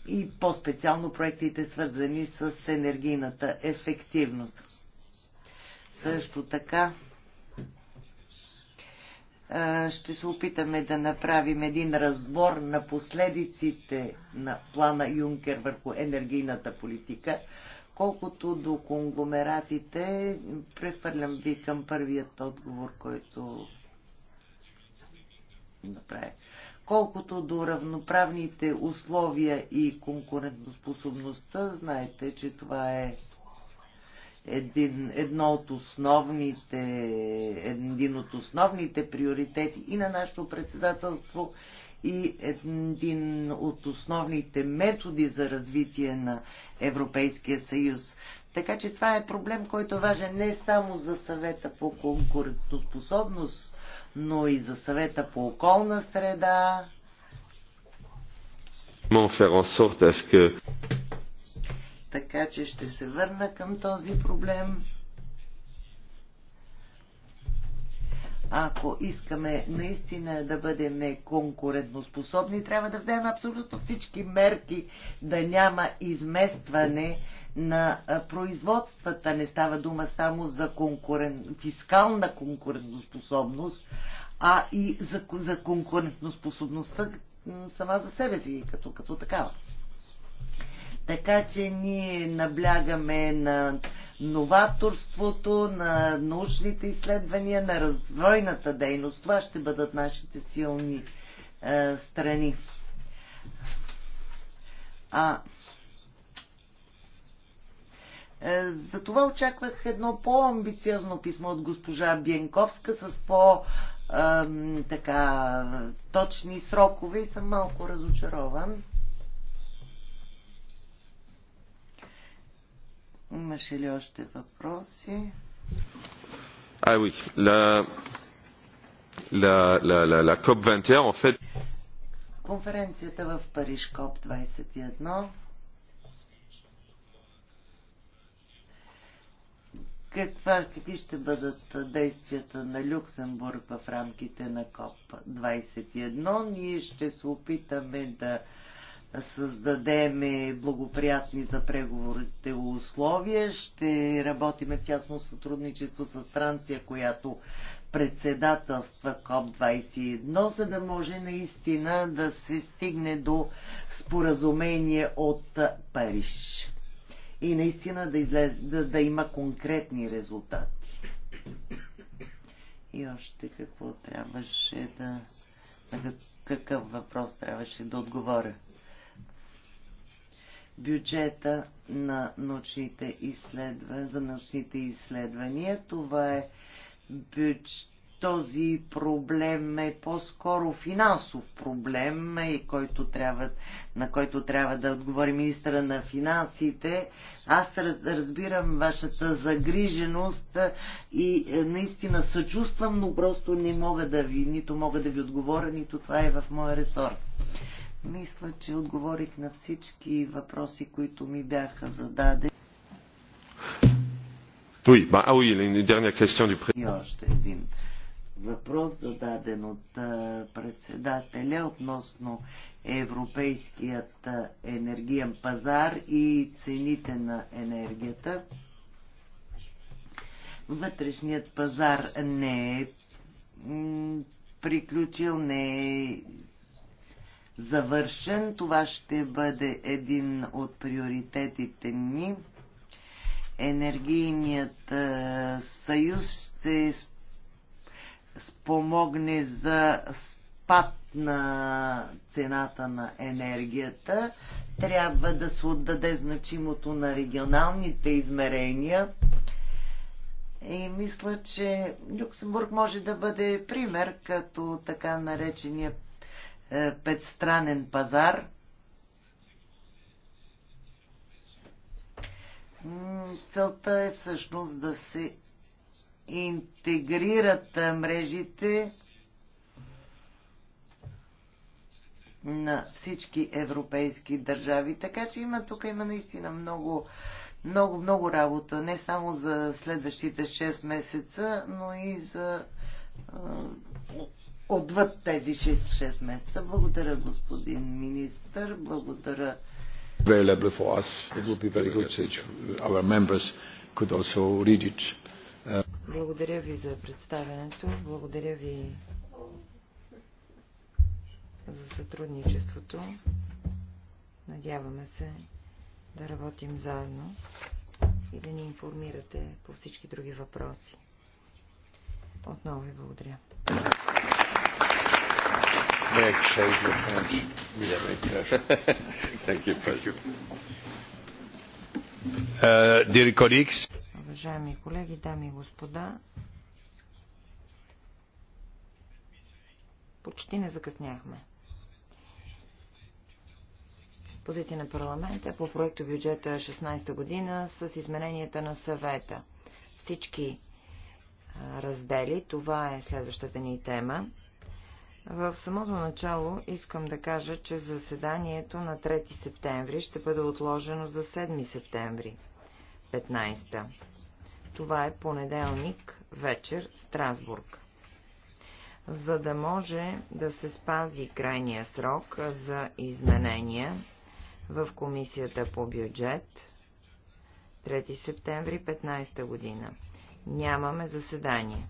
и по-специално проектите свързани с енергийната ефективност. Също така ще се опитаме да направим един разбор на последиците на плана Юнкер върху енергийната политика. Колкото до конгломератите, прехвърлям ви към първият отговор, който направя. Колкото до равноправните условия и конкурентоспособността, знаете, че това е един, едно от основните, един от основните приоритети и на нашето председателство и един от основните методи за развитие на Европейския съюз. Така че това е проблем, който е важен не само за съвета по конкурентоспособност, но и за съвета по околна среда. Faire en sorte à ce que така че ще се върна към този проблем. Ако искаме наистина да бъдем конкурентоспособни, трябва да вземем абсолютно всички мерки, да няма изместване на производствата. Не става дума само за конкурен... фискална конкурентоспособност, а и за, за конкурентоспособността сама за себе си, като, като такава. Така че ние наблягаме на новаторството, на научните изследвания, на развойната дейност. Това ще бъдат нашите силни е, страни. А, е, за това очаквах едно по-амбициозно писмо от госпожа Бенковска с по- така, точни срокове и съм малко разочарован. Имаше ли още въпроси? А, ah oui. La, la, la, la, la COP21, en fait... Конференцията в Париж КОП-21 каква, какви ще бъдат действията на Люксембург в рамките на КОП 21. Ние ще се опитаме да създадеме благоприятни за преговорите условия. Ще работиме в тясно сътрудничество с Франция, която председателства КОП-21, за да може наистина да се стигне до споразумение от Париж. И наистина да, излез, да, да има конкретни резултати. И още какво трябваше да... какъв въпрос трябваше да отговоря? бюджета на научните изследвания, за научните изследвания. Това е бюдж... този проблем е по-скоро финансов проблем, и е който трябва, на който трябва да отговори министра на финансите. Аз раз, разбирам вашата загриженост и наистина съчувствам, но просто не мога да ви, нито мога да ви отговоря, нито това е в моя ресор. Мисля, че отговорих на всички въпроси, които ми бяха зададени. Oui, bah, ah oui, une dernière question du И още един въпрос, зададен от председателя относно европейският енергиен пазар и цените на енергията. Вътрешният пазар не е приключил, не е завършен. Това ще бъде един от приоритетите ни. Енергийният е, съюз ще спомогне за спад на цената на енергията. Трябва да се отдаде значимото на регионалните измерения. И мисля, че Люксембург може да бъде пример, като така наречения е, петстранен пазар. Целта е всъщност да се интегрират е, мрежите на всички европейски държави. Така че има, тук има наистина много, много, много работа. Не само за следващите 6 месеца, но и за е, отвъд тези 6-6 месеца. Благодаря, господин министр. Благодаря. Available for us. It would be very good if our members could also read it. Uh... Благодаря ви за представянето. Благодаря ви за сътрудничеството. Надяваме се да работим заедно и да ни информирате по всички други въпроси. Отново ви благодаря. Uh, Уважаеми колеги, дами и господа, почти не закъсняхме. Позиция на парламента по проекто бюджета 16 година с измененията на съвета. Всички раздели, това е следващата ни тема. В самото начало искам да кажа, че заседанието на 3 септември ще бъде отложено за 7 септември, 15. Това е понеделник, вечер, Страсбург. За да може да се спази крайния срок за изменения в Комисията по бюджет 3 септември 15 година. Нямаме заседание.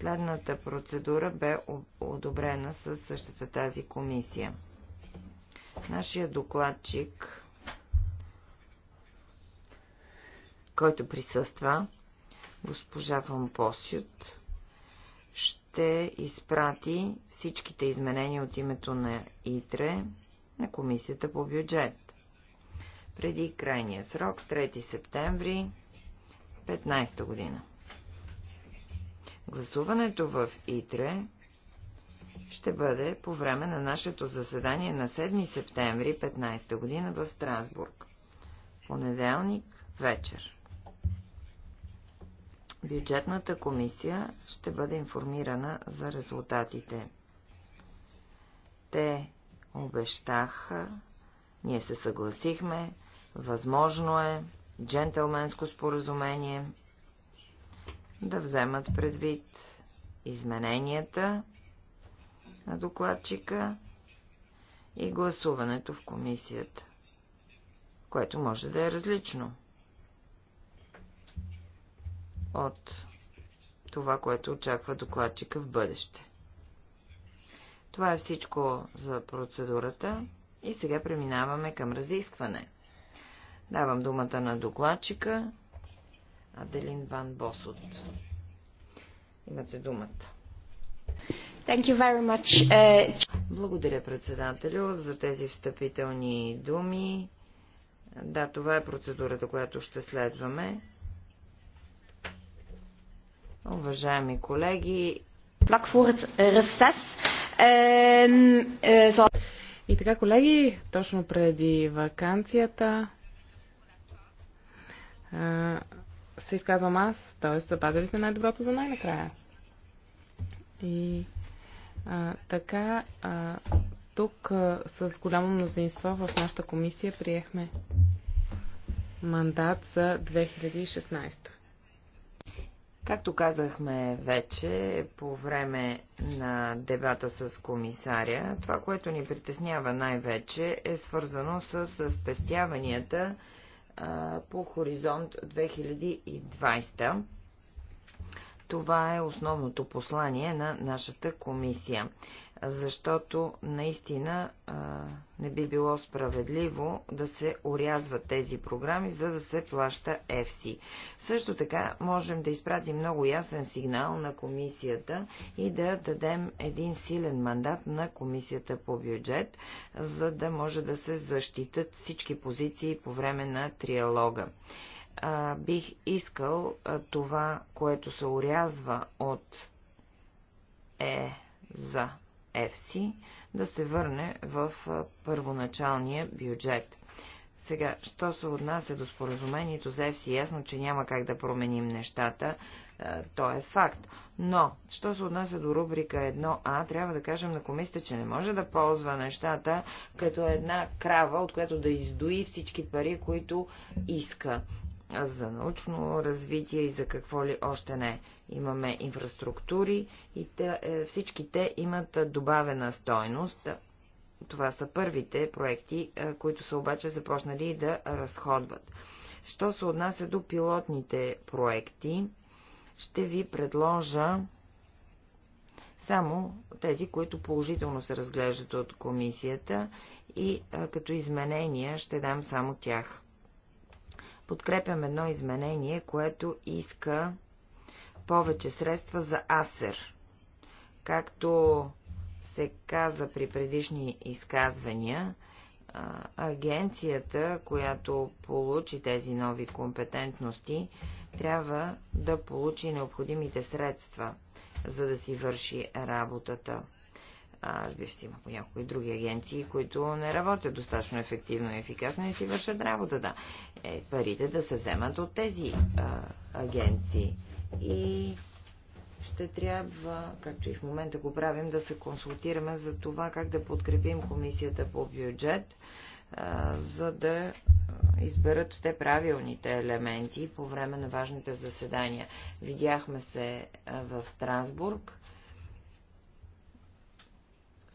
Следната процедура бе одобрена със същата тази комисия. Нашия докладчик, който присъства, госпожа Ван Посют, ще изпрати всичките изменения от името на ИТРЕ на Комисията по бюджет. Преди крайния срок, 3 септември 15 година. Гласуването в ИТРЕ ще бъде по време на нашето заседание на 7 септември 15 година в Страсбург. Понеделник вечер. Бюджетната комисия ще бъде информирана за резултатите. Те обещаха, ние се съгласихме, възможно е, джентълменско споразумение – да вземат предвид измененията на докладчика и гласуването в комисията, което може да е различно от това, което очаква докладчика в бъдеще. Това е всичко за процедурата и сега преминаваме към разискване. Давам думата на докладчика Аделин Ван Босот. Имате думата. Thank you very much. Uh... Благодаря, председателю, за тези встъпителни думи. Да, това е процедурата, която ще следваме. Уважаеми колеги, ehm, eh, и така, колеги, точно преди вакансията се изказвам аз, т.е. запазили сме най-доброто за най-накрая. И а, така, а, тук а, с голямо мнозинство в нашата комисия приехме мандат за 2016. Както казахме вече по време на дебата с комисаря, това, което ни притеснява най-вече е свързано с спестяванията по хоризонт 2020. Това е основното послание на нашата комисия защото наистина не би било справедливо да се орязват тези програми, за да се плаща FC. Също така можем да изпратим много ясен сигнал на комисията и да дадем един силен мандат на комисията по бюджет, за да може да се защитат всички позиции по време на триалога а, бих искал а, това, което се урязва от е за FC да се върне в първоначалния бюджет. Сега, що се отнася до споразумението за FC, ясно, че няма как да променим нещата, то е факт. Но, що се отнася до рубрика 1А, трябва да кажем на комисията, че не може да ползва нещата като една крава, от която да издои всички пари, които иска за научно развитие и за какво ли още не. Имаме инфраструктури и те, е, всички те имат е, добавена стойност. Това са първите проекти, е, които са обаче започнали да разходват. Що се отнася до пилотните проекти, ще ви предложа само тези, които положително се разглеждат от комисията и а, като изменения ще дам само тях подкрепям едно изменение, което иска повече средства за АСЕР. Както се каза при предишни изказвания, агенцията, която получи тези нови компетентности, трябва да получи необходимите средства, за да си върши работата. А, разбира се, има по някои други агенции, които не работят достатъчно ефективно и ефикасно и си вършат работата. Е, парите да се вземат от тези а, агенции. И ще трябва, както и в момента го правим, да се консултираме за това как да подкрепим комисията по бюджет, а, за да изберат те правилните елементи по време на важните заседания. Видяхме се в Страсбург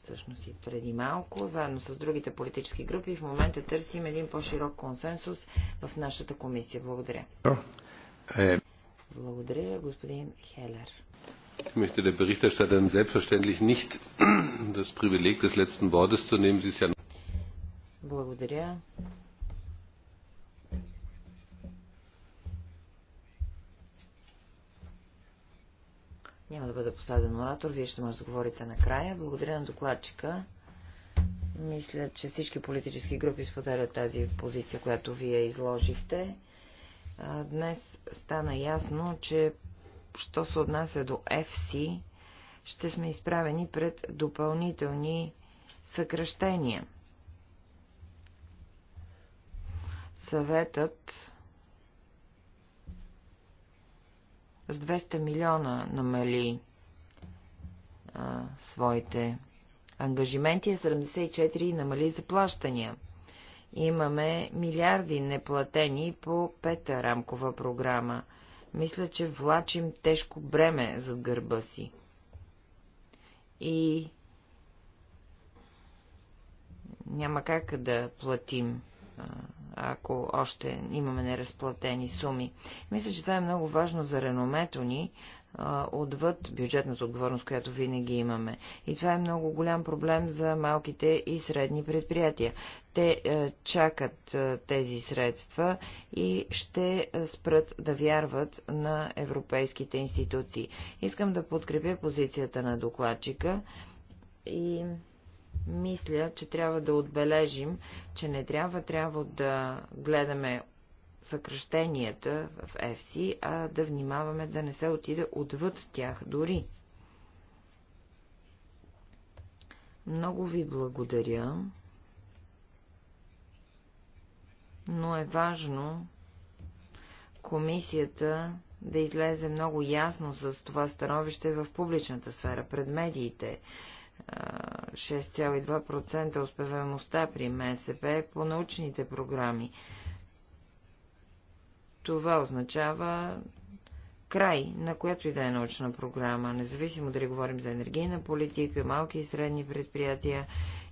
всъщност и преди малко, заедно с другите политически групи. В момента търсим един по-широк консенсус в нашата комисия. Благодаря. Е. Благодаря, господин Хелер. Ich möchte der Berichterstatterin selbstverständlich nicht das Privileg des letzten Wortes zu nehmen. Sie ist ja. Благодаря. Няма да бъде последен оратор, вие ще може да говорите накрая. Благодаря на докладчика. Мисля, че всички политически групи споделят тази позиция, която вие изложихте. Днес стана ясно, че що се отнася до FC, ще сме изправени пред допълнителни съкръщения. Съветът с 200 милиона намали а, своите ангажименти, а 74 намали заплащания. Имаме милиарди неплатени по пета рамкова програма. Мисля, че влачим тежко бреме зад гърба си. И няма как да платим ако още имаме неразплатени суми. Мисля, че това е много важно за реномето ни, отвъд бюджетната отговорност, която винаги имаме. И това е много голям проблем за малките и средни предприятия. Те е, чакат е, тези средства и ще спрат да вярват на европейските институции. Искам да подкрепя позицията на докладчика и мисля, че трябва да отбележим, че не трябва, трябва да гледаме съкръщенията в FC, а да внимаваме да не се отида отвъд тях дори. Много ви благодаря, но е важно комисията да излезе много ясно с това становище в публичната сфера, пред медиите, 6,2% успеваемостта при МСП по научните програми. Това означава край на която и да е научна програма, независимо дали говорим за енергийна политика, малки и средни предприятия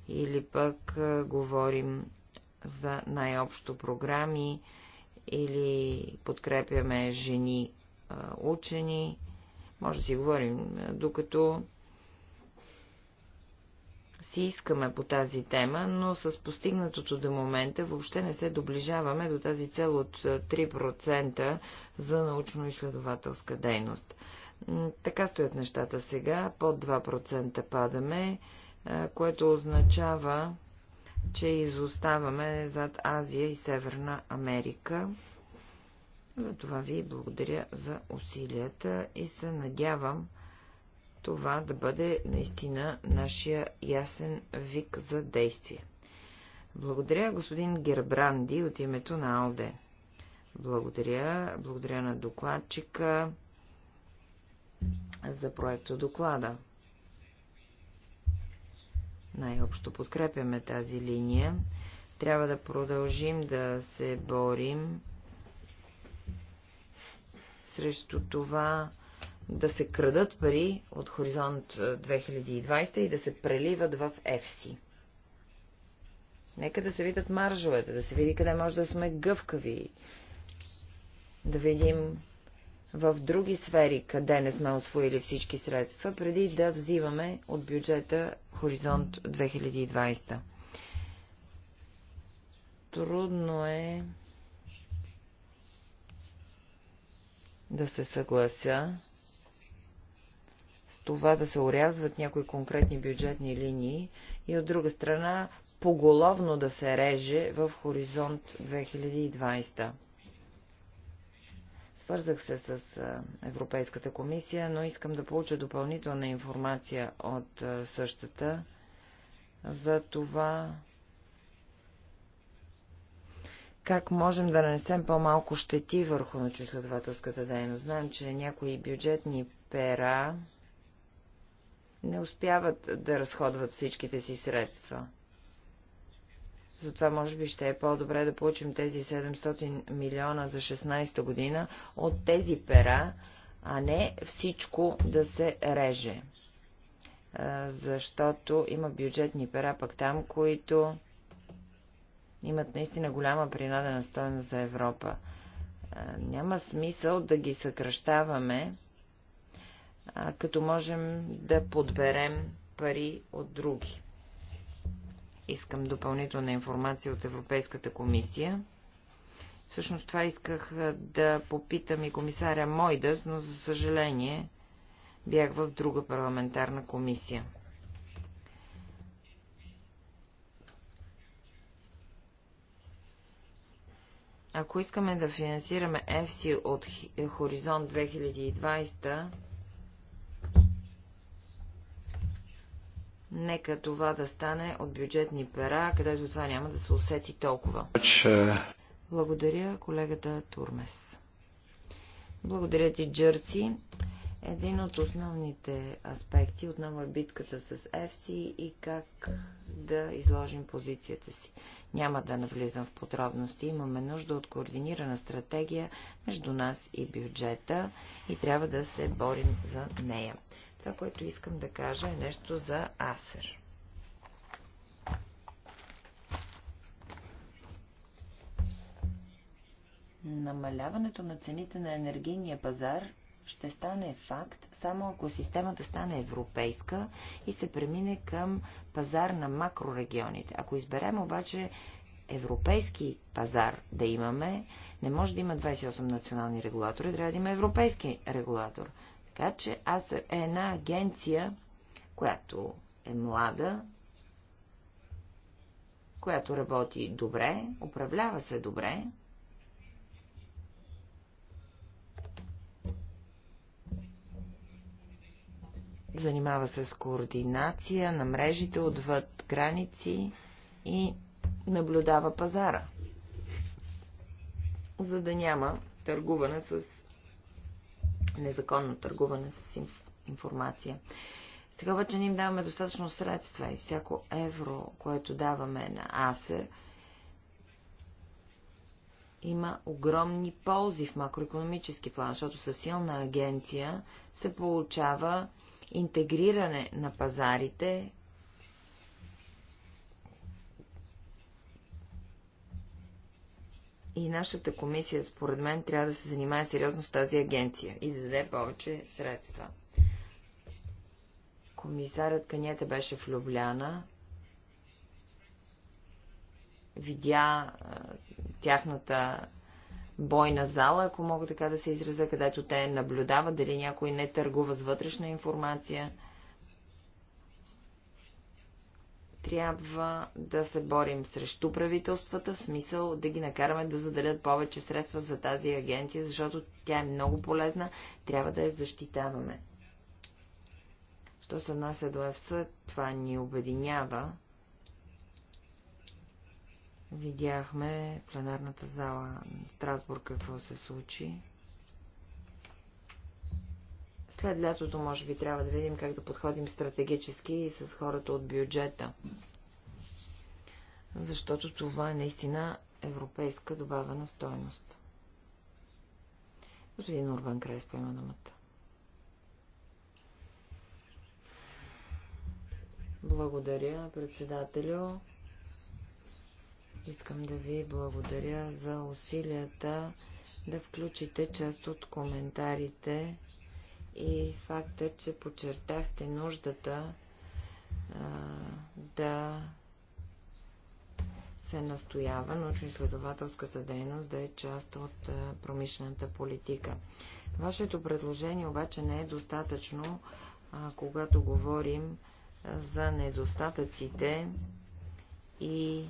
или пък говорим за най-общо програми или подкрепяме жени учени. Може да си говорим, докато си искаме по тази тема, но с постигнатото до момента въобще не се доближаваме до тази цел от 3% за научно-изследователска дейност. Така стоят нещата сега, под 2% падаме, което означава, че изоставаме зад Азия и Северна Америка. Затова ви благодаря за усилията и се надявам, това да бъде наистина нашия ясен вик за действие. Благодаря господин Гербранди от името на Алде. Благодаря, благодаря на докладчика за проекта доклада. Най-общо подкрепяме тази линия. Трябва да продължим да се борим срещу това да се крадат пари от Хоризонт 2020 и да се преливат в ЕФСИ. Нека да се видят маржовете, да се види къде може да сме гъвкави, да видим в други сфери, къде не сме освоили всички средства, преди да взимаме от бюджета Хоризонт 2020. Трудно е да се съглася това да се урязват някои конкретни бюджетни линии и от друга страна поголовно да се реже в хоризонт 2020. Свързах се с Европейската комисия, но искам да получа допълнителна информация от същата за това как можем да нанесем по-малко щети върху начиследователската дейност. Знаем, че някои бюджетни пера не успяват да разходват всичките си средства. Затова може би ще е по-добре да получим тези 700 милиона за 16 година от тези пера, а не всичко да се реже. Защото има бюджетни пера пък там, които имат наистина голяма принадена стоеност за Европа. Няма смисъл да ги съкръщаваме като можем да подберем пари от други. Искам допълнителна информация от Европейската комисия. Всъщност това исках да попитам и комисаря Мойдас, но за съжаление бях в друга парламентарна комисия. Ако искаме да финансираме EFSI от Хоризонт 2020, Нека това да стане от бюджетни пера, където това няма да се усети толкова. Благодаря, колегата Турмес. Благодаря ти, Джърси. Един от основните аспекти отново е битката с FC и как да изложим позицията си. Няма да навлизам в подробности. Имаме нужда от координирана стратегия между нас и бюджета и трябва да се борим за нея. Това, което искам да кажа е нещо за Асер. Намаляването на цените на енергийния пазар ще стане факт само ако системата стане европейска и се премине към пазар на макрорегионите. Ако изберем обаче европейски пазар да имаме, не може да има 28 национални регулатори, трябва да има европейски регулатор. Така че аз е една агенция, която е млада, която работи добре, управлява се добре. Занимава се с координация на мрежите отвъд граници и наблюдава пазара, за да няма търгуване с незаконно търгуване с информация. Сега обаче ние им даваме достатъчно средства и всяко евро, което даваме на АСЕР, има огромни ползи в макроекономически план, защото със силна агенция се получава интегриране на пазарите И нашата комисия, според мен, трябва да се занимае сериозно с тази агенция и да даде повече средства. Комисарят Канята беше в Любляна, видя а, тяхната бойна зала, ако мога така да се изразя, където те наблюдават дали някой не търгува с вътрешна информация – трябва да се борим срещу правителствата, смисъл да ги накараме да заделят повече средства за тази агенция, защото тя е много полезна, трябва да я защитаваме. Що се отнася до ЕФСА, това ни обединява. Видяхме пленарната зала на Страсбург какво се случи. След лятото, може би, трябва да видим как да подходим стратегически и с хората от бюджета. Защото това е наистина европейска добавена стойност. Господин Урбан Крайс поема думата. Благодаря, председателю. Искам да ви благодаря за усилията да включите част от коментарите и факта, че подчертахте нуждата а, да се настоява научно-изследователската дейност да е част от а, промишлената политика. Вашето предложение обаче не е достатъчно, а, когато говорим за недостатъците и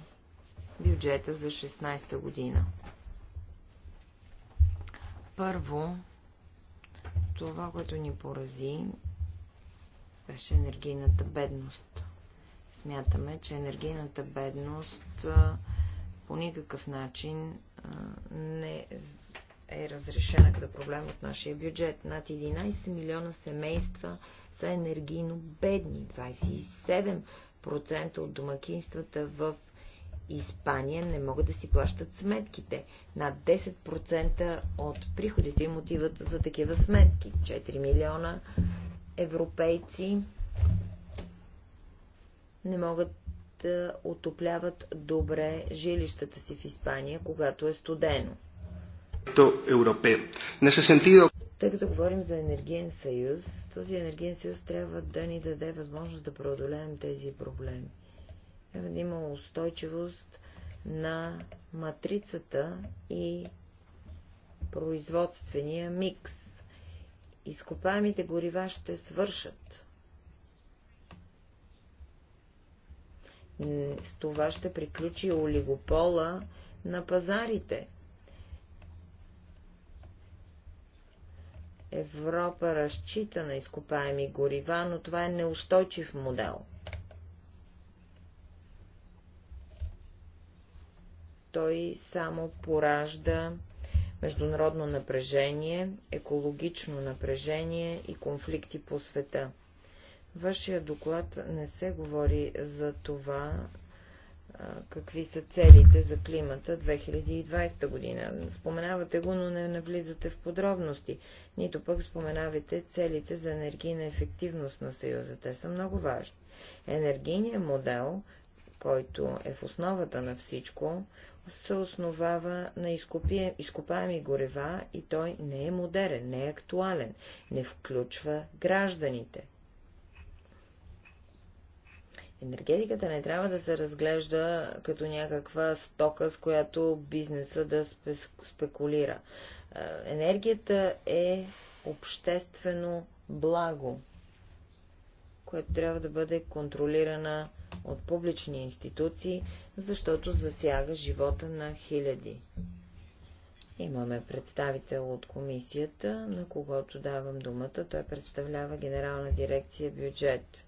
бюджета за 16-та година. Първо, това, което ни порази, беше енергийната бедност. Смятаме, че енергийната бедност по никакъв начин не е разрешена като проблем от нашия бюджет. Над 11 милиона семейства са енергийно бедни. 27% от домакинствата в Испания не могат да си плащат сметките. Над 10% от приходите им отиват за такива сметки. 4 милиона европейци не могат да отопляват добре жилищата си в Испания, когато е студено. Тъй като говорим за енергиен съюз, този енергиен съюз трябва да ни даде възможност да преодолеем тези проблеми трябва да има устойчивост на матрицата и производствения микс. Изкопаемите горива ще свършат. С това ще приключи олигопола на пазарите. Европа разчита на изкопаеми горива, но това е неустойчив модел – той само поражда международно напрежение, екологично напрежение и конфликти по света. Вашия доклад не се говори за това, какви са целите за климата 2020 година. Споменавате го, но не навлизате в подробности, нито пък споменавате целите за енергийна ефективност на Съюза. Те са много важни. Енергийният модел, който е в основата на всичко, се основава на изкопаеми горева и той не е модерен, не е актуален, не включва гражданите. Енергетиката не трябва да се разглежда като някаква стока, с която бизнеса да спекулира. Енергията е обществено благо, което трябва да бъде контролирана от публични институции, защото засяга живота на хиляди. Имаме представител от комисията, на когото давам думата. Той представлява генерална дирекция бюджет.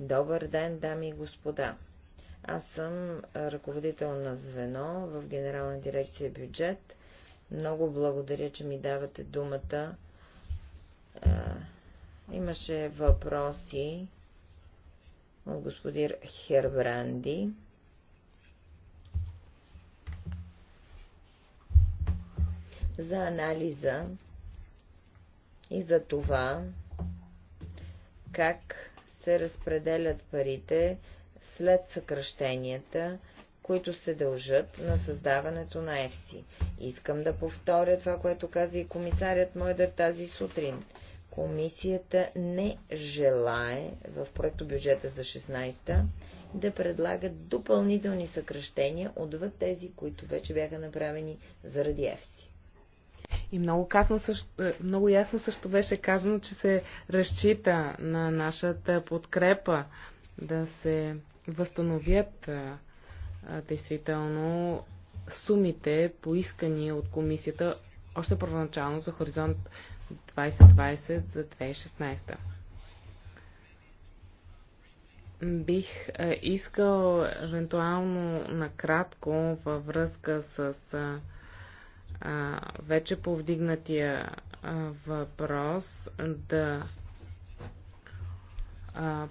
Добър ден, дами и господа! Аз съм ръководител на звено в генерална дирекция бюджет. Много благодаря, че ми давате думата. Имаше въпроси от господин Хербранди. за анализа и за това, как се разпределят парите след съкръщенията, които се дължат на създаването на ЕФСИ. Искам да повторя това, което каза и комисарят Мойдер тази сутрин. Комисията не желае в проекто бюджета за 16-та да предлага допълнителни съкръщения отвъд тези, които вече бяха направени заради ЕФСИ. И много, казано също, е, много ясно също беше казано, че се разчита на нашата подкрепа да се възстановят е, е, действително сумите поискани от комисията още първоначално за Хоризонт 2020 за 2016. Бих е, искал евентуално накратко във връзка с е, е, вече повдигнатия въпрос да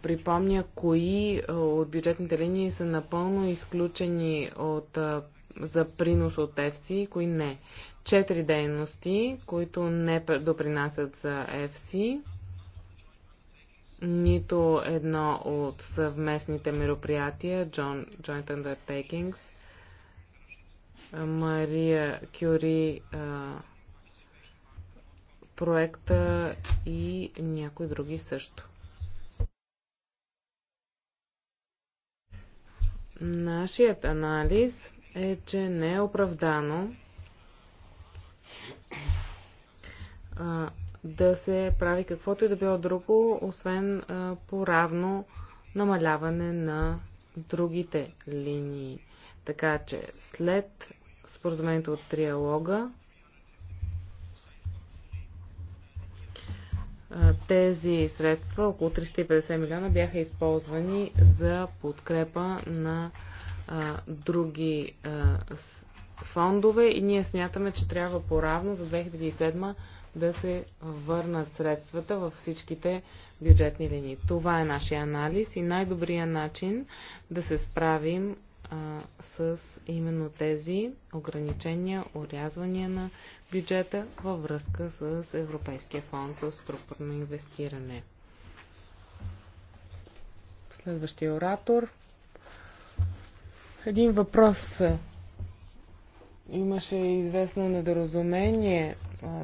припомня кои от бюджетните линии са напълно изключени от за принос от FC и кои не. Четири дейности, които не допринасят за FC. нито едно от съвместните мероприятия, Joint Undertakings, Мария Кюри проекта и някои други също. Нашият анализ е, че не е оправдано а, да се прави каквото и да било друго, освен а, по-равно намаляване на другите линии. Така че след споразумението от триалога, тези средства, около 350 милиона, бяха използвани за подкрепа на а, други а, фондове и ние смятаме, че трябва по-равно за 2007 да се върнат средствата във всичките бюджетни линии. Това е нашия анализ и най-добрият начин да се справим а, с именно тези ограничения, урязвания на бюджета във връзка с Европейския фонд за структурно инвестиране. Следващия оратор. Един въпрос. Имаше известно недоразумение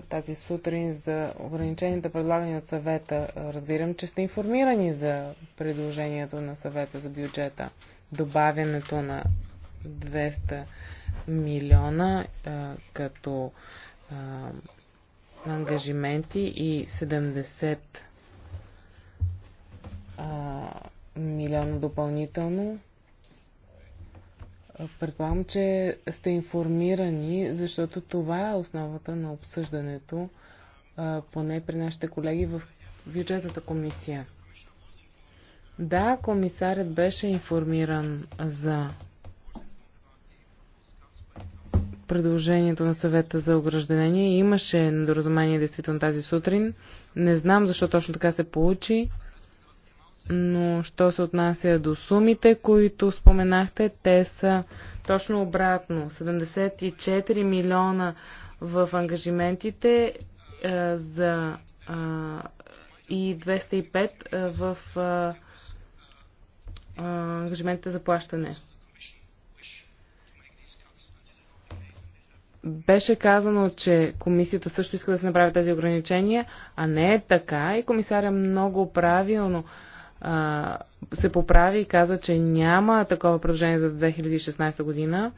тази сутрин за ограниченията предлагани от съвета. Разбирам, че сте информирани за предложението на съвета за бюджета. Добавянето на 200 милиона а, като а, ангажименти и 70 а, милиона допълнително Предполагам, че сте информирани, защото това е основата на обсъждането, поне при нашите колеги в бюджетната комисия. Да, комисарят беше информиран за предложението на съвета за ограждение. Имаше недоразумение действително тази сутрин. Не знам защо точно така се получи но що се отнася до сумите, които споменахте, те са точно обратно. 74 милиона в ангажиментите а, е, за, а, и 205 е, в а, а, ангажиментите за плащане. беше казано, че комисията също иска да се направи тези ограничения, а не е така и комисаря много правилно се поправи и каза, че няма такова предложение за 2016 година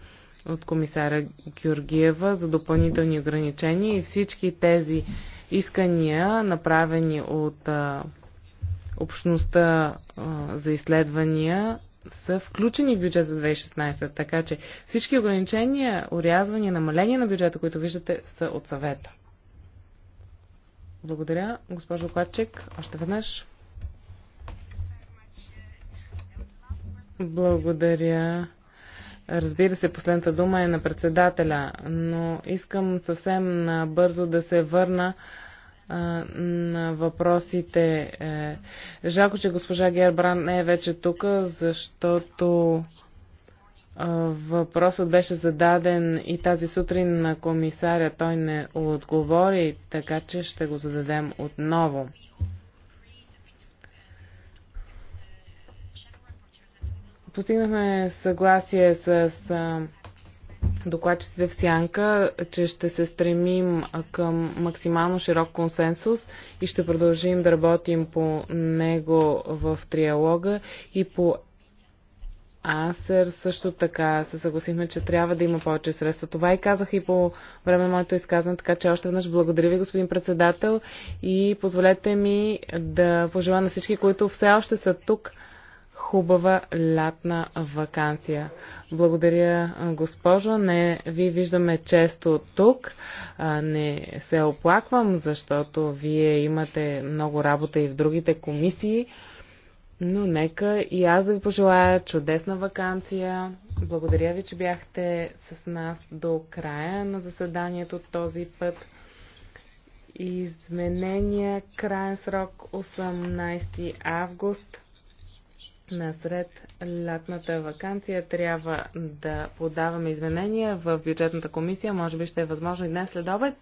от комисара Георгиева за допълнителни ограничения и всички тези искания, направени от а, общността а, за изследвания, са включени в бюджет за 2016. Така че всички ограничения, урязвания, намаления на бюджета, които виждате, са от съвета. Благодаря, госпожо Кладчик. Още веднъж. Благодаря. Разбира се, последната дума е на председателя, но искам съвсем бързо да се върна на въпросите. Е, жалко, че госпожа Гербран не е вече тук, защото въпросът беше зададен и тази сутрин на комисаря. Той не отговори, така че ще го зададем отново. Постигнахме съгласие с докладчиците в Сянка, че ще се стремим към максимално широк консенсус и ще продължим да работим по него в триалога и по Асер също така се съгласихме, че трябва да има повече средства. Това и казах и по време на моето изказване, така че още веднъж благодаря ви, господин председател, и позволете ми да пожелая на всички, които все още са тук, хубава лятна вакансия. Благодаря, госпожо. Не ви виждаме често тук. Не се оплаквам, защото вие имате много работа и в другите комисии. Но нека и аз да ви пожелая чудесна вакансия. Благодаря ви, че бяхте с нас до края на заседанието този път. Изменения, крайен срок 18 август насред лятната вакансия трябва да подаваме изменения в бюджетната комисия. Може би ще е възможно и днес след обед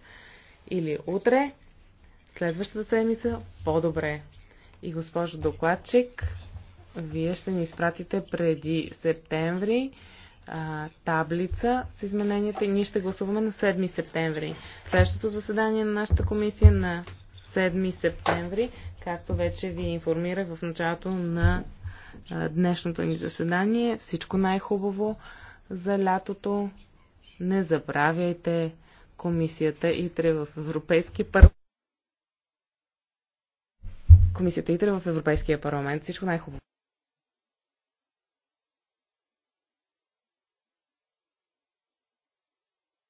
или утре. Следващата седмица по-добре. И госпожо докладчик, вие ще ни изпратите преди септември а, таблица с измененията и ние ще гласуваме на 7 септември. Следващото заседание на нашата комисия на 7 септември, както вече ви информирах в началото на днешното ни заседание. Всичко най-хубаво за лятото. Не забравяйте комисията ИТРЕ в Европейски парламент. Комисията ИТРЕ в Европейския парламент. Всичко най-хубаво.